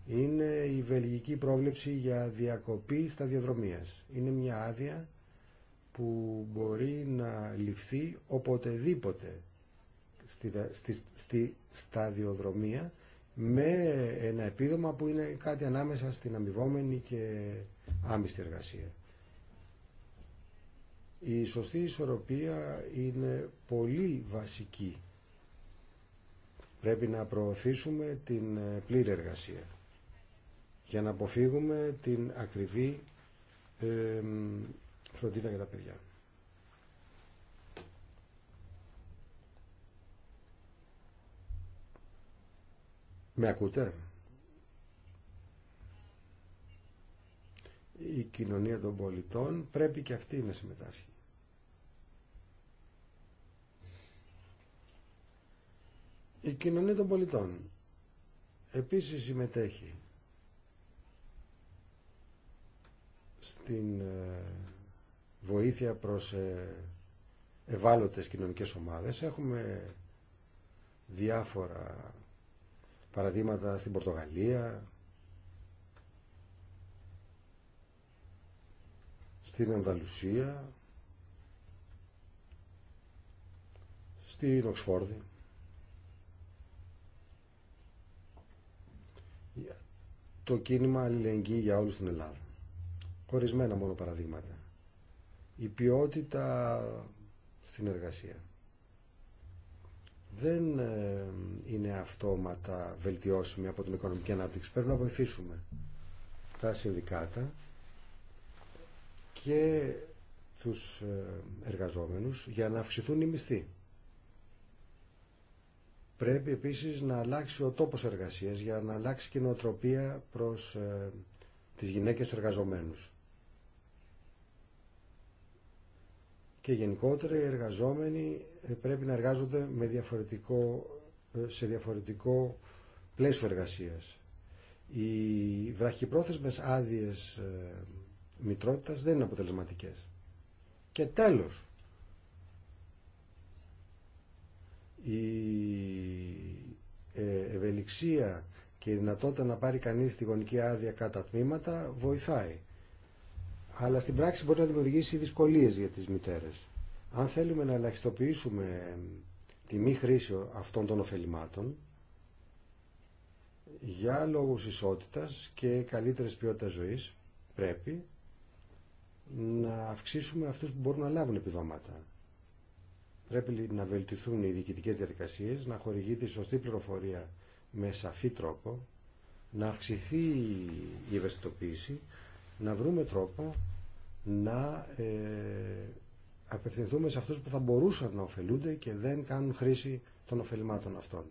Είναι η βελγική πρόβλεψη για διακοπή διαδρομίας Είναι μια άδεια που μπορεί να ληφθεί οποτεδήποτε στη, στη, στη σταδιοδρομία με ένα επίδομα που είναι κάτι ανάμεσα στην αμοιβόμενη και άμυστη εργασία. Η σωστή ισορροπία είναι πολύ βασική Πρέπει να προωθήσουμε την ε, πλήρη εργασία για να αποφύγουμε την ακριβή φροντίδα για τα παιδιά. Με ακούτε? Η κοινωνία των πολιτών πρέπει και αυτή να συμμετάσχει. Η κοινωνία των πολιτών επίσης συμμετέχει στην ε, βοήθεια προς ε, ευάλωτες κοινωνικές ομάδες. Έχουμε διάφορα παραδείγματα στην Πορτογαλία, στην Ανταλουσία, στην Οξφόρδη. το κίνημα αλληλεγγύη για όλους στην Ελλάδα. Ορισμένα μόνο παραδείγματα. Η ποιότητα στην εργασία. Δεν ε, είναι αυτόματα βελτιώσιμη από την οικονομική ανάπτυξη. Πρέπει να βοηθήσουμε τα συνδικάτα και τους ε, εργαζόμενους για να αυξηθούν οι μισθοί. Πρέπει επίσης να αλλάξει ο τόπος εργασίας για να αλλάξει και η νοοτροπία προς ε, τις γυναίκες εργαζομένους. Και γενικότερα οι εργαζόμενοι ε, πρέπει να εργάζονται με διαφορετικό, ε, σε διαφορετικό πλαίσιο εργασίας. Οι βραχυπρόθεσμες άδειες μητρότητας δεν είναι αποτελεσματικές. Και τέλος, η ε, ευελιξία και η δυνατότητα να πάρει κανείς τη γονική άδεια κατά τμήματα βοηθάει. Αλλά στην πράξη μπορεί να δημιουργήσει δυσκολίες για τις μητέρες. Αν θέλουμε να ελαχιστοποιήσουμε τη μη χρήση αυτών των ωφελημάτων για λόγους ισότητας και καλύτερης ποιότητας ζωής πρέπει να αυξήσουμε αυτούς που μπορούν να λάβουν επιδόματα. Πρέπει να βελτιθούν οι διοικητικές διαδικασίες, να χορηγείται σωστή πληροφορία με σαφή τρόπο, να αυξηθεί η ευαισθητοποίηση, να βρούμε τρόπο να ε, απευθυνθούμε σε αυτούς που θα μπορούσαν να ωφελούνται και δεν κάνουν χρήση των ωφελημάτων αυτών.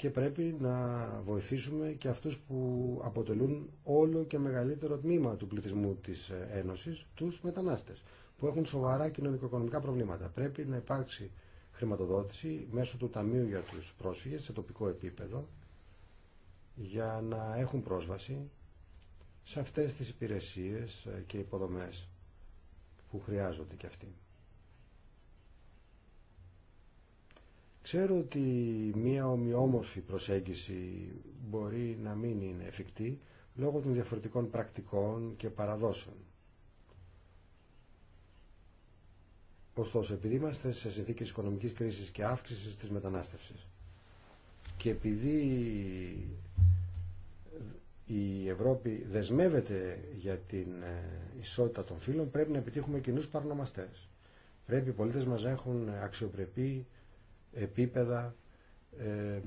και πρέπει να βοηθήσουμε και αυτούς που αποτελούν όλο και μεγαλύτερο τμήμα του πληθυσμού της ε, Ένωσης, τους μετανάστες, που έχουν σοβαρά κοινωνικο-οικονομικά προβλήματα. Πρέπει να υπάρξει χρηματοδότηση μέσω του Ταμείου για τους πρόσφυγες σε τοπικό επίπεδο για να έχουν πρόσβαση σε αυτές τις υπηρεσίες ε, και υποδομές που χρειάζονται και αυτοί. Ξέρω ότι μία ομοιόμορφη προσέγγιση μπορεί να μην είναι εφικτή λόγω των διαφορετικών πρακτικών και παραδόσεων. Ωστόσο, επειδή είμαστε σε συνθήκες οικονομικής κρίσης και αύξησης της μετανάστευσης και επειδή η Ευρώπη δεσμεύεται για την ε, ισότητα των φύλων, πρέπει να επιτύχουμε κοινού παρονομαστές. Πρέπει οι πολίτε μα να έχουν αξιοπρεπή επίπεδα ε,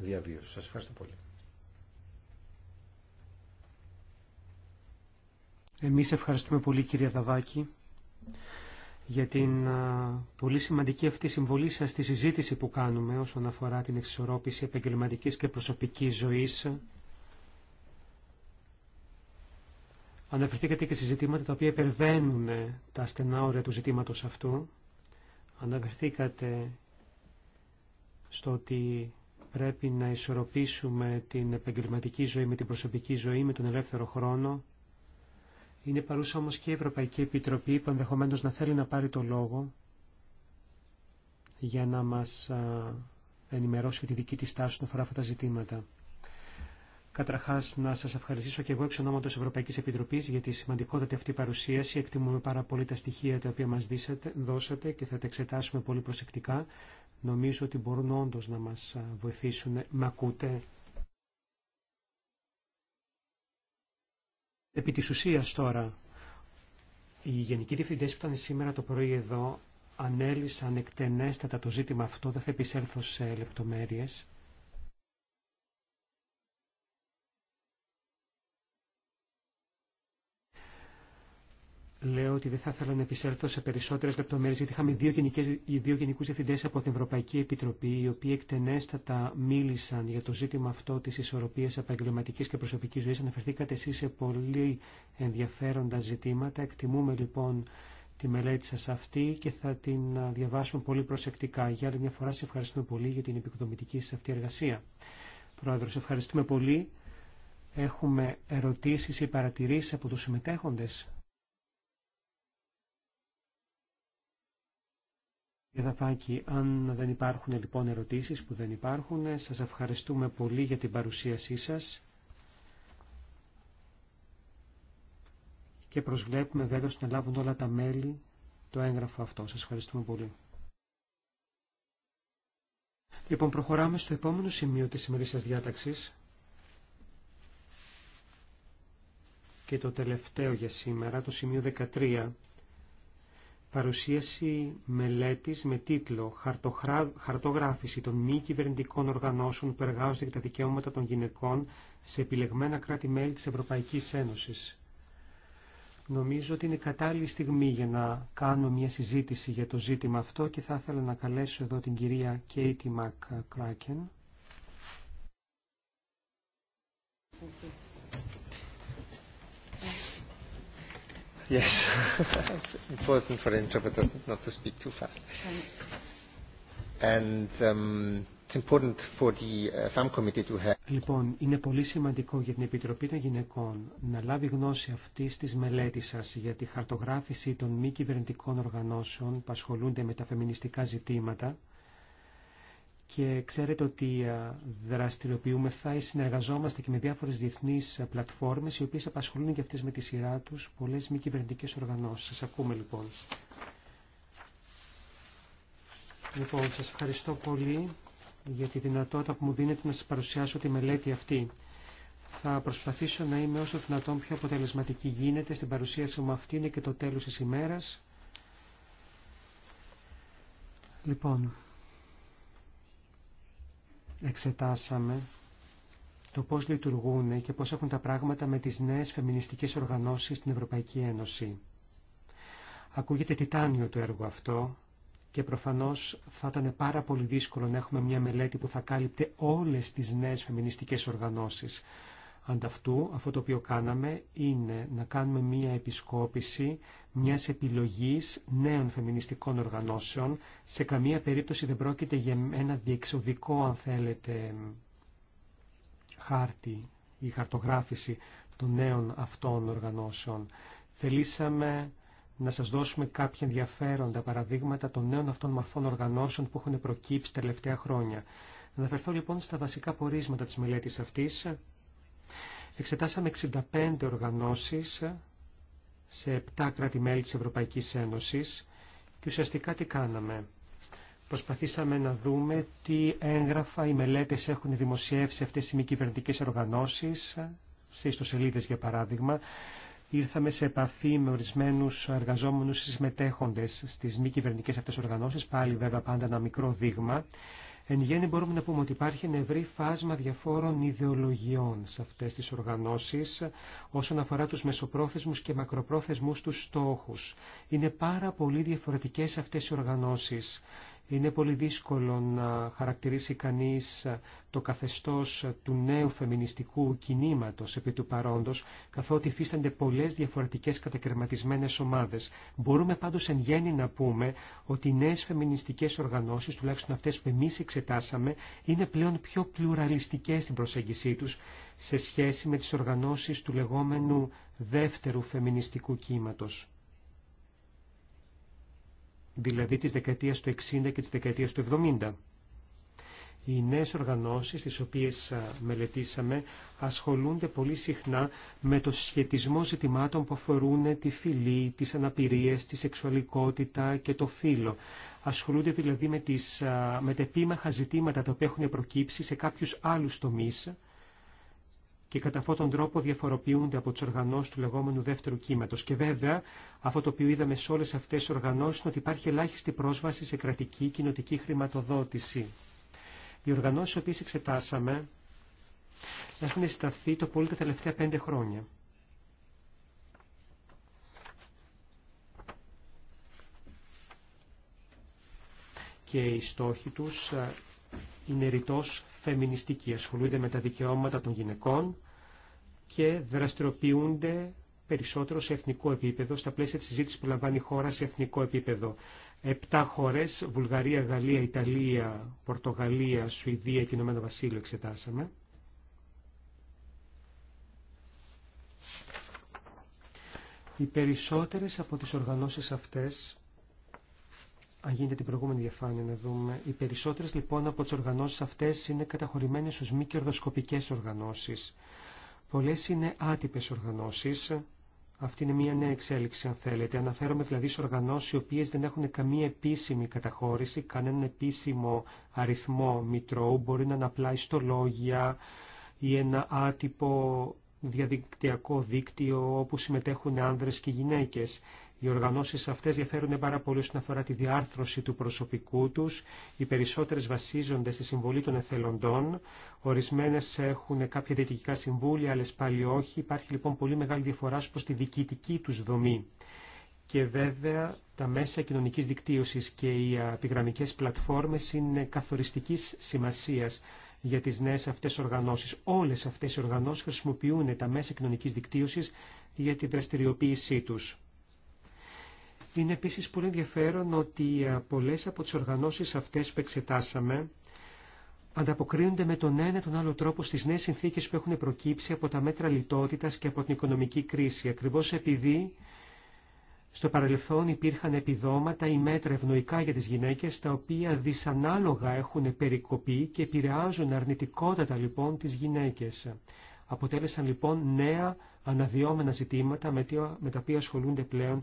διαβίωσης. Σας ευχαριστώ πολύ. Εμείς ευχαριστούμε πολύ κύριε Δαβάκη για την πολύ σημαντική αυτή συμβολή σας στη συζήτηση που κάνουμε όσον αφορά την εξισορρόπηση επαγγελματική και προσωπικής ζωής. Αναφερθήκατε και σε ζητήματα τα οποία υπερβαίνουν τα στενά όρια του ζητήματος αυτού. Αναφερθήκατε στο ότι πρέπει να ισορροπήσουμε την επαγγελματική ζωή με την προσωπική ζωή, με τον ελεύθερο χρόνο. Είναι παρούσα όμως και η Ευρωπαϊκή Επιτροπή που ενδεχομένω να θέλει να πάρει το λόγο για να μας ενημερώσει τη δική της τάση να αφορά αυτά τα ζητήματα. Καταρχά, να σα ευχαριστήσω και εγώ εξ ονόματο Ευρωπαϊκή Επιτροπή για τη σημαντικότητα αυτή παρουσίαση. Εκτιμούμε πάρα πολύ τα στοιχεία τα οποία μα δώσατε και θα τα εξετάσουμε πολύ προσεκτικά νομίζω ότι μπορούν όντω να μας βοηθήσουν. Με ακούτε. Επί της ουσίας τώρα, οι γενικοί διευθυντές που ήταν σήμερα το πρωί εδώ ανέλησαν εκτενέστατα το ζήτημα αυτό, δεν θα επισέλθω σε λεπτομέρειες. λέω ότι δεν θα ήθελα να επισέλθω σε περισσότερες λεπτομέρειες, γιατί είχαμε δύο, γενικές, δύο γενικούς διευθυντές από την Ευρωπαϊκή Επιτροπή, οι οποίοι εκτενέστατα μίλησαν για το ζήτημα αυτό της ισορροπίας επαγγελματικής και προσωπικής ζωής. Αναφερθήκατε εσείς σε πολύ ενδιαφέροντα ζητήματα. Εκτιμούμε λοιπόν τη μελέτη σας αυτή και θα την διαβάσουμε πολύ προσεκτικά. Για άλλη μια φορά, σε ευχαριστούμε πολύ για την επικοδομητική σας αυτή εργασία. σε ευχαριστούμε πολύ. Έχουμε ερωτήσεις ή παρατηρήσεις από τους συμμετέχοντες. Εδαφάκη, αν δεν υπάρχουν λοιπόν ερωτήσεις που δεν υπάρχουν, σας ευχαριστούμε πολύ για την παρουσίασή σας και προσβλέπουμε βέβαια να λάβουν όλα τα μέλη το έγγραφο αυτό. Σας ευχαριστούμε πολύ. Λοιπόν, προχωράμε στο επόμενο σημείο της σημερινής διάταξης και το τελευταίο για σήμερα, το σημείο 13 παρουσίαση μελέτης με τίτλο «Χαρτογράφηση των μη κυβερνητικών οργανώσεων που εργάζονται για τα δικαιώματα των γυναικών σε επιλεγμένα κράτη-μέλη της Ευρωπαϊκής Ένωσης». Νομίζω ότι είναι κατάλληλη στιγμή για να κάνω μια συζήτηση για το ζήτημα αυτό και θα ήθελα να καλέσω εδώ την κυρία Κέιτι Μακ Κράκεν. Λοιπόν, είναι πολύ σημαντικό για την Επιτροπή των Γυναικών να λάβει γνώση αυτή τη μελέτη σα για τη χαρτογράφηση των μη κυβερνητικών οργανώσεων που ασχολούνται με τα φεμινιστικά ζητήματα και ξέρετε ότι θα ή συνεργαζόμαστε και με διάφορες διεθνείς πλατφόρμες οι οποίες απασχολούν και αυτές με τη σειρά τους πολλές μη κυβερνητικέ οργανώσεις. Σας ακούμε λοιπόν. Λοιπόν, σας ευχαριστώ πολύ για τη δυνατότητα που μου δίνετε να σας παρουσιάσω τη μελέτη αυτή. Θα προσπαθήσω να είμαι όσο δυνατόν πιο αποτελεσματική γίνεται στην παρουσίαση μου αυτή είναι και το τέλος της ημέρας. Λοιπόν, εξετάσαμε το πώς λειτουργούν και πώς έχουν τα πράγματα με τις νέες φεμινιστικές οργανώσεις στην Ευρωπαϊκή Ένωση. Ακούγεται τιτάνιο το έργο αυτό και προφανώς θα ήταν πάρα πολύ δύσκολο να έχουμε μια μελέτη που θα κάλυπτε όλες τις νέες φεμινιστικές οργανώσεις. Ανταυτού αυτό το οποίο κάναμε είναι να κάνουμε μία επισκόπηση μιας επιλογής νέων φεμινιστικών οργανώσεων. Σε καμία περίπτωση δεν πρόκειται για ένα διεξοδικό, αν θέλετε, χάρτη ή χαρτογράφηση των νέων αυτών οργανώσεων. Θελήσαμε να σας δώσουμε κάποια ενδιαφέροντα παραδείγματα των νέων αυτών μορφών οργανώσεων που έχουν προκύψει τελευταία χρόνια. Να αναφερθώ λοιπόν στα βασικά πορίσματα της μελέτης αυτής Εξετάσαμε 65 οργανώσεις σε 7 κράτη-μέλη της Ευρωπαϊκής Ένωσης και ουσιαστικά τι κάναμε. Προσπαθήσαμε να δούμε τι έγγραφα οι μελέτες έχουν δημοσιεύσει αυτές οι μη κυβερνητικέ οργανώσεις, σε ιστοσελίδες για παράδειγμα, ήρθαμε σε επαφή με ορισμένους εργαζόμενους συμμετέχοντε στι μη κυβερνητικέ αυτέ οργανώσει, πάλι βέβαια πάντα ένα μικρό δείγμα, Εν γέννη μπορούμε να πούμε ότι υπάρχει ένα ευρύ φάσμα διαφόρων ιδεολογιών σε αυτές τις οργανώσεις όσον αφορά τους μεσοπρόθεσμους και μακροπρόθεσμους τους στόχους. Είναι πάρα πολύ διαφορετικές αυτές οι οργανώσεις. Είναι πολύ δύσκολο να χαρακτηρίσει κανείς το καθεστώς του νέου φεμινιστικού κινήματος επί του παρόντος, καθότι υφίστανται πολλές διαφορετικές κατακαιρματισμένες ομάδες. Μπορούμε πάντως εν γέννη να πούμε ότι οι νέες φεμινιστικές οργανώσεις, τουλάχιστον αυτές που εμείς εξετάσαμε, είναι πλέον πιο πλουραλιστικές στην προσέγγισή τους σε σχέση με τις οργανώσεις του λεγόμενου δεύτερου φεμινιστικού κύματος δηλαδή της δεκαετίας του 60 και της δεκαετίας του 70. Οι νέες οργανώσεις τις οποίες μελετήσαμε ασχολούνται πολύ συχνά με το σχετισμό ζητημάτων που αφορούν τη φυλή, τις αναπηρίες, τη σεξουαλικότητα και το φύλλο. Ασχολούνται δηλαδή με, τις, με τα επίμαχα ζητήματα τα οποία έχουν προκύψει σε κάποιους άλλους τομείς και κατά αυτόν τον τρόπο διαφοροποιούνται από τους οργανώσεις του λεγόμενου δεύτερου κύματος. Και βέβαια, αυτό το οποίο είδαμε σε όλες αυτές τις οργανώσεις είναι ότι υπάρχει ελάχιστη πρόσβαση σε κρατική κοινοτική χρηματοδότηση. Οι οργανώσεις οποίες εξετάσαμε έχουν σταθεί το πολύ τα τελευταία πέντε χρόνια. Και οι στόχοι τους είναι ρητός φεμινιστική. Ασχολούνται με τα δικαιώματα των γυναικών και δραστηριοποιούνται περισσότερο σε εθνικό επίπεδο, στα πλαίσια της συζήτησης που λαμβάνει η χώρα σε εθνικό επίπεδο. Επτά χώρες, Βουλγαρία, Γαλλία, Ιταλία, Πορτογαλία, Σουηδία και Ηνωμένο Βασίλειο εξετάσαμε. Οι περισσότερες από τις οργανώσεις αυτές αν γίνεται την προηγούμενη διαφάνεια να δούμε. Οι περισσότερες λοιπόν από τις οργανώσεις αυτές είναι καταχωρημένες ως μη κερδοσκοπικές οργανώσεις. Πολλές είναι άτυπες οργανώσεις. Αυτή είναι μια νέα εξέλιξη αν θέλετε. Αναφέρομαι δηλαδή σε οργανώσεις οι οποίες δεν έχουν καμία επίσημη καταχώρηση, κανέναν επίσημο αριθμό μητρώου. Μπορεί να είναι απλά ιστολόγια ή ένα άτυπο διαδικτυακό δίκτυο όπου συμμετέχουν άνδρες και γυναίκες. Οι οργανώσει αυτέ διαφέρουν πάρα πολύ όσον αφορά τη διάρθρωση του προσωπικού του, Οι περισσότερε βασίζονται στη συμβολή των εθελοντών. Ορισμένε έχουν κάποια διαιτητικά συμβούλια, άλλε πάλι όχι. Υπάρχει λοιπόν πολύ μεγάλη διαφορά προ τη διοικητική του δομή. Και βέβαια τα μέσα κοινωνική δικτύωση και οι επιγραμμικέ πλατφόρμες είναι καθοριστική σημασία για τι νέε αυτέ οργανώσει. Όλε αυτέ οι οργανώσει χρησιμοποιούν τα μέσα κοινωνική δικτύωση για τη δραστηριοποίησή του. Είναι επίσης πολύ ενδιαφέρον ότι ε, πολλές από τις οργανώσεις αυτές που εξετάσαμε ανταποκρίνονται με τον ένα τον άλλο τρόπο στις νέες συνθήκες που έχουν προκύψει από τα μέτρα λιτότητας και από την οικονομική κρίση, ακριβώς επειδή στο παρελθόν υπήρχαν επιδόματα ή μέτρα ευνοϊκά για τις γυναίκες, τα οποία δυσανάλογα έχουν περικοπεί και επηρεάζουν αρνητικότατα λοιπόν τις γυναίκες. Αποτέλεσαν λοιπόν νέα αναδυόμενα ζητήματα με τα οποία ασχολούνται πλέον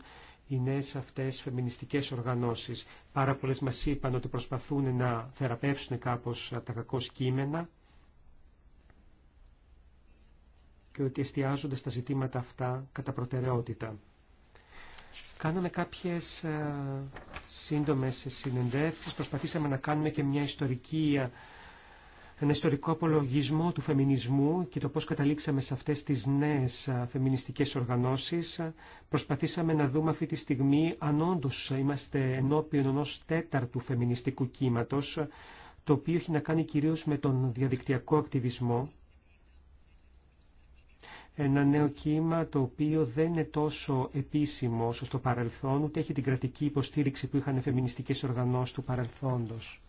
οι νέες αυτές φεμινιστικές οργανώσεις. Πάρα πολλές μας είπαν ότι προσπαθούν να θεραπεύσουν κάπως τα κακό κείμενα και ότι εστιάζονται στα ζητήματα αυτά κατά προτεραιότητα. Κάναμε κάποιες ε, σύντομες συνεντεύξεις, προσπαθήσαμε να κάνουμε και μια ιστορική ε, ένα ιστορικό απολογισμό του φεμινισμού και το πώς καταλήξαμε σε αυτές τις νέες φεμινιστικές οργανώσεις. Προσπαθήσαμε να δούμε αυτή τη στιγμή αν όντω είμαστε ενώπιον ενό τέταρτου φεμινιστικού κύματος, το οποίο έχει να κάνει κυρίως με τον διαδικτυακό ακτιβισμό, ένα νέο κύμα το οποίο δεν είναι τόσο επίσημο όσο στο παρελθόν, ούτε έχει την κρατική υποστήριξη που είχαν φεμινιστικές οργανώσεις του παρελθόντος.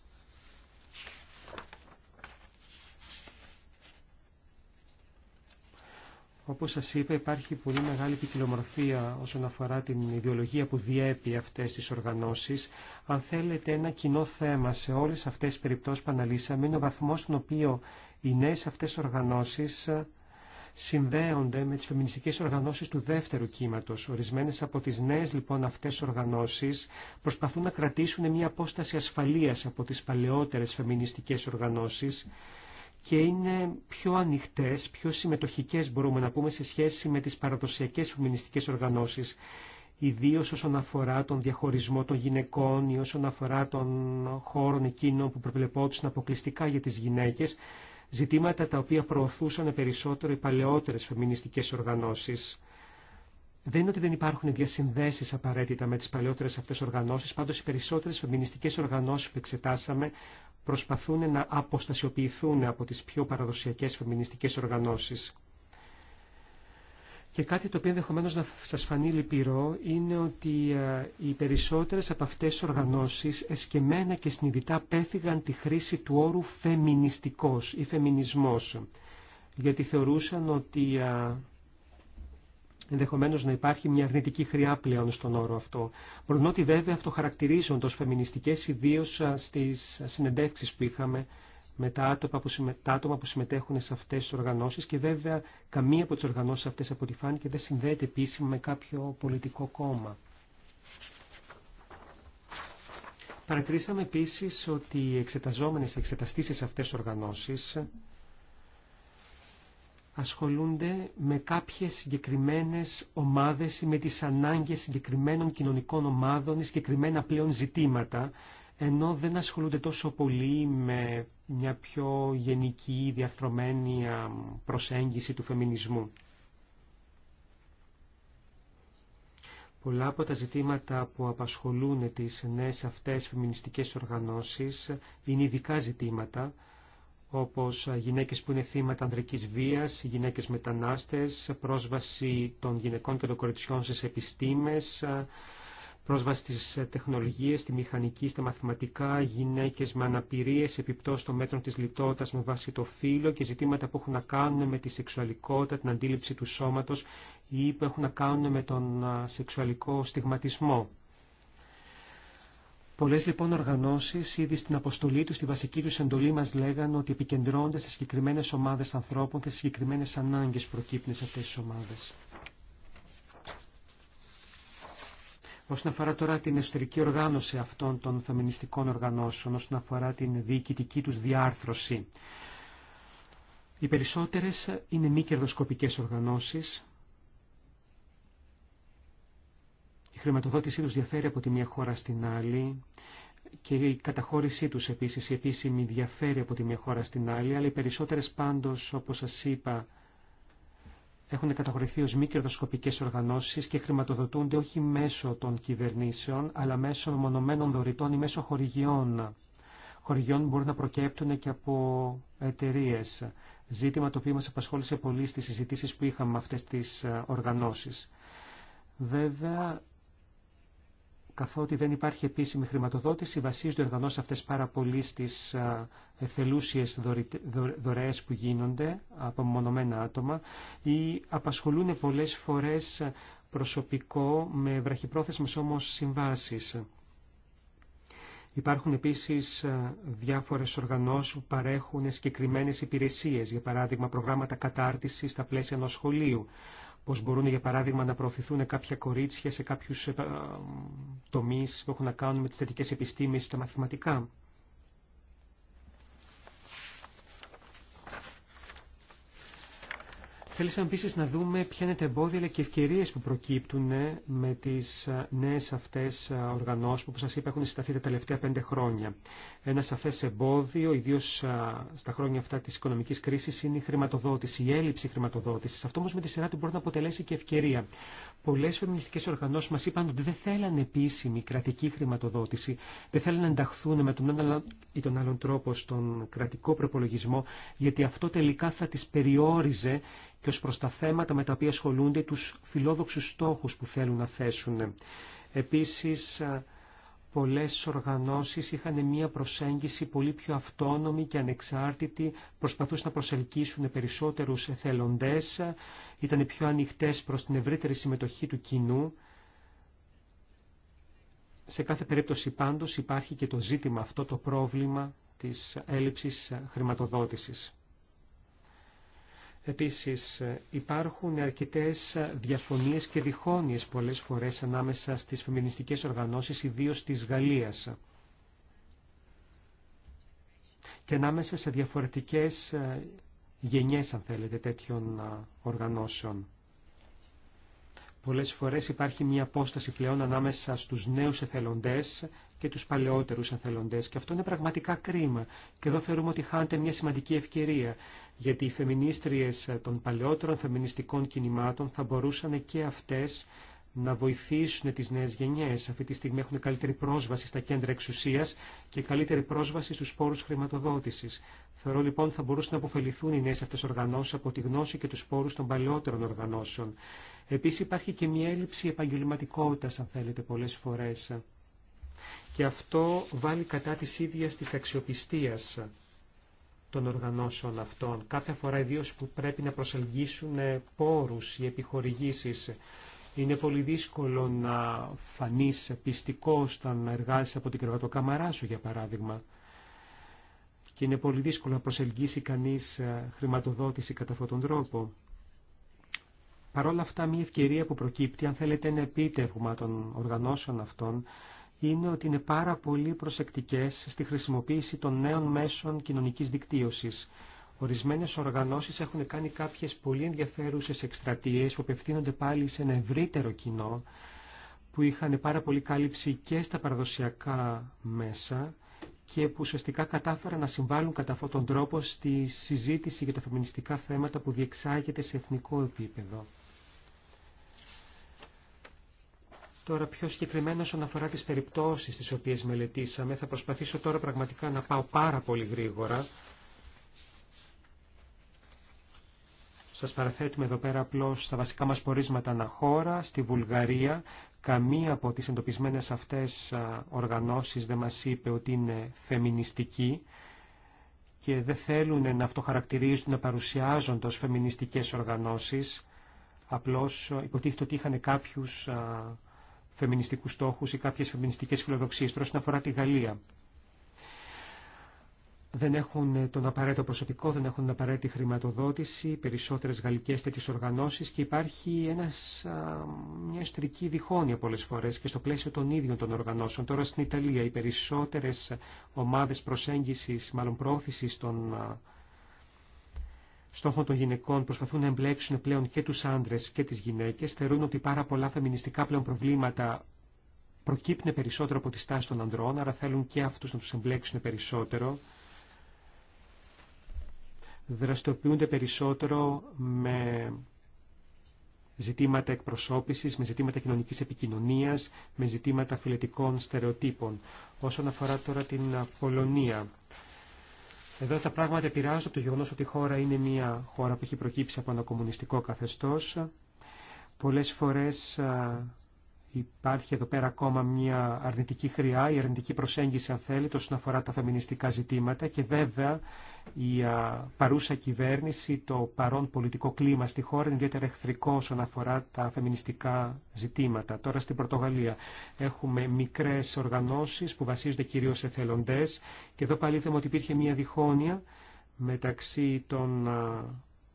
Όπως σας είπα υπάρχει πολύ μεγάλη ποικιλομορφία όσον αφορά την ιδεολογία που διέπει αυτές τις οργανώσεις. Αν θέλετε ένα κοινό θέμα σε όλες αυτές τις περιπτώσεις που αναλύσαμε είναι ο βαθμός στον οποίο οι νέες αυτές οργανώσεις συνδέονται με τις φεμινιστικές οργανώσεις του δεύτερου κύματος. Ορισμένες από τις νέες λοιπόν αυτές οργανώσεις προσπαθούν να κρατήσουν μια απόσταση ασφαλείας από τις παλαιότερες φεμινιστικές οργανώσεις και είναι πιο ανοιχτές, πιο συμμετοχικές μπορούμε να πούμε σε σχέση με τις παραδοσιακές φεμινιστικές οργανώσεις ιδίως όσον αφορά τον διαχωρισμό των γυναικών ή όσον αφορά των χώρων εκείνων που προβλεπόντουσαν αποκλειστικά για τις γυναίκες, ζητήματα τα οποία προωθούσαν περισσότερο οι παλαιότερες φεμινιστικές οργανώσεις. Δεν είναι ότι δεν υπάρχουν διασυνδέσει απαραίτητα με τι παλαιότερε αυτέ οργανώσει, πάντω οι περισσότερε φεμινιστικέ οργανώσει που εξετάσαμε προσπαθούν να αποστασιοποιηθούν από τις πιο παραδοσιακές φεμινιστικές οργανώσεις. Και κάτι το οποίο ενδεχομένω να σας φανεί λυπηρό είναι ότι ε, οι περισσότερες από αυτές τις οργανώσεις εσκεμένα και συνειδητά πέφυγαν τη χρήση του όρου φεμινιστικός ή φεμινισμός, γιατί θεωρούσαν ότι ε, ενδεχομένω να υπάρχει μια αρνητική χρειά πλέον στον όρο αυτό. Μπορούν ότι βέβαια αυτοχαρακτηρίζονται ω φεμινιστικέ, ιδίω στι συνεντεύξει που είχαμε με τα άτομα που, συμμε... που συμμετέχουν σε αυτέ τι οργανώσει και βέβαια καμία από τι οργανώσει αυτέ από και δεν συνδέεται επίσημα με κάποιο πολιτικό κόμμα. Παρακτήσαμε επίσης ότι οι εξεταζόμενες εξεταστήσεις αυτές οργανώσεις ασχολούνται με κάποιες συγκεκριμένες ομάδες ή με τις ανάγκες συγκεκριμένων κοινωνικών ομάδων ή συγκεκριμένα πλέον ζητήματα, ενώ δεν ασχολούνται τόσο πολύ με μια πιο γενική διαρθρωμένη προσέγγιση του φεμινισμού. Πολλά από τα ζητήματα που απασχολούν τις νέες αυτές φεμινιστικές οργανώσεις είναι ειδικά ζητήματα, όπως γυναίκες που είναι θύματα ανδρικής βίας, γυναίκες μετανάστες, πρόσβαση των γυναικών και των κοριτσιών στις επιστήμες, πρόσβαση στις τεχνολογίες, στη μηχανική, στα μαθηματικά, γυναίκες με αναπηρίες, επιπτώσεις των μέτρων της λιτότητας με βάση το φύλλο και ζητήματα που έχουν να κάνουν με τη σεξουαλικότητα, την αντίληψη του σώματος ή που έχουν να κάνουν με τον σεξουαλικό στιγματισμό. Πολλές λοιπόν οργανώσεις ήδη στην αποστολή τους, στη βασική τους εντολή μας λέγανε ότι επικεντρώνονται σε συγκεκριμένες ομάδες ανθρώπων και σε συγκεκριμένες ανάγκες προκύπτουν σε αυτές τις ομάδες. Όσον αφορά τώρα την εσωτερική οργάνωση αυτών των φεμινιστικών οργανώσεων, όσον αφορά την διοικητική τους διάρθρωση, οι περισσότερες είναι μη κερδοσκοπικές οργανώσεις, χρηματοδότησή τους διαφέρει από τη μία χώρα στην άλλη και η καταχώρησή τους επίσης, η επίσημη διαφέρει από τη μία χώρα στην άλλη, αλλά οι περισσότερες πάντως, όπως σας είπα, έχουν καταχωρηθεί ως μη κερδοσκοπικές οργανώσεις και χρηματοδοτούνται όχι μέσω των κυβερνήσεων, αλλά μέσω μονομένων δωρητών ή μέσω χορηγιών. Χορηγιών μπορούν να προκέπτουν και από εταιρείε. Ζήτημα το οποίο μας απασχόλησε πολύ στις συζητήσεις που είχαμε με αυτές τις ε, οργανώσεις. Βέβαια, καθότι δεν υπάρχει επίσημη χρηματοδότηση, βασίζονται οργανώσει οργανώσεις πάρα πολύ στι εθελούσιες δωρεές που γίνονται από μονομένα άτομα ή απασχολούν πολλές φορές προσωπικό με βραχυπρόθεσμες όμως συμβάσεις. Υπάρχουν επίσης διάφορες οργανώσεις που παρέχουν συγκεκριμένες υπηρεσίες, για παράδειγμα προγράμματα κατάρτισης στα πλαίσια ενός σχολείου. Πώς μπορούν, για παράδειγμα, να προωθηθούν κάποια κορίτσια σε κάποιους ε, τομείς που έχουν να κάνουν με τις θετικές επιστήμες, τα μαθηματικά. Θέλησαμε επίση να δούμε ποια είναι τα εμπόδια αλλά και ευκαιρίε που προκύπτουν ε, με τι ε, νέε αυτέ ε, οργανώσει που, όπω σα είπα, έχουν συσταθεί τα τελευταία πέντε χρόνια. Ένα σαφέ εμπόδιο, ιδίω στα χρόνια αυτά τη οικονομική κρίση, είναι η χρηματοδότηση, η έλλειψη χρηματοδότηση. Αυτό όμω με τη σειρά του μπορεί να αποτελέσει και ευκαιρία. Πολλέ φεμινιστικέ οργανώσει μα είπαν ότι δεν θέλανε επίσημη κρατική χρηματοδότηση, δεν θέλανε να ενταχθούν με τον ή τον άλλον τρόπο στον κρατικό προπολογισμό, γιατί αυτό τελικά θα τι περιόριζε και ως προς τα θέματα με τα οποία ασχολούνται τους φιλόδοξους στόχους που θέλουν να θέσουν. Επίσης, πολλές οργανώσεις είχαν μια προσέγγιση πολύ πιο αυτόνομη και ανεξάρτητη, προσπαθούσαν να προσελκύσουν περισσότερους εθελοντές, ήταν πιο ανοιχτές προς την ευρύτερη συμμετοχή του κοινού. Σε κάθε περίπτωση πάντως υπάρχει και το ζήτημα αυτό, το πρόβλημα της έλλειψης χρηματοδότησης. Επίσης υπάρχουν αρκετές διαφωνίες και διχόνιες πολλές φορές ανάμεσα στις φεμινιστικές οργανώσεις, ιδίως της Γαλλίας και ανάμεσα σε διαφορετικές ε, γενιές, αν θέλετε, τέτοιων ε, οργανώσεων. Πολλές φορές υπάρχει μια απόσταση πλέον ανάμεσα στους νέους εθελοντές και τους παλαιότερους εθελοντές και αυτό είναι πραγματικά κρίμα και εδώ θεωρούμε ότι χάνεται μια σημαντική ευκαιρία γιατί οι φεμινίστριες των παλαιότερων φεμινιστικών κινημάτων θα μπορούσαν και αυτές να βοηθήσουν τις νέες γενιές. Αυτή τη στιγμή έχουν καλύτερη πρόσβαση στα κέντρα εξουσίας και καλύτερη πρόσβαση στους πόρους χρηματοδότησης. Θεωρώ λοιπόν θα μπορούσαν να αποφεληθούν οι νέες αυτές οργανώσεις από τη γνώση και τους πόρους των παλαιότερων οργανώσεων. Επίσης υπάρχει και μια έλλειψη επαγγελματικότητας, αν θέλετε, πολλές φορές και αυτό βάλει κατά της ίδιας της αξιοπιστίας των οργανώσεων αυτών. Κάθε φορά ιδίως που πρέπει να προσελγίσουν πόρους ή επιχορηγήσεις. Είναι πολύ δύσκολο να φανείς πιστικός όταν εργάζεσαι από την κρεβατοκάμαρά σου, για παράδειγμα. Και είναι πολύ δύσκολο να προσελγίσει κανείς ε, χρηματοδότηση κατά αυτόν τον τρόπο. Παρ' όλα αυτά, μια ευκαιρία που προκύπτει, αν θέλετε, ένα επίτευγμα των οργανώσεων αυτών, είναι ότι είναι πάρα πολύ προσεκτικές στη χρησιμοποίηση των νέων μέσων κοινωνικής δικτύωσης. Ορισμένες οργανώσεις έχουν κάνει κάποιες πολύ ενδιαφέρουσες εκστρατείες που απευθύνονται πάλι σε ένα ευρύτερο κοινό που είχαν πάρα πολύ κάλυψη και στα παραδοσιακά μέσα και που ουσιαστικά κατάφεραν να συμβάλλουν κατά αυτόν τον τρόπο στη συζήτηση για τα φεμινιστικά θέματα που διεξάγεται σε εθνικό επίπεδο. Τώρα πιο συγκεκριμένα όσον αφορά τις περιπτώσεις τις οποίες μελετήσαμε, θα προσπαθήσω τώρα πραγματικά να πάω πάρα πολύ γρήγορα. Σας παραθέτουμε εδώ πέρα απλώς στα βασικά μας πορίσματα αναχώρα, στη Βουλγαρία. Καμία από τις εντοπισμένες αυτές οργανώσεις δεν μας είπε ότι είναι φεμινιστική και δεν θέλουν να αυτοχαρακτηρίζουν, να παρουσιάζονται ως φεμινιστικές οργανώσεις. Απλώς ε, υποτίθεται ότι είχαν κάποιους φεμινιστικούς στόχους ή κάποιες φεμινιστικές φιλοδοξίες. Τώρα, αφορά τη Γαλλία. Δεν έχουν τον απαραίτητο προσωπικό, δεν έχουν την απαραίτητη χρηματοδότηση, περισσότερες γαλλικές τέτοιες οργανώσεις και υπάρχει ένας, α, μια ιστορική διχόνοια πολλές φορές και στο πλαίσιο των ίδιων των οργανώσεων. Τώρα στην Ιταλία οι περισσότερες ομάδες προσέγγισης, μάλλον πρόθεσης των στόχο των γυναικών προσπαθούν να εμπλέξουν πλέον και τους άντρες και τις γυναίκες, θεωρούν ότι πάρα πολλά φεμινιστικά πλέον προβλήματα προκύπτουν περισσότερο από τη στάση των ανδρών, άρα θέλουν και αυτούς να τους εμπλέξουν περισσότερο. Δραστοποιούνται περισσότερο με ζητήματα εκπροσώπησης, με ζητήματα κοινωνικής επικοινωνίας, με ζητήματα φιλετικών στερεοτύπων. Όσον αφορά τώρα την Πολωνία, εδώ τα πράγματα επηρεάζονται από το γεγονό ότι η χώρα είναι μια χώρα που έχει προκύψει από ένα κομμουνιστικό καθεστώς. Πολλές φορές Υπάρχει εδώ πέρα ακόμα μια αρνητική χρειά, η αρνητική προσέγγιση αν θέλετε όσον αφορά τα φεμινιστικά ζητήματα και βέβαια η α, παρούσα κυβέρνηση, το παρόν πολιτικό κλίμα στη χώρα είναι ιδιαίτερα εχθρικό όσον αφορά τα φεμινιστικά ζητήματα. Τώρα στην Πορτογαλία έχουμε μικρές οργανώσεις που βασίζονται κυρίως σε θελοντές και εδώ πάλι είδαμε ότι υπήρχε μια διχόνοια μεταξύ των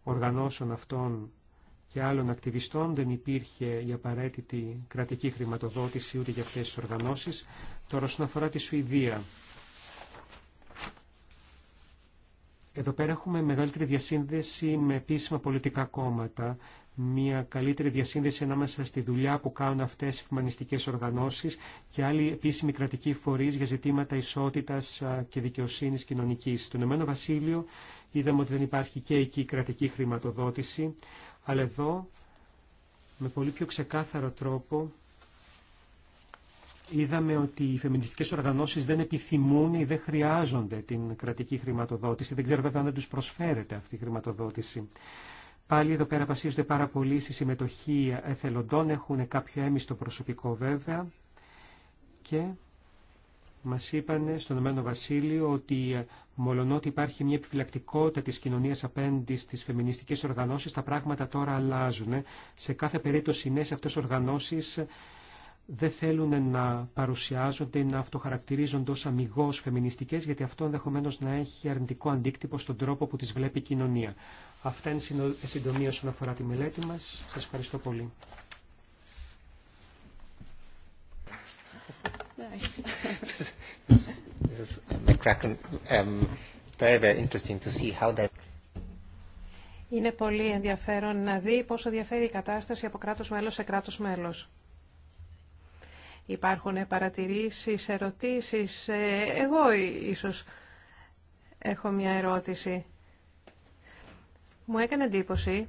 οργανώσεων αυτών και άλλων ακτιβιστών δεν υπήρχε η απαραίτητη κρατική χρηματοδότηση ούτε για αυτέ τι οργανώσει. Τώρα όσον αφορά τη Σουηδία. Εδώ πέρα έχουμε μεγαλύτερη διασύνδεση με επίσημα πολιτικά κόμματα, μια καλύτερη διασύνδεση ανάμεσα στη δουλειά που κάνουν αυτέ οι φημανιστικές οργανώσει και άλλοι επίσημοι κρατικοί φορεί για ζητήματα ισότητα και δικαιοσύνη κοινωνική. Στον Ηνωμένο Βασίλειο είδαμε ότι δεν υπάρχει και εκεί κρατική χρηματοδότηση αλλά εδώ με πολύ πιο ξεκάθαρο τρόπο είδαμε ότι οι φεμινιστικές οργανώσεις δεν επιθυμούν ή δεν χρειάζονται την κρατική χρηματοδότηση. Δεν ξέρω βέβαια αν δεν τους προσφέρεται αυτή η χρηματοδότηση. Πάλι εδώ πέρα βασίζονται πάρα πολύ στη συμμετοχή εθελοντών, έχουν κάποιο έμιστο προσωπικό βέβαια και μας είπαν στον Ηνωμένο Βασίλειο ότι μολονότι υπάρχει μια επιφυλακτικότητα της κοινωνίας απέναντι στις φεμινιστικές οργανώσεις, τα πράγματα τώρα αλλάζουν. Σε κάθε περίπτωση οι ναι, νέες αυτές οργανώσεις δεν θέλουν να παρουσιάζονται, ή να αυτοχαρακτηρίζονται ως αμυγός φεμινιστικές, γιατί αυτό ενδεχομένω να έχει αρνητικό αντίκτυπο στον τρόπο που τις βλέπει η κοινωνία. Αυτά είναι συντομία όσον αφορά τη μελέτη μας. Σα ευχαριστώ πολύ. This is Very, how Είναι πολύ ενδιαφέρον να δει πόσο διαφέρει η κατάσταση από κράτος μέλος σε κράτος μέλος. Υπάρχουν παρατηρήσεις, ερωτήσεις. Ε, εγώ ίσως έχω μια ερώτηση. Μου έκανε εντύπωση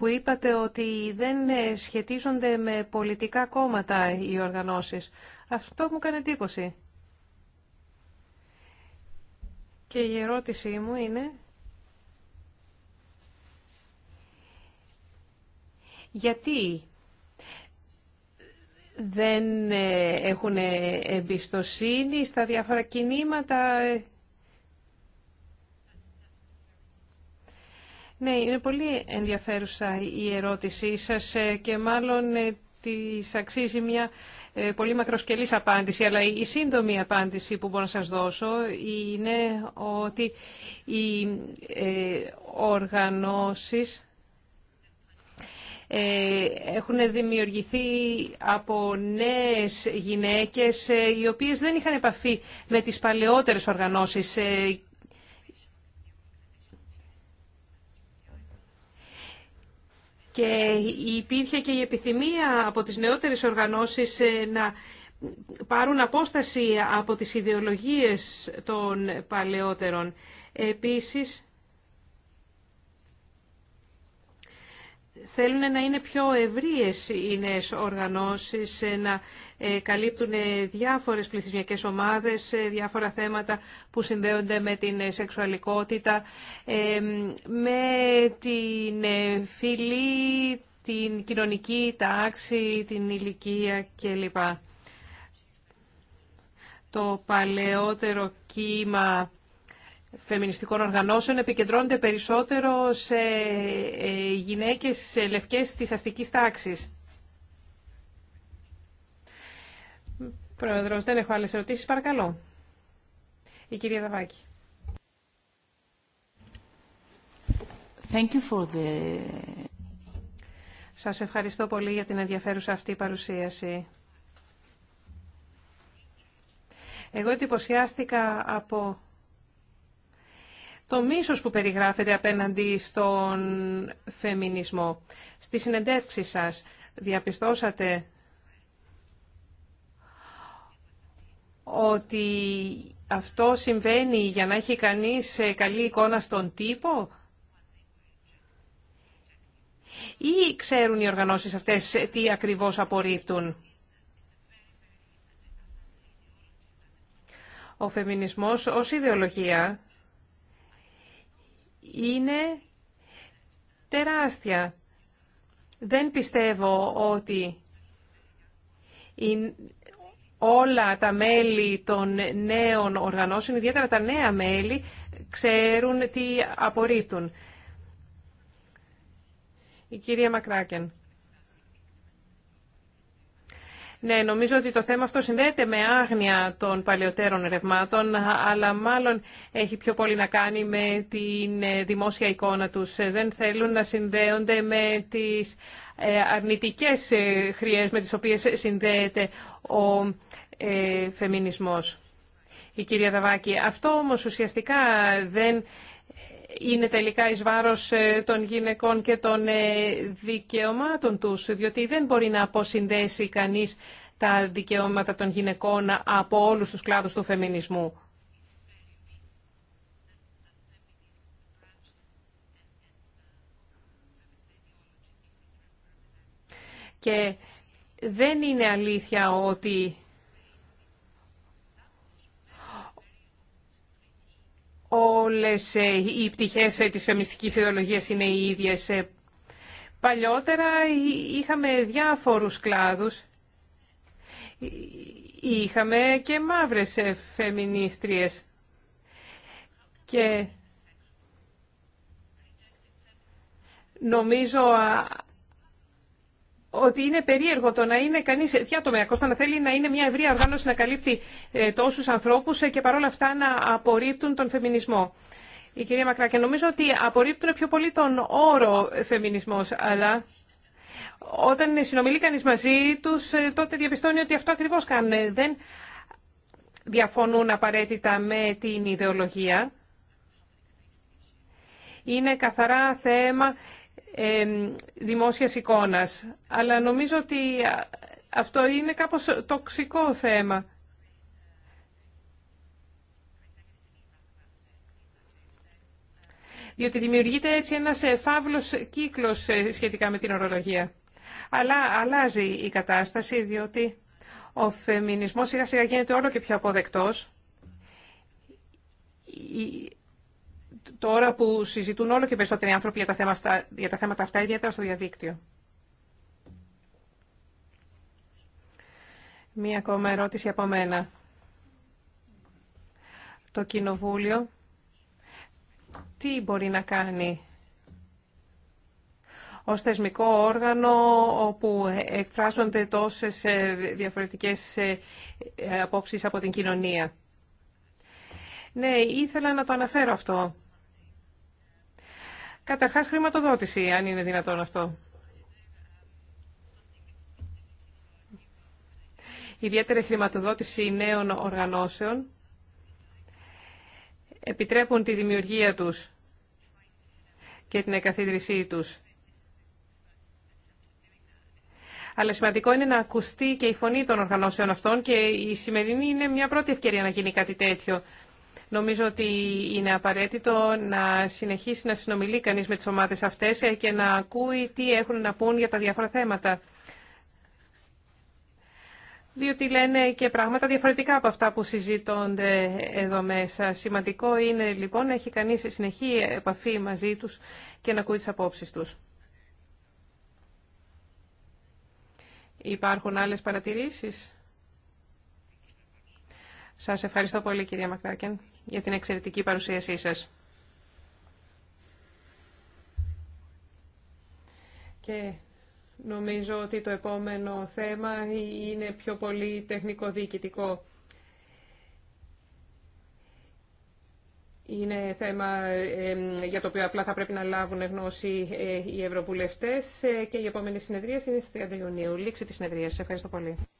που είπατε ότι δεν ε, σχετίζονται με πολιτικά κόμματα οι οργανώσεις. Αυτό μου κάνει εντύπωση. Και η ερώτησή μου είναι... Γιατί δεν ε, έχουν εμπιστοσύνη στα διάφορα κινήματα ε, Ναι, είναι πολύ ενδιαφέρουσα η ερώτησή σας ε, και μάλλον ε, της αξίζει μια ε, πολύ μακροσκελής απάντηση, αλλά η σύντομη απάντηση που μπορώ να σας δώσω είναι ότι οι οργανώσεις έχουν δημιουργηθεί από νέες γυναίκες οι οποίες δεν είχαν επαφή με τις παλαιότερες οργανώσεις και υπήρχε και η επιθυμία από τις νεότερες οργανώσεις ε, να πάρουν απόσταση από τις ιδεολογίες των παλαιότερων. Επίσης, θέλουν να είναι πιο ευρείες οι νέες οργανώσεις, ε, να ε, καλύπτουν ε, διάφορες πληθυσμιακές ομάδες, ε, διάφορα θέματα που συνδέονται με την σεξουαλικότητα, με την φυλή, την κοινωνική τάξη, την ηλικία κλπ. Το παλαιότερο κύμα φεμινιστικών οργανώσεων επικεντρώνεται περισσότερο σε γυναίκες λευκές της αστικής τάξης. Πρόεδρος, δεν έχω άλλε ερωτήσει. Παρακαλώ. Η κυρία Δαβάκη. Thank you for the... Σας ευχαριστώ πολύ για την ενδιαφέρουσα αυτή παρουσίαση. Εγώ εντυπωσιάστηκα από το μίσος που περιγράφεται απέναντι στον φεμινισμό. Στη συνεντεύξη σας διαπιστώσατε ότι αυτό συμβαίνει για να έχει κανείς ε, καλή εικόνα στον τύπο ή ξέρουν οι οργανώσεις αυτές ε, τι ακριβώς απορρίπτουν. Ο φεμινισμός ως ιδεολογία είναι τεράστια. Δεν πιστεύω ότι όλα τα μέλη των νέων οργανώσεων, ιδιαίτερα τα νέα μέλη, ξέρουν τι απορρίπτουν. Η κυρία Μακράκεν. Ναι, νομίζω ότι το θέμα αυτό συνδέεται με άγνοια των παλαιότερων ρευμάτων, αλλά μάλλον έχει πιο πολύ να κάνει με την ε, δημόσια εικόνα τους. Ε, δεν θέλουν να συνδέονται με τις ε, αρνητικές χρειές με τις οποίες συνδέεται ο φεμινισμός. Η κυρία Δαβάκη, αυτό όμως ουσιαστικά δεν είναι τελικά εις βάρος ε, των γυναικών και των ε, δικαιωμάτων τους, διότι δεν μπορεί να αποσυνδέσει κανείς τα δικαιώματα των γυναικών από όλους τους κλάδους του φεμινισμού. Και δεν είναι αλήθεια ότι όλες ε, οι πτυχές ε, της φεμιστικής ιδεολογίας είναι οι ίδιες. Ε, παλιότερα είχαμε διάφορους κλάδους. Είχαμε και μαύρες φεμινίστριες. Και νομίζω ότι είναι περίεργο το να είναι κανεί διατομιακό, το να θέλει να είναι μια ευρεία οργάνωση να καλύπτει ε, τόσου ανθρώπου ε, και παρόλα αυτά να απορρίπτουν τον φεμινισμό. Η κυρία και νομίζω ότι απορρίπτουν πιο πολύ τον όρο φεμινισμό, αλλά όταν συνομιλεί κανεί μαζί του, ε, τότε διαπιστώνει ότι αυτό ακριβώ κάνουν. Δεν διαφωνούν απαραίτητα με την ιδεολογία. Είναι καθαρά θέμα δημόσιας εικόνας. Αλλά νομίζω ότι αυτό είναι κάπως τοξικό θέμα. Διότι δημιουργείται έτσι ένας ε, φαύλος κύκλος ε, σχετικά με την ορολογία. Αλλά αλλάζει η κατάσταση διότι ο φεμινισμός σιγά σιγά γίνεται όλο και πιο αποδεκτός τώρα που συζητούν όλο και περισσότεροι άνθρωποι για τα, θέματα αυτά, για τα θέματα αυτά, ιδιαίτερα στο διαδίκτυο. Μία ακόμα ερώτηση από μένα. Το Κοινοβούλιο τι μπορεί να κάνει ως θεσμικό όργανο όπου εκφράζονται τόσες ε, διαφορετικές ε, ε, απόψεις από την κοινωνία. Ναι, ήθελα να το αναφέρω αυτό. Καταρχάς χρηματοδότηση, αν είναι δυνατόν αυτό. Ιδιαίτερη χρηματοδότηση νέων οργανώσεων επιτρέπουν τη δημιουργία τους και την εκαθίδρυσή τους. Αλλά σημαντικό είναι να ακουστεί και η φωνή των οργανώσεων αυτών και η σημερινή είναι μια πρώτη ευκαιρία να γίνει κάτι τέτοιο. Νομίζω ότι είναι απαραίτητο να συνεχίσει να συνομιλεί κανείς με τις ομάδες αυτές ε, και να ακούει τι έχουν να πούν για τα διάφορα θέματα. Διότι λένε και πράγματα διαφορετικά από αυτά που συζητώνται εδώ μέσα. Σημαντικό είναι λοιπόν να έχει κανείς συνεχή επαφή μαζί τους και να ακούει τις απόψεις τους. Υπάρχουν άλλες παρατηρήσεις. Σας ευχαριστώ πολύ κυρία Μακράκεν για την εξαιρετική παρουσίασή σας. Και νομίζω ότι το επόμενο θέμα είναι πιο πολύ τεχνικό-διοικητικό. Είναι θέμα για το οποίο απλά θα πρέπει να λάβουν γνώση ε, οι ευρωβουλευτές ε, και η επόμενη συνεδρία είναι στις 30 Ιουνίου. Λήξη της συνεδρίας. Ευχαριστώ πολύ.